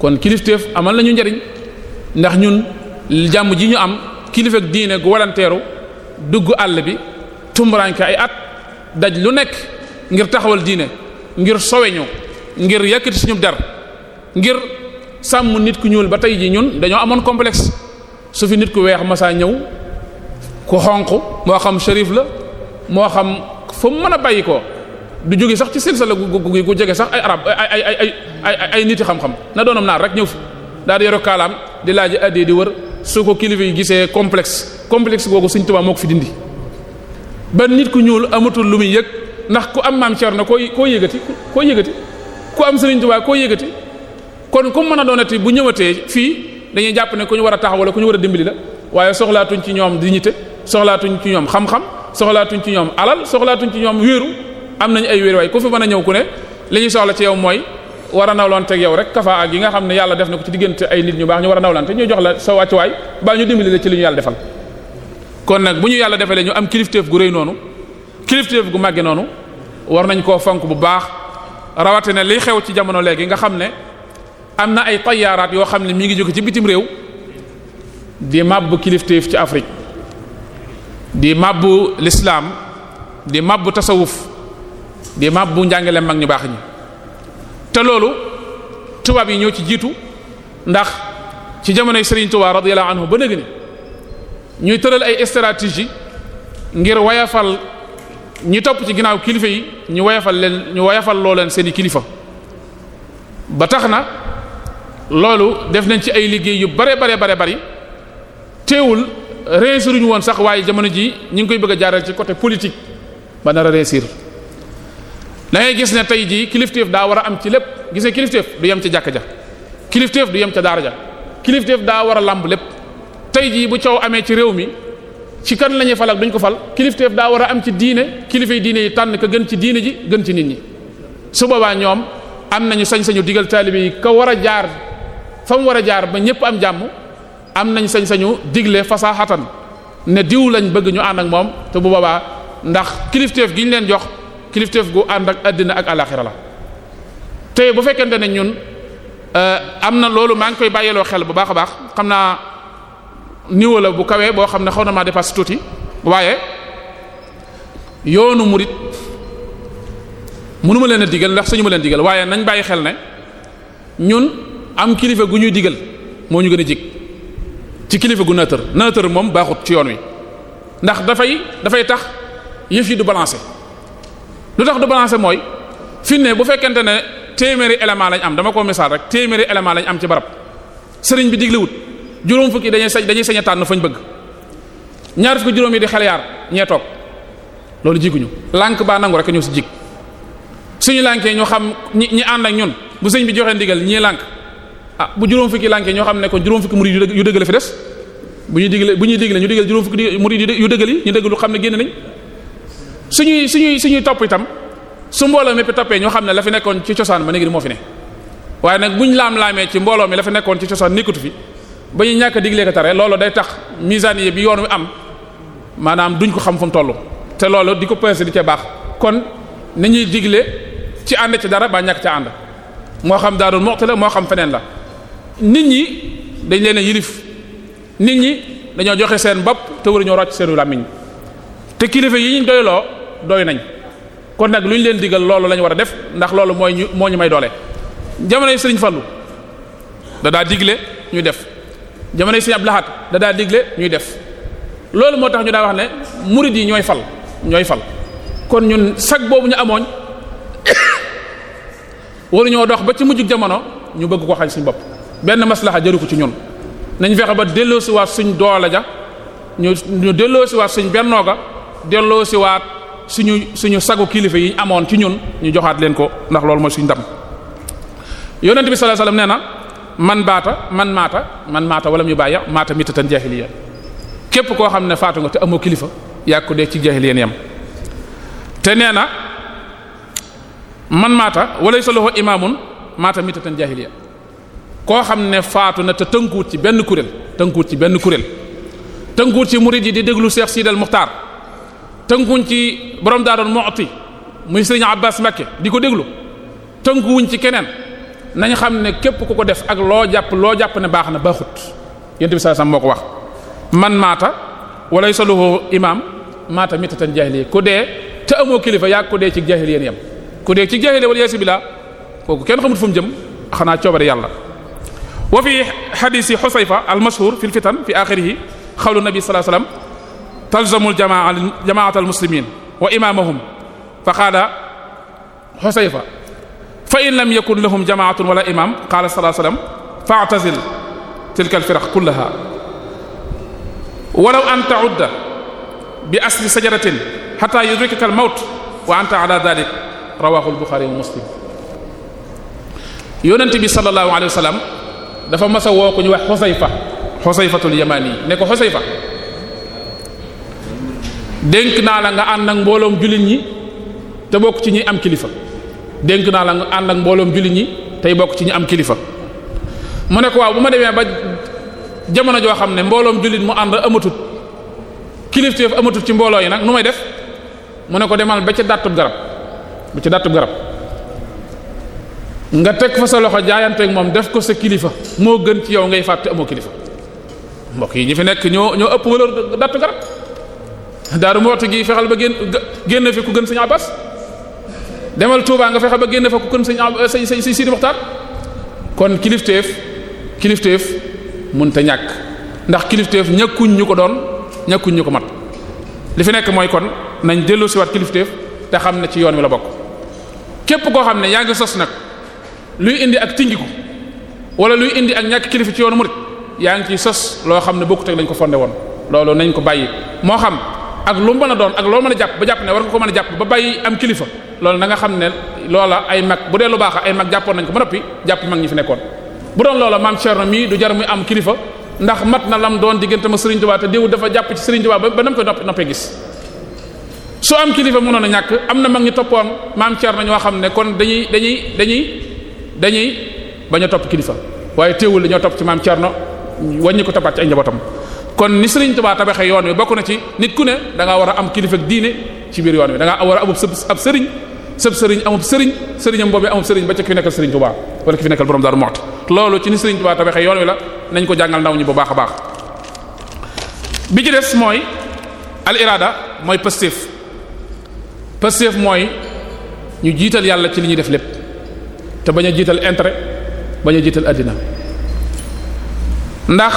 kon kilifteef amal nañu njariñ ndax ñun jàmm ji ñu am kilifa ak diine gu walanteeru dugg àll bi tumburanke ay at daj lu nekk ngir taxawal diine ngir soweñu ngir si ñu der ngir sàmm nit ku ñuul ba tey ji ñun dañoo amoon complexe su fi nit ku weex masaa ñëw ku xonq moo xam shérif la moo xam fa mu mën a bàyyi ko du jóge sax ci silsala gu gu jege sax ay arab ay ay ay ay ay niti xam-xam na doonam naar rek ñëw fi daal di yoro kaalaam di laaj addee di wër su ko kilifa yi gisee complexe complexe googu suñ Tuubaa moo ko fi dindi ba nit ku ñuul amatul lu muy yëg ndax ku am maam Cerno koo koo yëgati koo yëgati ku am Sëriñ Tuubaa koo yëgati kon ku mën a doonati bu ñëwatee fii dañuy jàpp ne ku ñu war a taxaw wala ku ñu war a dimbali la waaye soxlaatuñ ci ñoom dignité soxlaatuñ ci ñoom xam-xam soxlaatuñ ci ñoom alal soxlaatuñ ci ñoom wéeru am nañu ay wéeru waaye ku fi mën a ñëw ku ne li ñu soxla ci yow mooy war a nawlante ak yow rek kafa ak yi nga xam ne yàlla def na ko ci diggante ay nit ñu baax ñu war a nawlante ñu jox la sa wàccuwaay baa ñu dimbali la li ñu defal kon nag bu yàlla defalee ñu am kilifteef gu rëy noonu kilifteef gu màgge noonu war nañ koo fonk bu baax rawatina li xew ci jamono léegi nga xam ne am na ay tayaaraat yoo xam ne mi ngi jóge ci bitim réew di mabbu kilifteef ci Afrique di mabbu lislaam di mabbu tasawuf di mabbu njàngale mag ñu baax ñi te loolu tubaab yi ñoo ci jiitu ndax ci jamonoy Serigne Touba radiyallahu anhu ba léegi ñuy tëral ay stratégie ngir wayafal ñi topp ci ginnaaw kilifa yi ñu woyafal leen ñu woyafal loo leen seeni i kilifa ba tax na loolu def nañ ci ay liggéey yu bare bare bare bari teewul réussir woon sax waaye jamono ji ñu ngi koy bëgg a jaaral ci côté politique ba nar a réussir da gis ne tey jii kilifteef daa war a am ci lépp gis ne kilifteef du yem ca jàkka ja kilifteef du yem ca daar ja kilifteef daa war a làmb lépp tey jii bu coow amee ci réew mi ci kan la ñuy fal ak duñ ko fal kilifteef daa war a am ci diine kilifay diine yi tànn ka gën ci diine ji gën ci nit ñi su boobaa ñoom am nañu sañ-sañu digal taalibe yi ka war a jaar fa mu war a jaar ba ñépp am jàmm am nañ sañ-sañu digle fasaxatan ne diw lañ bëgg ñu ànd ak moom te bu boobaa ndax kilifteef gi ñu leen jox kilifteef gu ànd ak àddina ak alaxira la tey bu fekkente ne ñun euh, am na loolu maa ngi koy bàyyiloo xel bu baax a baax xam naa. niveau bu kawee boo xam ne xaw na maa dépassé tuuti waaye yoonu murit mënuma leen a digal ndax suñu ma leen digal waaye nañ bàyyi xel ne ñun am kilifa gu ñuy digal moo ñu gën a jig ci kilifa gu nëtër nëtër moom baaxut ci yoon wi ndax dafay dafay tax yëf yi du balancer lu tax du balancer mooy fi bu fekkente ne téeméeri élément lañ am dama ko misaal rek téeméeri élément lañ am ci barab sëriñ bi diglewut juróom fukki dañuy sañ dañuy sañ a tànn fañ bëgg ñaar fukki juróom yi di xel yaar ñee toog loolu jiguñu lànk baa nangu rek ñoo si jig suñu lànkee ñoo xam ñi ñi ànd ak ñun bu sëñ bi joxee ndigal ñii lànk a ah, bu juróom fukki lànkee ñoo xam ne kon juróom fukki murid yu dëgg la fi des bu ñuy digle ñuy digle ñu digal juróom fukki murid yu dëggal yi ñu dëgg lu xam ne génn nañ suñuy suñuy suñuy topp itam su mbooloo mépp toppee ñoo xam ne la fi nekkoon ci cosaan ba léegi moo fi ne waaye nag buñ laam-laamee ci mbooloo mi la fi nekkoon ci cosaan nekkatu fi ba ñu ñàkk a diglee ko tere loolu day tax misaan yi bi yoon wi am maanaam duñ ko xam fu tollu te loolu di ko peese di ca baax kon ni ñuy digle ci ànd ci dara ba ñàkk ca ànd moo xam Daaru Muxti la moo xam feneen la nit ñi dañ leen a yilif nit ñi dañoo joxe seen bopp te ñoo rocc seenu làmmiñ te kilifa yi ñu doyloo doy nañ kon nag lu ñu leen digal loolu la ñu war a def ndax loolu mooy ñu moo ñu may doole jamonoy Sëriñ Fallu da daa digle ñu def jamono yi Sëriñ Abdou Lahad da daa digle ñuy def loolu moo tax ñu daa wax ne murid yi ñooy fal ñooy fal kon ñun sag boobu ñu amooñ waruñoo dox ba ci mujjug jamono ñu bëgg ko xañ suñu bopp benn maslaxa jëru ko ci ñun nañ fexe ba delloosiwaat suñ doole ja ñu ñu delloosiwaat suñ bennoo ga delloosiwaat suñu suñu sagu kilifa yi amoon ci ñun ñu joxaat leen ko ndax loolu mooy suñ ndam yonent bi sallallahu alayhi nee na man baata man maata man maata wala ñu bàyyi maata mitatan jaahiliya képp koo xam ne faatu nga te amoo kilifa yàgg de dee ci jaahiliya yam te nee na man maata wala sa loxo imaamun maata mitatan jaahiliya koo xam ne faatu na te tënkuwut ci benn kuréel tënkuwut ci benn kuréel tënkuwut ci murid yi di déglu Cheikh Sidal Muxtaar tënkuwuñ ci borom daa doon Mu'ti muy Serigne Abbas Mbacké di ko déglu tënkuwuñ ci keneen. nañ xam ne képp ku ko def ak loo jàpp loo jàpp ne baax na baaxut yonent bi moo ko wax man maata walay saluhu imam maata mitatan jahiliya ku dee te kilifa yaa ku dee ci jahiliya yam ku dee ci jahiliya wala yasi bila kooku kenn xamut fu mu jëm xanaa coobare yàlla wa fi hadisi xusayfa al mashhur fi lfitan fi axirihi xawlu nabi sallallahu alayhi wasallam talzamul jamaa jamaat al muslimin wa imamahum fa qaala xusayfa fa in lam yakun lahum jamaatun wala imam qala sallallahu alayhi wasallam fa'tazil tilka alfiraq kullaha walaw an ta'udda bi asli sajaratin hatta yudrikaka almawt wa anta ala dhalik rawahu albukhari wa muslim yonent bi sallallahu alayhi dafa mas a woo ko ñu ne ko xosayfa dénk naa nga ànd ak mbooloom jullit ñi te bokk ci ñi am kilifa dénk naa la ànd ak mbooloom jullit ñi tey bokk ci ñu am kilifa mu ne ko waaw bu ma demee ba jamono joo xam ne mbooloom jullit mu ànd amatut kilifteef amatut ci mbooloo yi nag nu may def mu ne ko demal ba ci dàttub garab ba ci dàttub garab nga teg fa sa loxo jaayanteeg moom def ko sa kilifa moo gën ci yow ngay fàtte amoo kilifa mbokk yi ñu fi nekk ñoo ñoo ëpp wëlër dattu garab daaru mooti gi fexal ba génn génn fi ku gën Sëriñ Abbas demal Touba nga fexe ba génne fa ku kën sëñ sëñ sëñ sëñ Sidi Muxtaar kon kilifteef kilifteef mënut a ñàkk ndax kilifteef ñàkkuñ ñu ko doon ñàkkuñ ñu ko mat li fi nekk mooy kon nañ delloo si waat kilifteef te xam ne ci yoon wi la bokk képp koo xam ne yaa ngi sos nag luy indi ak ko walla luy indi ak ñàkk kilifa ci yoonu murid yaa ngi ciy sos loo xam ne bokkut ak lañ ko fondé woon loolu nañ ko bàyyi moo xam ak lu mën a doon ak loo mën a jàpp ba jàpp ne war ko mën a jàpp ba bàyyi am kilifa loolu na nga xam ne loola ay mag bu dee lu baax ay mag jàppoon nañ ko ba noppi jàpp mag ñi fi nekkoon bu doon loola maam Thierno mii du jar muy am kilifa ndax mat na lam doon diggante ma Serigne Touba te diw dafa jàpp ci Serigne Touba ba nam koy nopp noppee am kilifa mënoon a ñàkk am na mag ñu toppoon maam Thierno ñoo xam ne kon dañuy dañuy dañuy dañuy bañ a topp kilifa waaye teewul dañoo topp ci maam Thierno wàññi ko toppaat ci ay kon ni Serigne Touba tabaxee yoon wi bokku na ci nit ku ne da ngaa war a am kilifa ak diine ci biir yoon wi danga ngaa war a abub ab sëriñ sëb sëriñ amub sëriñ sëriñam boobu amub sëriñ ba ci ki nekkal sëriñ Tuubaa wala ki fi nekkal borom Daaru Muxti loolu ci ni sëriñ Tuubaa tabaxee yoon wi la nañ ko jàngal ndaw ñi bu baax a baax bi ci des mooy al mooy pastéef pastéef mooy ñu jiital yàlla ci li ñuy def lépp te bañ a jiital intérêt bañ a jiital àddina ndax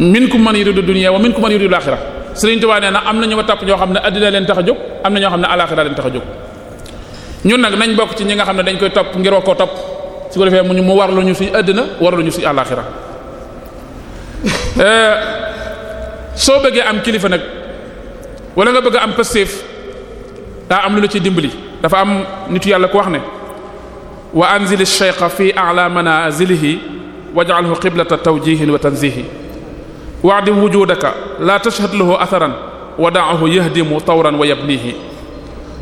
min ku man yuridu dunya wa min ku man yuridu al-akhirah Sëriñ Tuubaa nee na am na ñu ma topp ñoo xam ne àddina leen tax a jóg am na ñoo xam ne alaaxira leen tax a jóg ñun nag nañ bokk ci ñi nga xam ne dañ koy topp ngir wax koo topp su ko defee mu mu warlu ñu suy àddina warlu ñu suy alaaxira euh, soo bëggee am kilifa nag wala nga bëgg am pastéef daa am lu la ciy dimbali dafa am nit yàlla ko wax ne wa anzil ash-shaykha fi a'la manazilihi waj'alhu qiblata tawjihin wa tanzihi waadim wujudaka la tashhad lahu atharan wa da'ahu yahdimu tawran wa yabnihi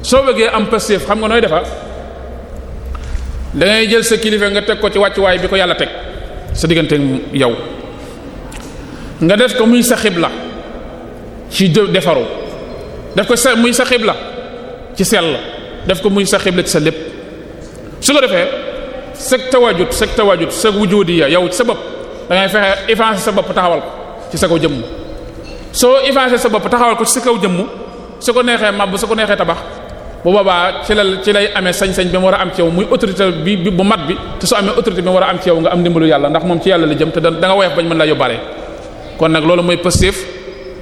soo bëggee am passif xam nga nooy defar dangay jël sa kilifa nga teg ko ci wàccuwaay bi ko yàlla teg sa diggante yow nga def ko muy sa xibla ci defaru def ko muy sa xibla ci sell def ko muy sa xibla ci sa lépp su ko defee sag tawajut sag tawajut sag wujudiya yow sa bopp da ngay fexe effacer sa bopp taxawal ko ci sa kaw jëmm soo effacé sa bopp taxawal ko ci sa kaw jëmm su ko neexee màbb su ko neexee tabax bu boobaa ci la ci lay amee sañ-sañ bi mu war a am ci yow muy autorité bi bu mat bi te su amee autorité bi mu war a am ci yow nga am ndimbalu yàlla ndax moom ci yàlla la jëm te da nga woyof bañ mën laa yóbbaale kon nag loolu mooy positif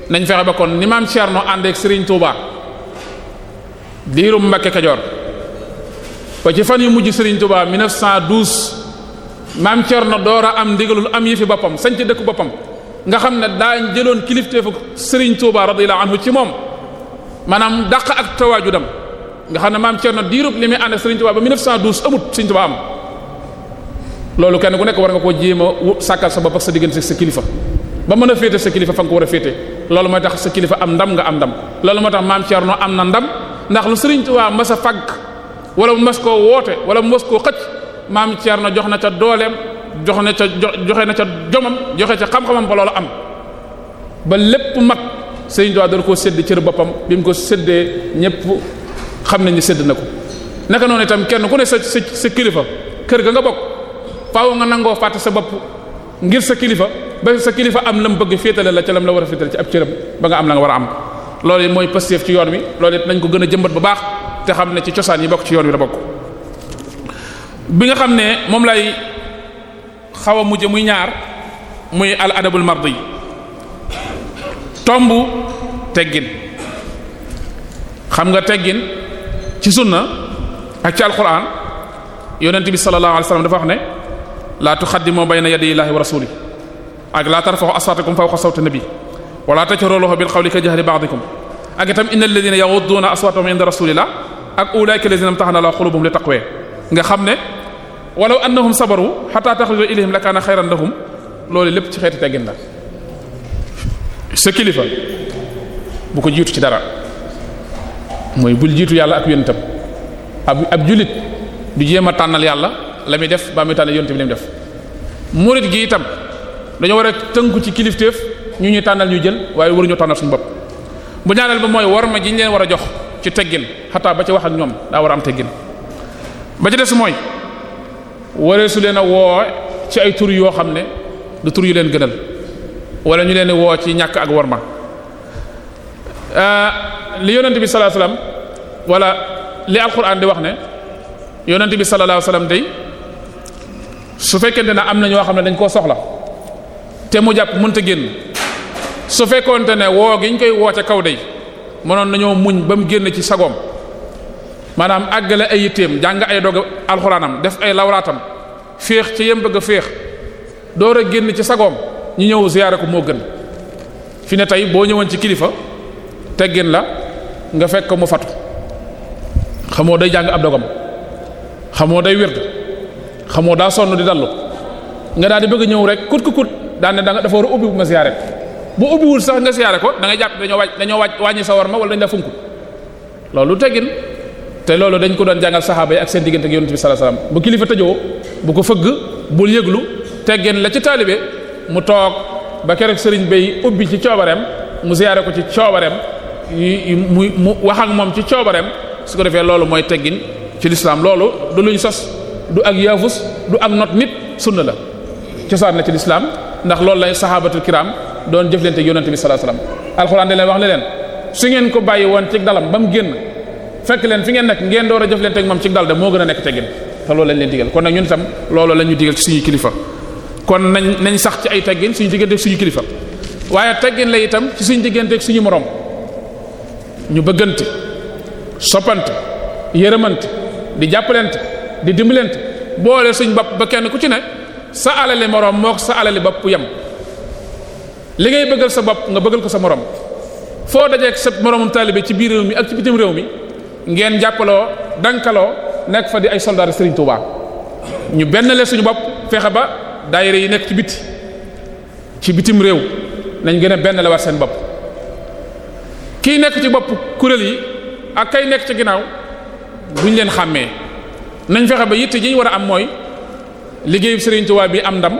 nañ fexe ba kon ni maam Thierno ànd ak Serigne Touba diirum Mbacke Kajoor ba ci fan yu mujj Serigne Touba 1912 maam Thierno door a am ndigalul am yi boppam sañ ci dëkk boppam. nga xam ne daañ jëloon kilifteefu Serigne Touba radiyallahu anhu ci moom maanaam daq ak dam nga xam ne maam Thierno diirub li muy ànd ak Serigne Touba ba 1912 amut Serigne Touba am loolu kenn ku nekk war nga koo jéem a sa bopp ak sa diggante sa kilifa ba mën a féete sa kilifa fa ko war a féete loolu mooy tax sa kilifa am ndam nga am ndam loolu moo tax maam Thierno am na ndam ndax lu Serigne Touba mas a fàgg wala mu mas koo woote wala mu koo xëcc maam Thierno jox na ca dooleem. jox na ca joxe na ca jomam joxe ca xam-xamam ba loola am ba lépp mag sëñ dowi dara koo sedd cër boppam bi mu ko séddee ñépp xam nañ ne sedd na ko naka noonu itam kenn ku ne sa sa sa kilifa kër ga nga bokk faaw nga nangoo fàtte sa bopp ngir sa kilifa ba sa kilifa am lam bëgg féetale la ca lam la war a féetale ci ab cëram ba nga am la nga war a am loolu mooy pastéef ci yoon wi loolu it nañ ko gën a jëmbat bu baax te xam ne ci cosaan yi bokk ci yoon wi la bokk xaw a mujj muy ñaar muy al adabul mardi tomb teggin xam nga teggin ci sunna ak ci alquran yonent bi sallallahu alayhi dafa wax ne la moo bayna yaday llahi wa rasuli ak la tarfa'u aswatakum fawqa sawti nabi wala tajharu lahu bil qawli ka jahri ba'dikum ak itam innal ladina yaghudduna aswatahum inda rasulillah ak ulaika alladhina imtahana lahu qulubuhum li taqwa nga xam ne walaw annahum sabaru hatta takhruja ilayhim lakaana xayran lahum loolu lépp ci xeeti teggin la sa kilifa bu ko jiitu ci dara mooy bul jiitu yàlla ak yonentam ab ab jullit du jéem a tànnal yàlla la muy def ba muy tànnal yonent bi la muy def murid gi itam dañoo war a tënku ci kilifteef ñu ñuy tànnal ñu jël waaye waruñoo tànnal suñu bopp bu ñaareel ba mooy war ma ji ñu leen war a jox ci teggin xataa ba ci wax ak ñoom daa war a am teggin ba ci des waree leen a woo ci ay tur yoo xam ne du tur yu leen gënal wala ñu leen di woo ci ñàkk ak warma ah, li yonent bi sallallahu alayhi wasallam wala li alquran di wax ne yonent bi sallallahu alayhi wasallam su fekkente ne am na ñoo xam ne dañ koo soxla te mu jàpp mënta génn su fekkoonte ne woo gi ñu koy woo ca kaw day mënoon nañoo muñ ba mu génn ci sagoom maanaam àggale ay yitteem jàng ay dog alxuraanam def ay lawraatam féex ci yem bëgg a féex door a génn ci sagoom ñu ñëw ziyaare ko moo gën fi ne tey boo ñëwoon ci kilifa teggin la nga fekk mu fatu xamoo day jàng ab dogam xamoo day wird xamoo daa sonn di dallu nga daal di bëgg ñëw rek kut ku kut daan ne da nga dafa war a ubbi nga ziyaare ko bu ubbiwul sax nga ziyaare ko da ngay jàpp dañoo wàcc dañoo wàññi sa sawar ma wala dañ la funku loolu teggin te loolu dañ ko doon jàngal saxaaba yi ak seen diggante ak yonent bi sallallahu alayhi wasallam bu kilifa tëjoo bu ko fëgg bul yëglu teggeen la ci taalibe mu toog ba keroog sëriñ bay ubbi ci coobareem mu ziyaare ko ci coobareem mu mu wax moom ci coobareem su ko defee loolu mooy teggin ci lislaam loolu du luñ sos du ak yaafus du ak not nit sunna la cosaan na ci lislaam ndax loolu lay saxaabatu kiram doon jëflante ak yonent bi sallallahu alayhi wasallam leen wax ne leen su ngeen ko bàyyi woon ci dalam ba mu génn fekk leen fi ngeen nekk ngeen door a jëf leen moom ci dal moo gën a nekk teggin te loolu lañ leen digal kon nag ñun itam loolu ñu digal ci suñuy kilifa nañ nañ sax ci ay teggin suñu digganteeg suñu kilifa waaye teggin la itam ci suñu digganteeg suñu morom ñu bëggante soppante yërëmante di jàppalante di dimbalante boole suñ bopp ba kenn ku ci ne sa alali moroom moo sa alali bopp yem li ngay bëggal sa bopp nga bëggal ko sa morom foo dajeeg sa moromum taalibe ci biir réew mi ak ci bitim réew mi ngeen jàppaloo dankaloo nekk fa di ay soldaar Serigne Touba ñu benn le suñu bopp fexe ba daayira yi nekk ci biti ci bitim réew nañ gën a benn la war seen bopp kiy nekk ci bopp kuréel yi ak kay nekk ci ginnaaw buñ leen xàmmee nañ fexe ba yitte ji war a am mooy liggéeyu Serigne Touba bi am ndam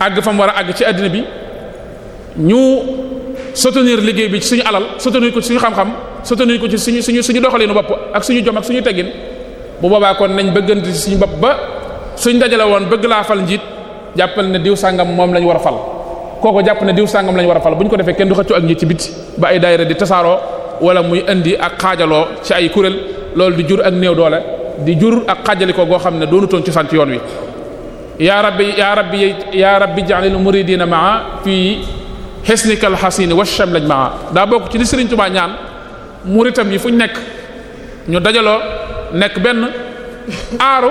àgg fa mu war a àgg ci àddina bi ñu soutenir liggéey bi ci suñu alal soutenir ko ci suñu xam-xam. sëtanuñ ko ci suñu suñu suñu doxalinu bopp ak suñu jom ak suñu teggin bu boobaa kon nañ bëggante ci suñu bopp ba suñ dajale woon bëgg laa fal njiit jàppal ne diw sàngam moom lañ war a fal kooko jàpp ne diw sàngam lañ war a fal bu ñu ko defee kenn du xëccoo ak njiit ci biti ba ay daayira di tasaaroo wala muy indi ak xaajaloo ci ay kuréel loolu di jur ak néew doole di jur ak xaajalikoo goo xam ne doonutoon ci sant yoon wi yaa rabbi yaa rabbi yaa rabbi ja'alil muridina maa fii xisnikal xasini washamlañ maa daa bokk ci li Sëriñ Tuubaa ñaan itam yi fu ñu nekk ñu dajaloo nekk benn aaru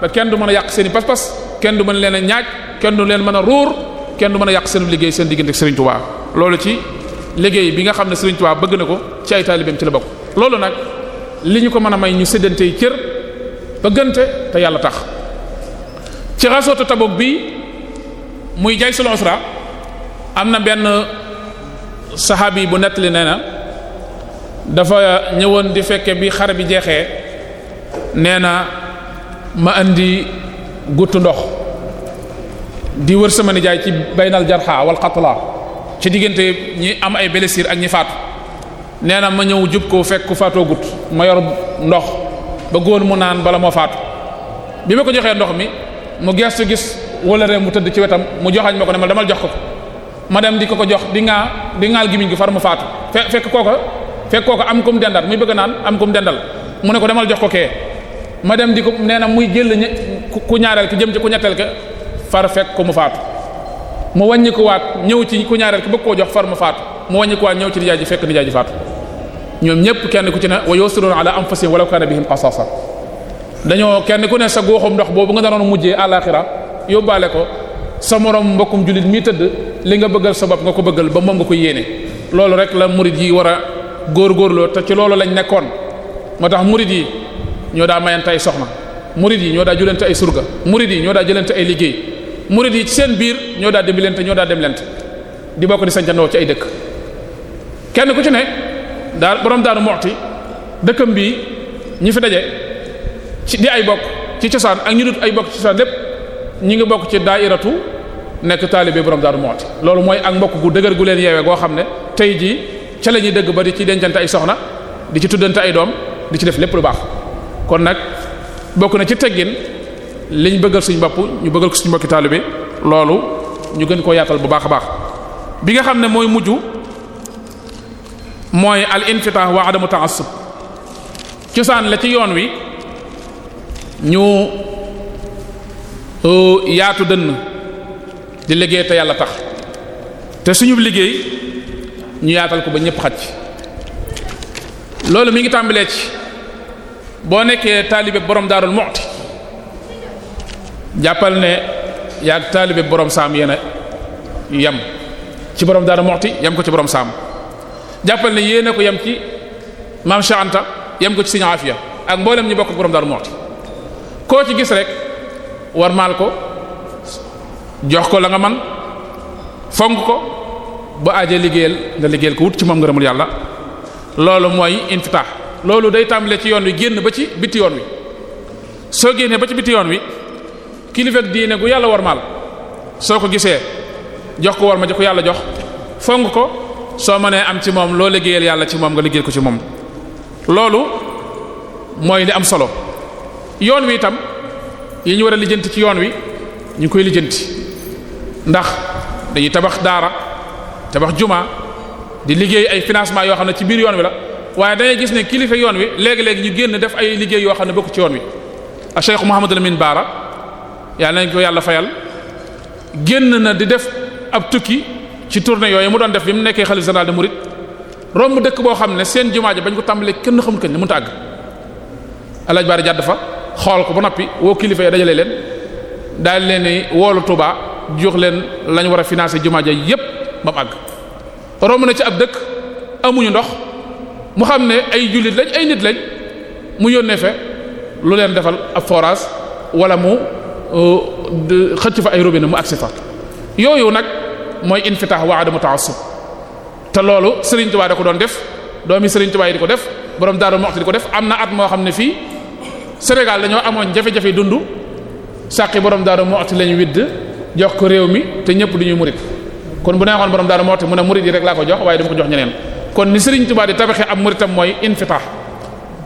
ba kenn du mën a yàq seeni i pas-pas kenn du mën leen a ñaaj kenn du leen mën a ruur kenn du mën a yàq seen liggéey seen diggante ak Serigne Touba loolu ci liggéey bi nga xam ne Serigne Touba bëgg na ko ci ay taalibeem ci la bokk loolu nag li ñu ko mën a may ñu séddante yi cër bëggante te yàlla tax ci rasootu Tabuk bi muy jaysul usra am na benn saxaabi bu nettali nee na dafa ñëwoon di fekke bi xare bi jeexee nee na ma indi guttu ndox di wër sama nijaay ci baynal jarxa wal qatla ci diggante ñi am ay blessures ak ñi faatu nee na ma ñëw jub ko fekk ku faatoo gutt ma yor ndox ba góor mu naan bala moo faatu bi ma ko joxee ndox mi mu gestu gis wala ree mu tëdd ci wetam mu joxañ ma ko ne ma demal jox ko ko ma dem di ko ko jox di ŋaa di ŋaal gimiñ gi far mu faatu fekk kooka fekk kooku am kum dendal muy bëgg naan am kum dendal mu ne ko demal jox ko kee ma dem di ko nee na muy jël ñe ku ñaareel ki jëm ci ku ñetteel ka far fekk ko mu faatu mu wàññi ko waat ñëw ci ku ñaareel ki bëgg koo jox far mu faatu mu wàññi ko waat ñëw ci nijaay ji fekk nijaay ji faatu ñoom ñépp kenn ku ci ne wa yusiruna ala anfusihim walaw kana bihim qasasa dañoo kenn ku ne sa góoxum ndox boobu nga danoon mujjee àlaxira yóbbaale ko sa morom mbokkum jullit mii tëdd li nga bëggal sa bopp nga ko bëggal ba moom nga ko yéene góor góorgóorloo te ci loolu lañ nekkoon moo tax murid yi ñoo daa mayante ay soxna murid yi ñoo daa julente ay surga murid yi ñoo daa jëlante ay liggéey murid yi ci seen biir ñoo daa dimbalante ñoo daa demlante di bokk di sancandoo ci ay dëkk kenn ku ci ne daal borom Daaru Muxti dëkkam bii ñi fi daje ci di ay bokk ci cosaan ak ñu dut ay bokk ci cosaan lépp ñu ngi bokk ci daairatu nekk taalibe borom Daaru Muxti loolu mooy ak mbokk gu dëgër gu leen xam ca la dëgg ba di ci dencante ay soxna di ci tuddante ay doom di ci def lépp lu baax kon nag bokk na ci teggin liñ bëggal suñ bopp ñu bëggal ko bokki taalu bi loolu ñu gën koo yaatal bu baax a baax bi nga xam ne mooy mujj mooy al infitah wa adamu ta'assub cosaan la ci yoon wi ñu uh, yaatu dënn di liggéey te yàlla tax te suñu liggéey ñu yaatal ko ba ñëpp xaj ci loolu mi ngi tàmbalee ci boo nekkee taalibe borom daarul muxti jàppal ne yaag taalibe borom saam yéen a yem ci borom daarul moxti yem ko ci borom saam jàppal ne yéen a ko yem ci maam Cheikh Anta yem ko ci sëñ ya ak mboolem ñu bokk borom daarul muxti koo ci gis rek war maal ko jox ko la nga man fonk ko bu aajee liggéeyal nga liggéeyal ko wut ci moom ngërëmul yàlla loolu mooy intita loolu day tàmbalee ci yoon wi génn ba ci bitti yoon wi soo génnee ba ci biti yoon wi kilifa ak diine gu yàlla warmaal soo ko gisee jox ko war ma jox yàlla jox fonk ko soo mënee am ci moom loo liggéeyal yàlla ci moom nga liggéeyal ko ci moom loolu mooy li am solo yoon wi itam yi ñu war a lijjanti ci yoon wi ñu koy lijjanti ndax dañuy tabax daara tabax jumaa di liggéey ay financement yoo xam ne ci biir yoon wi la waaye dangay gis ne kilifa yoon wi léegi-léegi ñu génn def ay liggéey yoo xam ne bokk ci yoon wi a Cheikh Mouhamadul Amin Baara yàlla nañ ko yàlla fayal génn na di def ab tukki ci tournée yooyu mu doon def bi mu nekkee xalif général de Mouride romb dëkk boo xam ne seen jumaa ja bañ ko tàmbalee kenn xamul kañ ne mënut a àgg El Hadj Baara jàdd fa xool ko ba noppi woo kilifa yi dajale leen daal leen ni woolu Touba jox leen lañ war a financer jumaa ja yépp ba mu àgg romb na ci ab dëkk amuñu ndox mu xam ne ay jullit lañ ay nit lañ mu yónnee fe lu leen defal ab forage wala mu euh, xëcc fa ay robinet mu agsi fa yooyu nag mooy infitah wa adamu ta'assub te loolu sëriñ Touba da ko doon def doomi Serigne Touba yi di ko def borom Darou Moukhty di ko def am na at moo xam ne fii Sénégal dañoo amoon jafe-jafe dund sàqi borom Darou Moukhty lañu widd jox ko réew mi te ñëpp du ñuy murit kon bu neexoon borom daal moo tax mu ne murid yi rek laa ko jox waaye dama ko jox ñeneen kon ni Serigne Touba di tabaxee ab muritam mooy infitah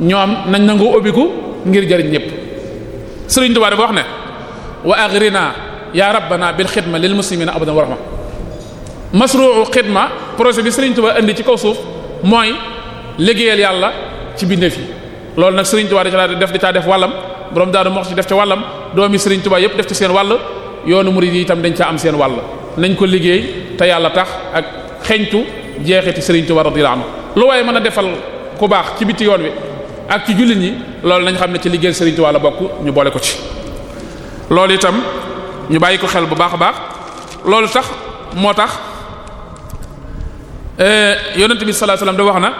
ñoom nañ nangoo ubbiku ngir jëriñ ñëpp Serigne Touba dafa wax ne wa aghrina ya rabbana bil xidma lil muslimina abadan wa rahma masruu xidma projet bi sëriñ Touba indi ci kaw suuf mooy liggéeyal yàlla ci bindeef yi loolu nag Serigne Touba da ca def da caa def wàllam borom daal moo ci def ca wàllam doomi Serigne Touba yëpp def ci seen wàll yoonu murid yi tam dañ ca am seen wàll nañ ko liggéey te yàlla tax ak xeñtu jeexiti Serigne Touba a anhu lu waaye mën a defal ku baax ci biti yoon wi ak ci jullit ñi loolu nañ xam ne ci liggéey Serigne Touba bokk ñu boole ko ci loolu itam ñu bàyyi ko xel bu baax a baax loolu tax moo tax euh, yonent bi sallallahu alayhi wasallam da wax na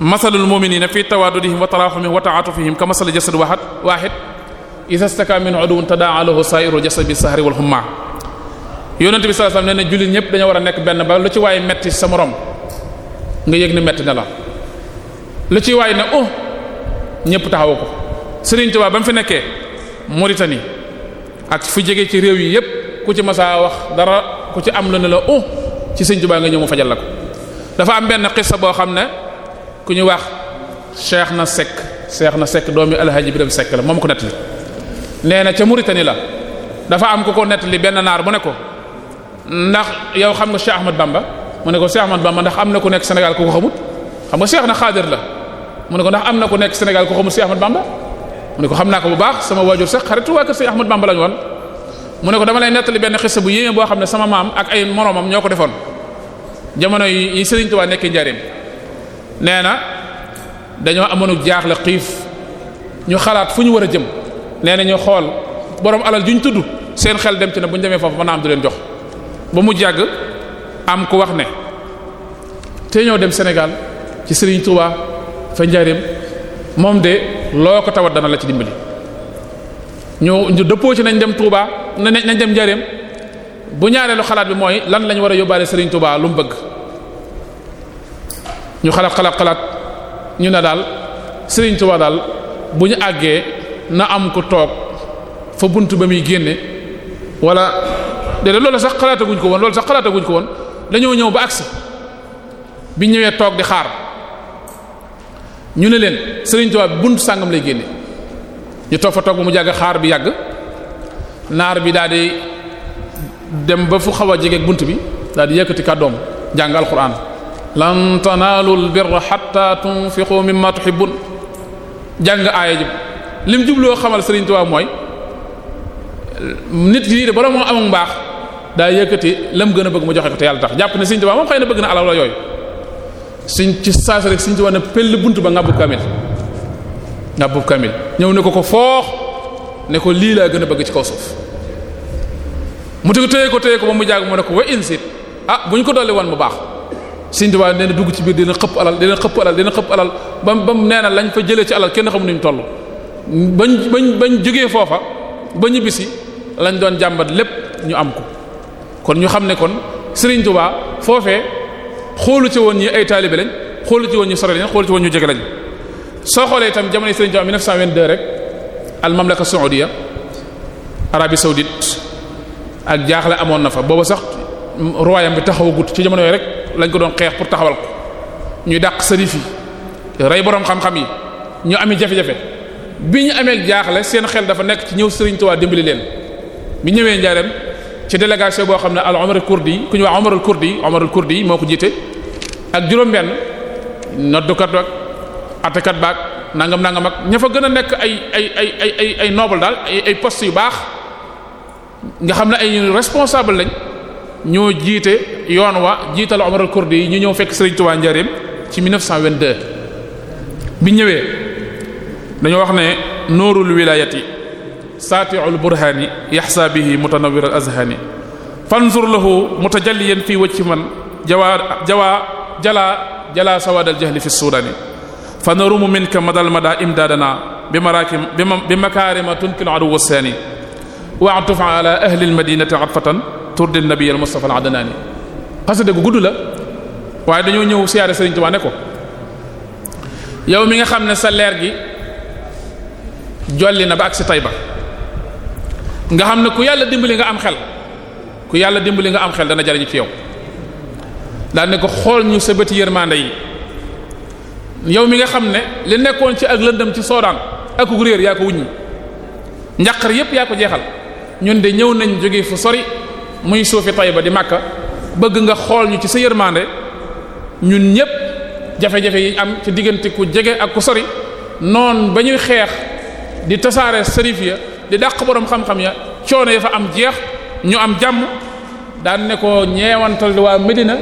masalul mu'minina fi tawaddudihim wa tarahumihim wa ta'atufihim ka masal jasad wahid wahid idha istaka min udwin tada'a lahu sa'iru jasad bis sahri wal humma yonent bi sallallahu alayhi wasallam nee na jullit ñëpp dañoo war a nekk benn ba lu ci waay metti sa morom nga yëg ni metti na la lu ci waay ne oh ñëpp taxawu ko Serigne Touba ba mu fi nekkee Mauritanie ak fu jege ci réew yi yëpp ku ci masaa wax dara ku ci am lu ne la oh ci Serigne Touba nga ñëw mu fajal la ko dafa am benn xissa boo xam ne ku ñu wax Cheikh na Seck Cheikh na Seck doomi Alhaji Birame sekk la moom ko nettali nee na ca Mauritanie la dafa am ku ko nettali benn naar bu ne ko ndax yow xam nga Cheikh Ahmad Bamba mu ne ko Cheikh Ahmad Bamba ndax am na ku nekk Sénégal ku ko xamut xam nga Cheikh na xaadir la mu ne ko ndax am na ku nekk Sénégal ku xamut Cheikh Ahmad Bamba mu ne ko xam naa ko bu baax sama waajur sax xaritu waa kër Cheikh Ahmad Bamba woon mu ne ko dama lay nettali benn xisa bu yéeme boo xam ne sama maam ak ay moroomam ñoo ko defoon jamono yi Serigne Touba nekk njaareem nee na dañoo amoon jaaxle xiif ñu xalaat fu ñu war a jëm nee na ñu xool borom alal ju ñu tudd seen xel dem ci ne bu ñu demee foofu mën leen jox ba mu jàgg am ku wax ne te ñoo dem senegal ci sëriñ Touba fa njaareem moom de loo ko tawat la ci dimbali ñu ñu dëppoo ci nañ dem Touba nañ dem njaareem bu ñaareelu xalaat bi mooy lan lañ war a yóbbaale Serigne Touba lu mu bëgg ñu xalaat xalaat xalaat ñu ne daal Serigne Touba daal bu ñu àggee na am ku toog fa bunt ba muy génne wala déedéet loolu sax xalaataguñ ko woon loolu ko woon lañoo ñëw ba agsi bi ñëwee toog di xaar ñu ne leen Serigne bunt buntu sàngam lay génne ñu toog fa toog ba mu jàgg xaar bi yàgg naar bi daal dem ba fu xaw a jege bunt bi daal di yëkkati kàddoom jàng alquran lan tanaalu albirra hatta tunfiqu mimma tuhibbun jàng aaya ji lim jubloo xamal Serigne mooy nit yi de bala moo mbaax daa yëkkati mu gën a bëgg mu joxe ko te yàlla tax jàpp ne Sëriñ Tuubaa moom xëy na bëgg na alaw la yooyu suñ ci saas rek Sëriñ Tuubaa ne pell bunt ba ngàbbub kamil ngàbbub kamil ñëw ne ko ko foox ne ko lii laa gën a bëgg ci kaw suuf mu tëgg téye ko téye ko ba mu jàgg mu ne ko wa insit ah bu ñu ko dolli woon mu baax Sëriñ Tuubaa nee na dugg ci biir dina xëpp alal dina xëpp alal dina xëpp alal ba ba mu nee na lañ fa jëlee ci alal kenn xamu nuñ toll bañ bañ bañ jógee foofa ba ñibbisi lañ doon jàmbat lépp ñu am ko kon ñu xam ne kon Serigne Touba foofee xoolu ci woon ñi ay taalibe lañ xoolu ci woon ñu sore lañ xoolu ci woon ñu jege lañ soo xoolee itam jamono Serigne Touba 1922 rek al mamlaka saoudia Arabie saoudite ak jaaxle amoon na fa booba sax royaume bi gut ci jamono rek lañ ko doon xeex pour taxawal ko ñuy dàq sëri yi rey boroom xam-xam yi ñu ami jafe-jafe bi ñu amee jaaxle seen xel dafa nekk ci ñëw Serigne Touba dimbali leen bi ñëwee njaareem ci délégation boo xam ne al Omar al Kurdi ku ñu wax Omar al Kurdi Omar al Kurdi moo ko jiite ak juróom-benn noddukat ak attakat baak nangam nangam ak ña fa gën a nekk ay ay ay ay ay ay noble daal ay ay postes yu baax nga xam ne ay responsable lañ ñoo jiite yoon wa jiital Omar al Kurdi yi ñu ñëw fekk Serigne Touba Ndiarème ci 1922 bi ñëwee dañoo wax ne noorul yi saati'ul burhaani yaxsaa bihi mutanawwirul azhaani fanzur lahu mutajalliyan fii wajhi man jawaa jawaa jalaa jalaa sawaadal jahli fi suudaani fa narumu minka madal madaa imdaadana bi maraakim bi makaarima tunkil aduwwa saani wa'tuf ala ahli almadinati atfatan turdi nabiy al mustafa al adnaani xasida gu gudd la waaye dañoo ñëw siyaare Sëriñ Tuubaa ko yow mi nga xam ne sa leer gi jolli na ba ak Tayba nga xam ne ku yàlla dimbali nga am xel ku yàlla dimbali nga am xel dana jariñ ci yow daal ne ko xool ñu sa bëti yërmande yi yow mi nga xam ne li nekkoon ci ak lëndëm ci soodaan ak ku réer yaa ko wuññi njàqar yépp yaa ko jeexal ñun de ñëw nañ jóge fu sori muy suufi ba di Makka bëgg nga xool ñu ci sa yërmande ñun ñépp jafe-jafe yi am ci diggante ku jege ak ku sori noon ba ñuy xeex di tasaare sërif ya di dàq boroom xam-xam ya coono ya fa am jeex ñu am jàmm daan ne ko ñeewantal waa Medina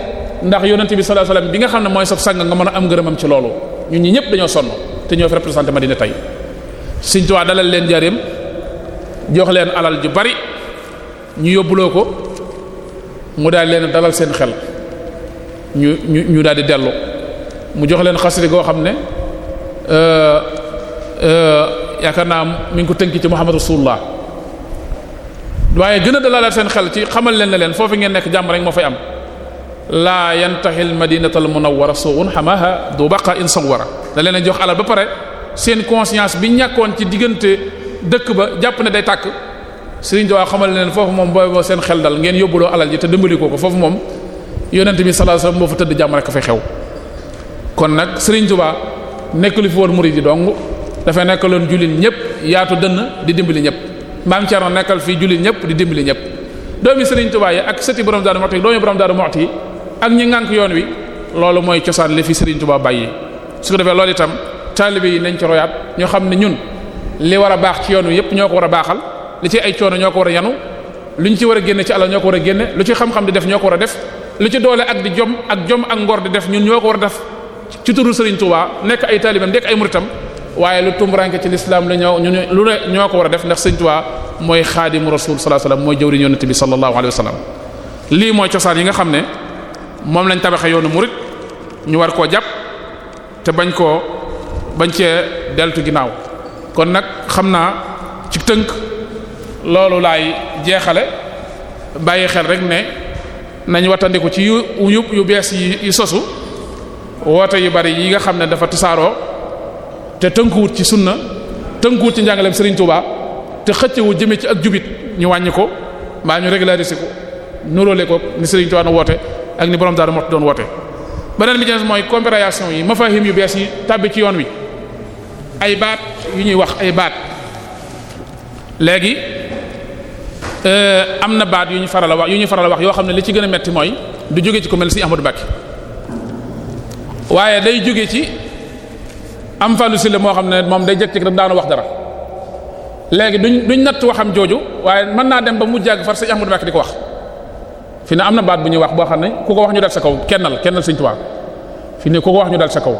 ndax yonent bi sallallahu alayhi wasallam bi nga xam ne mooy saf sang nga mën a am ngërëmam ci loolu ñu ñi ñëpp dañoo sonn te ñoo fi ma dina tey Sëriñ Tuubaa dalal leen jareem jox leen alal ju bari ñu yóbbuloo ko mu daal leen dalal seen xel ñu ñu ñu daal di dellu mu jox leen xasri goo xam ne euh, euh, yaakaar naa mi ngi ko tënk ci Muhammad Rasulullah waaye gën a dalal seen xel ci xamal leen ne leen foofu ngeen nekk jàmm rek ma fay am laa yantaxil madinatal munawwara suun xamaha du baqa in sawara da leen jox alal ba pare seen conscience bi ñàkkoon ci diggante dëkk ba jàpp ne day tàkk Sëriñ Tuubaa xamal leen foofu moom booy boo seen xel dal ngeen yóbbuloo alal ji te dimbali ko ko foofu moom yonent bi sallallahu alayhi wasallam moo fa tëdd jàmm rek a fay xew kon dafa nekkaloon jullit ñëpp yaatu dënn di dimbali ñëpp maam Thierno nekkal fii jullit ñëpp di dimbali ñëpp doomi Serigne Touba yi ak sëti borom Darou Moukhty doomi borom Darou Moukhty ak ñi ngànk yoon wi loolu mooy cosaan li fi Serigne Touba bàyyi su ko defee loolu itam taalibe yi nañ ci royaat ñu xam ne ñun li war a baax ci yoon wi yëpp ñoo ko war a baaxal li ci ay coono ñoo ko war a yanu lu ñu ci war a génne ci alal ñoo ko war a génne lu ci xam di def ñoo ko a def lu ci doole ak di jom ak jom ak ngor di def ñun ñoo ko war a def ci turu Serigne Touba nekk ay taalibeem nekk ay muritam waaye lu tumuranke ci lislaam la ñoo ñu lu ne ñoo ko war a def ndax sëñ mooy xaadimu rasul sallallahu alayhi wasallam mooy jëwriñ yonent bi sallallahu alayhi wasallam lii mooy cosaan yi nga xam ne moom lañ tabaxe yoonu murid ñu war koo jàpp te bañ koo bañ cee deltu ginnaaw kon nag xam naa ci tënk loolu laay jeexale bàyyi xel rek ne nañu wattandiku ci yu yu yu bees yi sosu woote yu bari yi nga xam ne dafa tasaaroo te tënkuwut ci sunna tënkuwut ci njàngaleem Serigne Touba te xëccewu jëmee ci ak jubit ñu wàññi ko mbaa ñu régulariser ko nuroole ko ni Serigne Touba na woote ak ni borom Darou Moukhty doon woote. beneen bi ci mooy compréhension yi mafahim yu bees yi tàbbi ci yoon wi ay baat yu ñuy wax ay baat léegi euh, am na baat yu ñu faral a wax yu ñu faral a wax yoo xam ne li ci gën a metti mooy du jóge ci ku mel si Amadou Bakki waaye day jóge ci. am fàllu si la moo xam ne moom day jëkk-jëkk rek daana wax dara léegi duñ duñ natt xam jooju waaye mën naa dem ba mu jàgg far sëñ Ahmadou ak di ko wax fi ne am na baat bu ñuy wax boo xam ne ku ko wax ñu dal sa kaw kennal kennal sëñ Tuubaa fi ne ku ko wax ñu dal sa kaw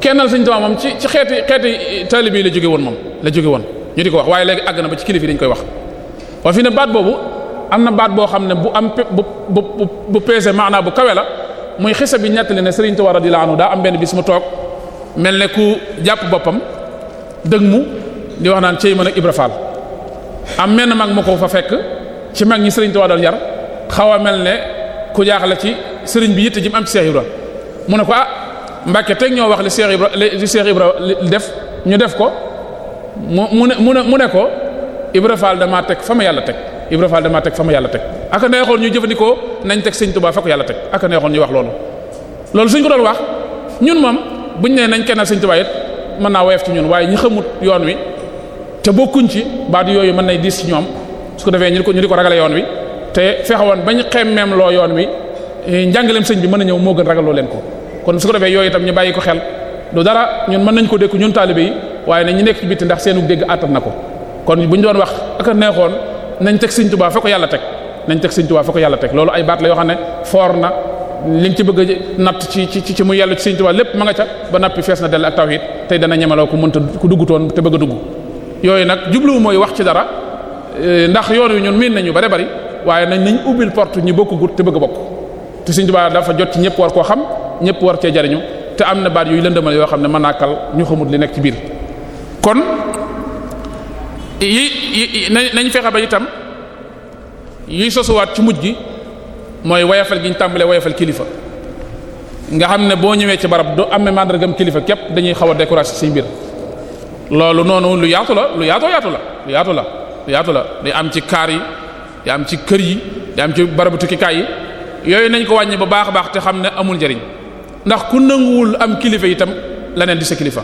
kennal sëñ Tuubaa moom ci ci xeeti xeeti taalibe la jóge woon moom la jóge woon ñu di ko wax waaye léegi àgg na ba ci kilifa dañ koy wax waaye fi ne baat boobu am na baat boo xam ne bu am bu bu bu peese maanaa bu kawe la muy xisa bi ñettali ne Sëriñ Tuubaa radiyallahu anhu daa am benn bis mu toog mel ne ku jàpp boppam dëgg mu di wax naan cey mën ak Ibra Faal am menn mag ma ko fa fekk ci mag ñi sëriñ Tuubaa doon yar xaw a mel ne ku jaaxle ci sëriñ bi yitte ji mu am ci Seex Ibra mu ne ko ah Mbàkke teg ñoo wax li Seex Ibra li Seex Ibra def ñu def ko mu mu ne mu ne mu ne ko Ibra Faal damaa teg fa ma yàlla teg Ibra Faal damaa teg fa ma yàlla teg aka neexoon ñu jëfandikoo nañ teg sëriñ Tuubaa fa ko yàlla teg aka neexoon ñu wax loolu loolu suñ ko doon wax buñ nee nañ kenn sëñ Tuubaa it mën naa woyof ci ñun waaye ñi xamut yoon wi te bokkuñ ci baatu yooyu mën nañ diis ci ñoom su ko defee ñu di ko ñu di ko ragale yoon wi te fexewoon bañ xemmeem loo yoon wi eh, njàngaleem sëñ bi mën a ñëw moo gën ragaloo leen ko kon su ko defee yooyu itam ñu bàyyi ko xel du dara ñun mën nañ ko dékku ñun taalibe yi waaye ne ñu nekk ci bitti ndax seenu dégg àttan na ko kon bu ñu doon wax ak a neexoon nañ teg sëñ Tuubaa fa ko yàlla teg nañ teg sëñ Tuubaa fa ko yàlla teg loolu ay baat la yoo xam ne li nga ci bëgg a natt ci mu yàlla ci Sëriñ Tuubaa lépp ma nga ca ba nappi fees na dell ak tawhid tey dana ñemeloo ku mënta ku duggutoon te bëgg a dugg yooyu nag jubluwu mooy wax ci dara e, ndax yoon wi ñun miin nañu bare bari waaye nañ nañ ubbil porte ñi bokk gut te bëgg a bokk te Sëriñ Tuubaa dafa jot ci ñëpp war koo xam ñëpp war cee jariñu te am na baat yuy lëndëmal yoo xam ne mën naa kal ñu xamut li nekk ci biir kon yi nañ fexe ba itam yiy sosuwaat ci mujj gi mooy woyofal gi ñu tàmbalee woyofal kilifa nga xam ne boo ñëwee ci barab du amee màndargam kilifa képp dañuy xaw a découragé ci mbir loolu noonu lu yaatu la lu yaatoo yaatu la lu yaatu la lu yaatu la day am ci kaar yi day am ci kër yi day am ci barabu tukkikaay yi yooyu nañ ko wàññi ba baax a baax te xam ne amul njariñ ndax ku nanguwul am kilifa itam leneen di sa kilifa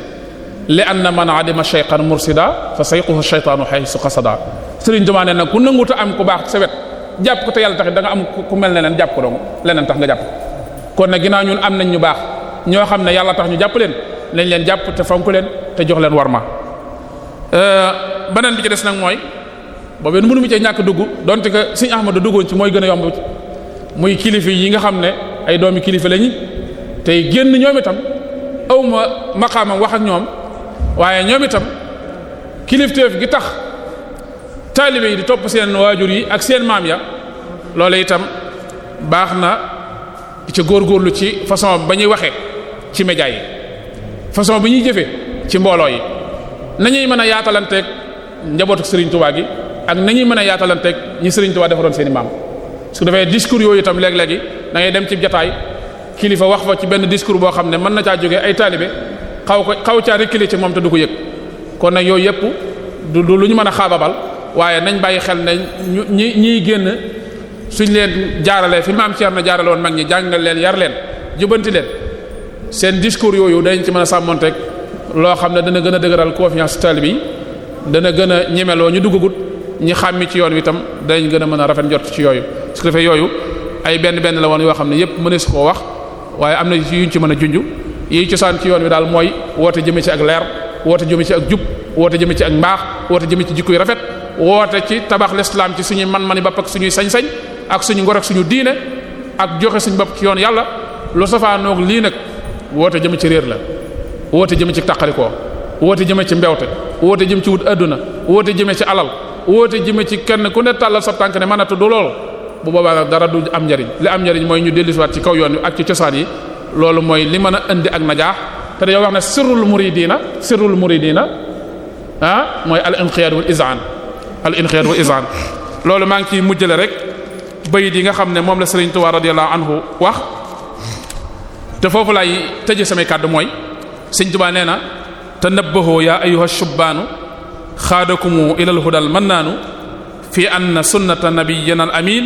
li anna man adima shaytan mursida fa sayquhu shaytanu haythu qasada sëriñ Tuubaa nee nag ku nanguta am ku baax ci sa wet jàpp ko te yàlla taxit da nga am ku mel ne leen jàpp ko dong leneen tax nga jàpp kon nag ginnaaw ñun am nañ ñu baax ñoo xam ne yàlla tax ñu jàpp leen lañ leen jàpp te fonk leen te jox leen war ma euh, beneen bi ci des nag mooy boobu yéen mënu mu cee ñàkk dugg donte que suñu ahmadu duggoon ci mooy gën a yomb muy kilifa yi nga xam ne ay doomi kilifa lañu tey génn ñoom itam awma maqaamam wax ak ñoom waaye ñoom itam kilifteef gi tax taalibe yi di topp seen waajur yi ak seen maam ya loole itam baax na ci góor góorlu ci façon ba ñuy waxee ci média yi façon bi ñuy jëfee ci mbooloo yi ñuy mën a yaatalanteeg njabootu Serigne Touba gi ak nañuy mën a yaatalanteeg ñi Serigne Touba defaroon seeni i maam su defee discours yooyu itam léeg-léegi da dem ci jataay kilifa wax fa ci benn discours boo xam ne mën na caa jóge ay taalibe xaw ko xaw caa reculer ci moom te du ko yëg kon na yooyu yëpp du lu ñu mën a xaababal. waaye nañ bàyyi xel nañ ñu ñi ñiy génn suñ leen jaarale fi maam Thierno jaarale woon mag ñi jàngal leen yar leen jubanti leen seen discours yooyu dañ ci mën a sàmmoon sàmmonteeg loo xam ne dana gën a dëgëral confiance taalibe bi dana gën a ñemeloo ñu duggagut ñi xàmmi ci yoon wi itam danañ gën a mën a rafet jot ci yooyu su ko yooyu ay benn benn la woon yoo xam ne yépp mënees koo wax waaye am na yuñ ci mën a junj yi cosaan ci yoon wi daal mooy woote jëme ci ak leer woote jëme ci ak jub woote jëme ci ak mbaax woote jëme ci jikko yu rafet woote ci tabax l'islam ci suñu man-mani bopp bappak suñu sañ-sañ ak suñu ngor ak suñu diine ak joxe suñu bopp ci yoon yàlla lu safaanoog lii nag woote jëm ci réer la woote jëm ci taqalikoo woote jëm ci mbewte woote jëm ci wut adduna woote jëm ci alal woote jëm ci kenn ku ne tàllal sa tànk ne mën a tudd lool bu boobaa nag dara du am njariñ li am njariñ mooy ñu dellusiwaat ci kaw yoon wi ak ci cosaan yi loolu mooy li mën a indi ak najaax te yow wax ne sirrul muridina sirrul muridina ah mooy al inqiyad wal izaan al inqiyaad wa izaan loolu maa ngi ciy mujjale rek bayit yi nga xam ne moom la Sëriñ Tuubaa radiyallahu anhu wax te foofu laay tëje samay kàddu mooy Sëriñ Tuubaa nee na tanabbahu yaa ayyuha shubbaanu xaadakumu ilal hudal mannaanu fi anna sunnata nabiyyina al amin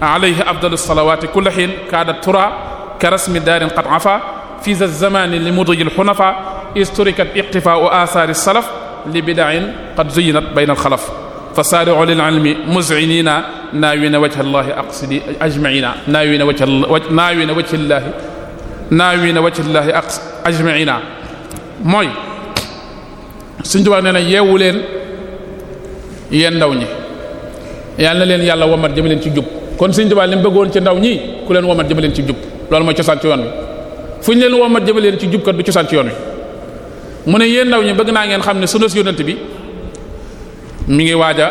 alayhi afdalu salawaati kulla hiin kaada tura ka rasmi daarin qad afa fi za zamani li mudyi al hunafa isturikat iqtifaa u asaari salaf li bida'in qad zuyyinat bayna al xalaf fa saari'u lil ilmi muz'inina naawina wajha llahi aqsidi ajma'ina naawina wajha naawina wajha llahi naawina wajha llahi aqsidi ajma'ina mooy suñu nee na yeewu leen yéen ndaw ñi yàlla na leen yàlla womat jëme leen ci jub kon suñu tubaab li mu bëggoon ci ndaw ñi ku leen womat jëme leen ci jub loolu mooy cosaan ci yoon wi fu ñu leen womat jëme leen ci jub kat du cosaan ci yoon wi mu ne yéen ndaw ñi bëgg naa ngeen xam ne sunu yonent bi mi ngi waaj a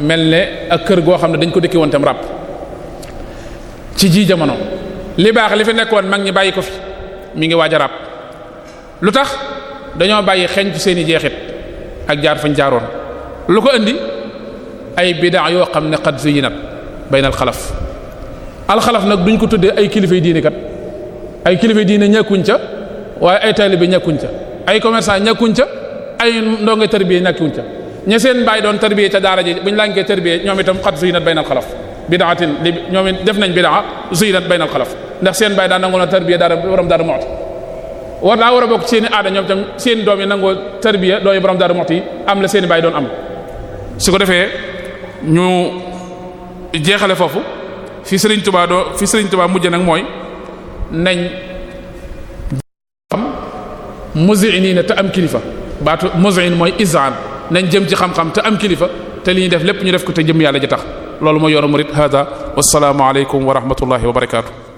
mel ne ak kër goo xam ne dañ ko dëkki woon tam ràpp ci jii jamono li baax li fi nekkoon mag ñi bàyyi ko fi mi ngi waaj a ràpp lu tax dañoo bàyyi xeeñ ci seeni jeexit ak jaar fañ jaaroon lu ko indi ay bidaa yoo xam ne xat zuyinat bayna alxalaf alxalaf nag duñ ko tuddee ay kilifay diine kat ay kilifay diine ñàkkuñ ca waaye ay taalibe ñàkkuñ ca ay commerçant ñàkkuñ ca ay ndongo tarbiya ñàkkuñ ca ña seen bàyyi doon tarbiyee ca daara ji buñ lànkee tarbiyee ñoom itam xat zuynat baynal xalaf bidaatin li ñoom it def nañ bi bidaa zuynat baynal xalaf ndax seen bàyyi daa nangoo na tarbiyee daara borom daara moxti war daa war a bokk seen i aada ñoom itam seen doom yi nangoo tarbiyee dooyu borom daara moxti am la seen i bàyyi doon am su ko defee ñu jeexale foofu fi Serigne Touba doo fi Serigne Touba mujj nag mooy nañ xam musin te am kilifa baatu musin mooy isaan nañ jëm ji xam-xam te am kilifa te liy ñuy def lépp ñu def ko te jëm yàlla ji tax loolu mooy yoonu murid hada wasalaamu aleykum wa rahmatullahi wa barakaatu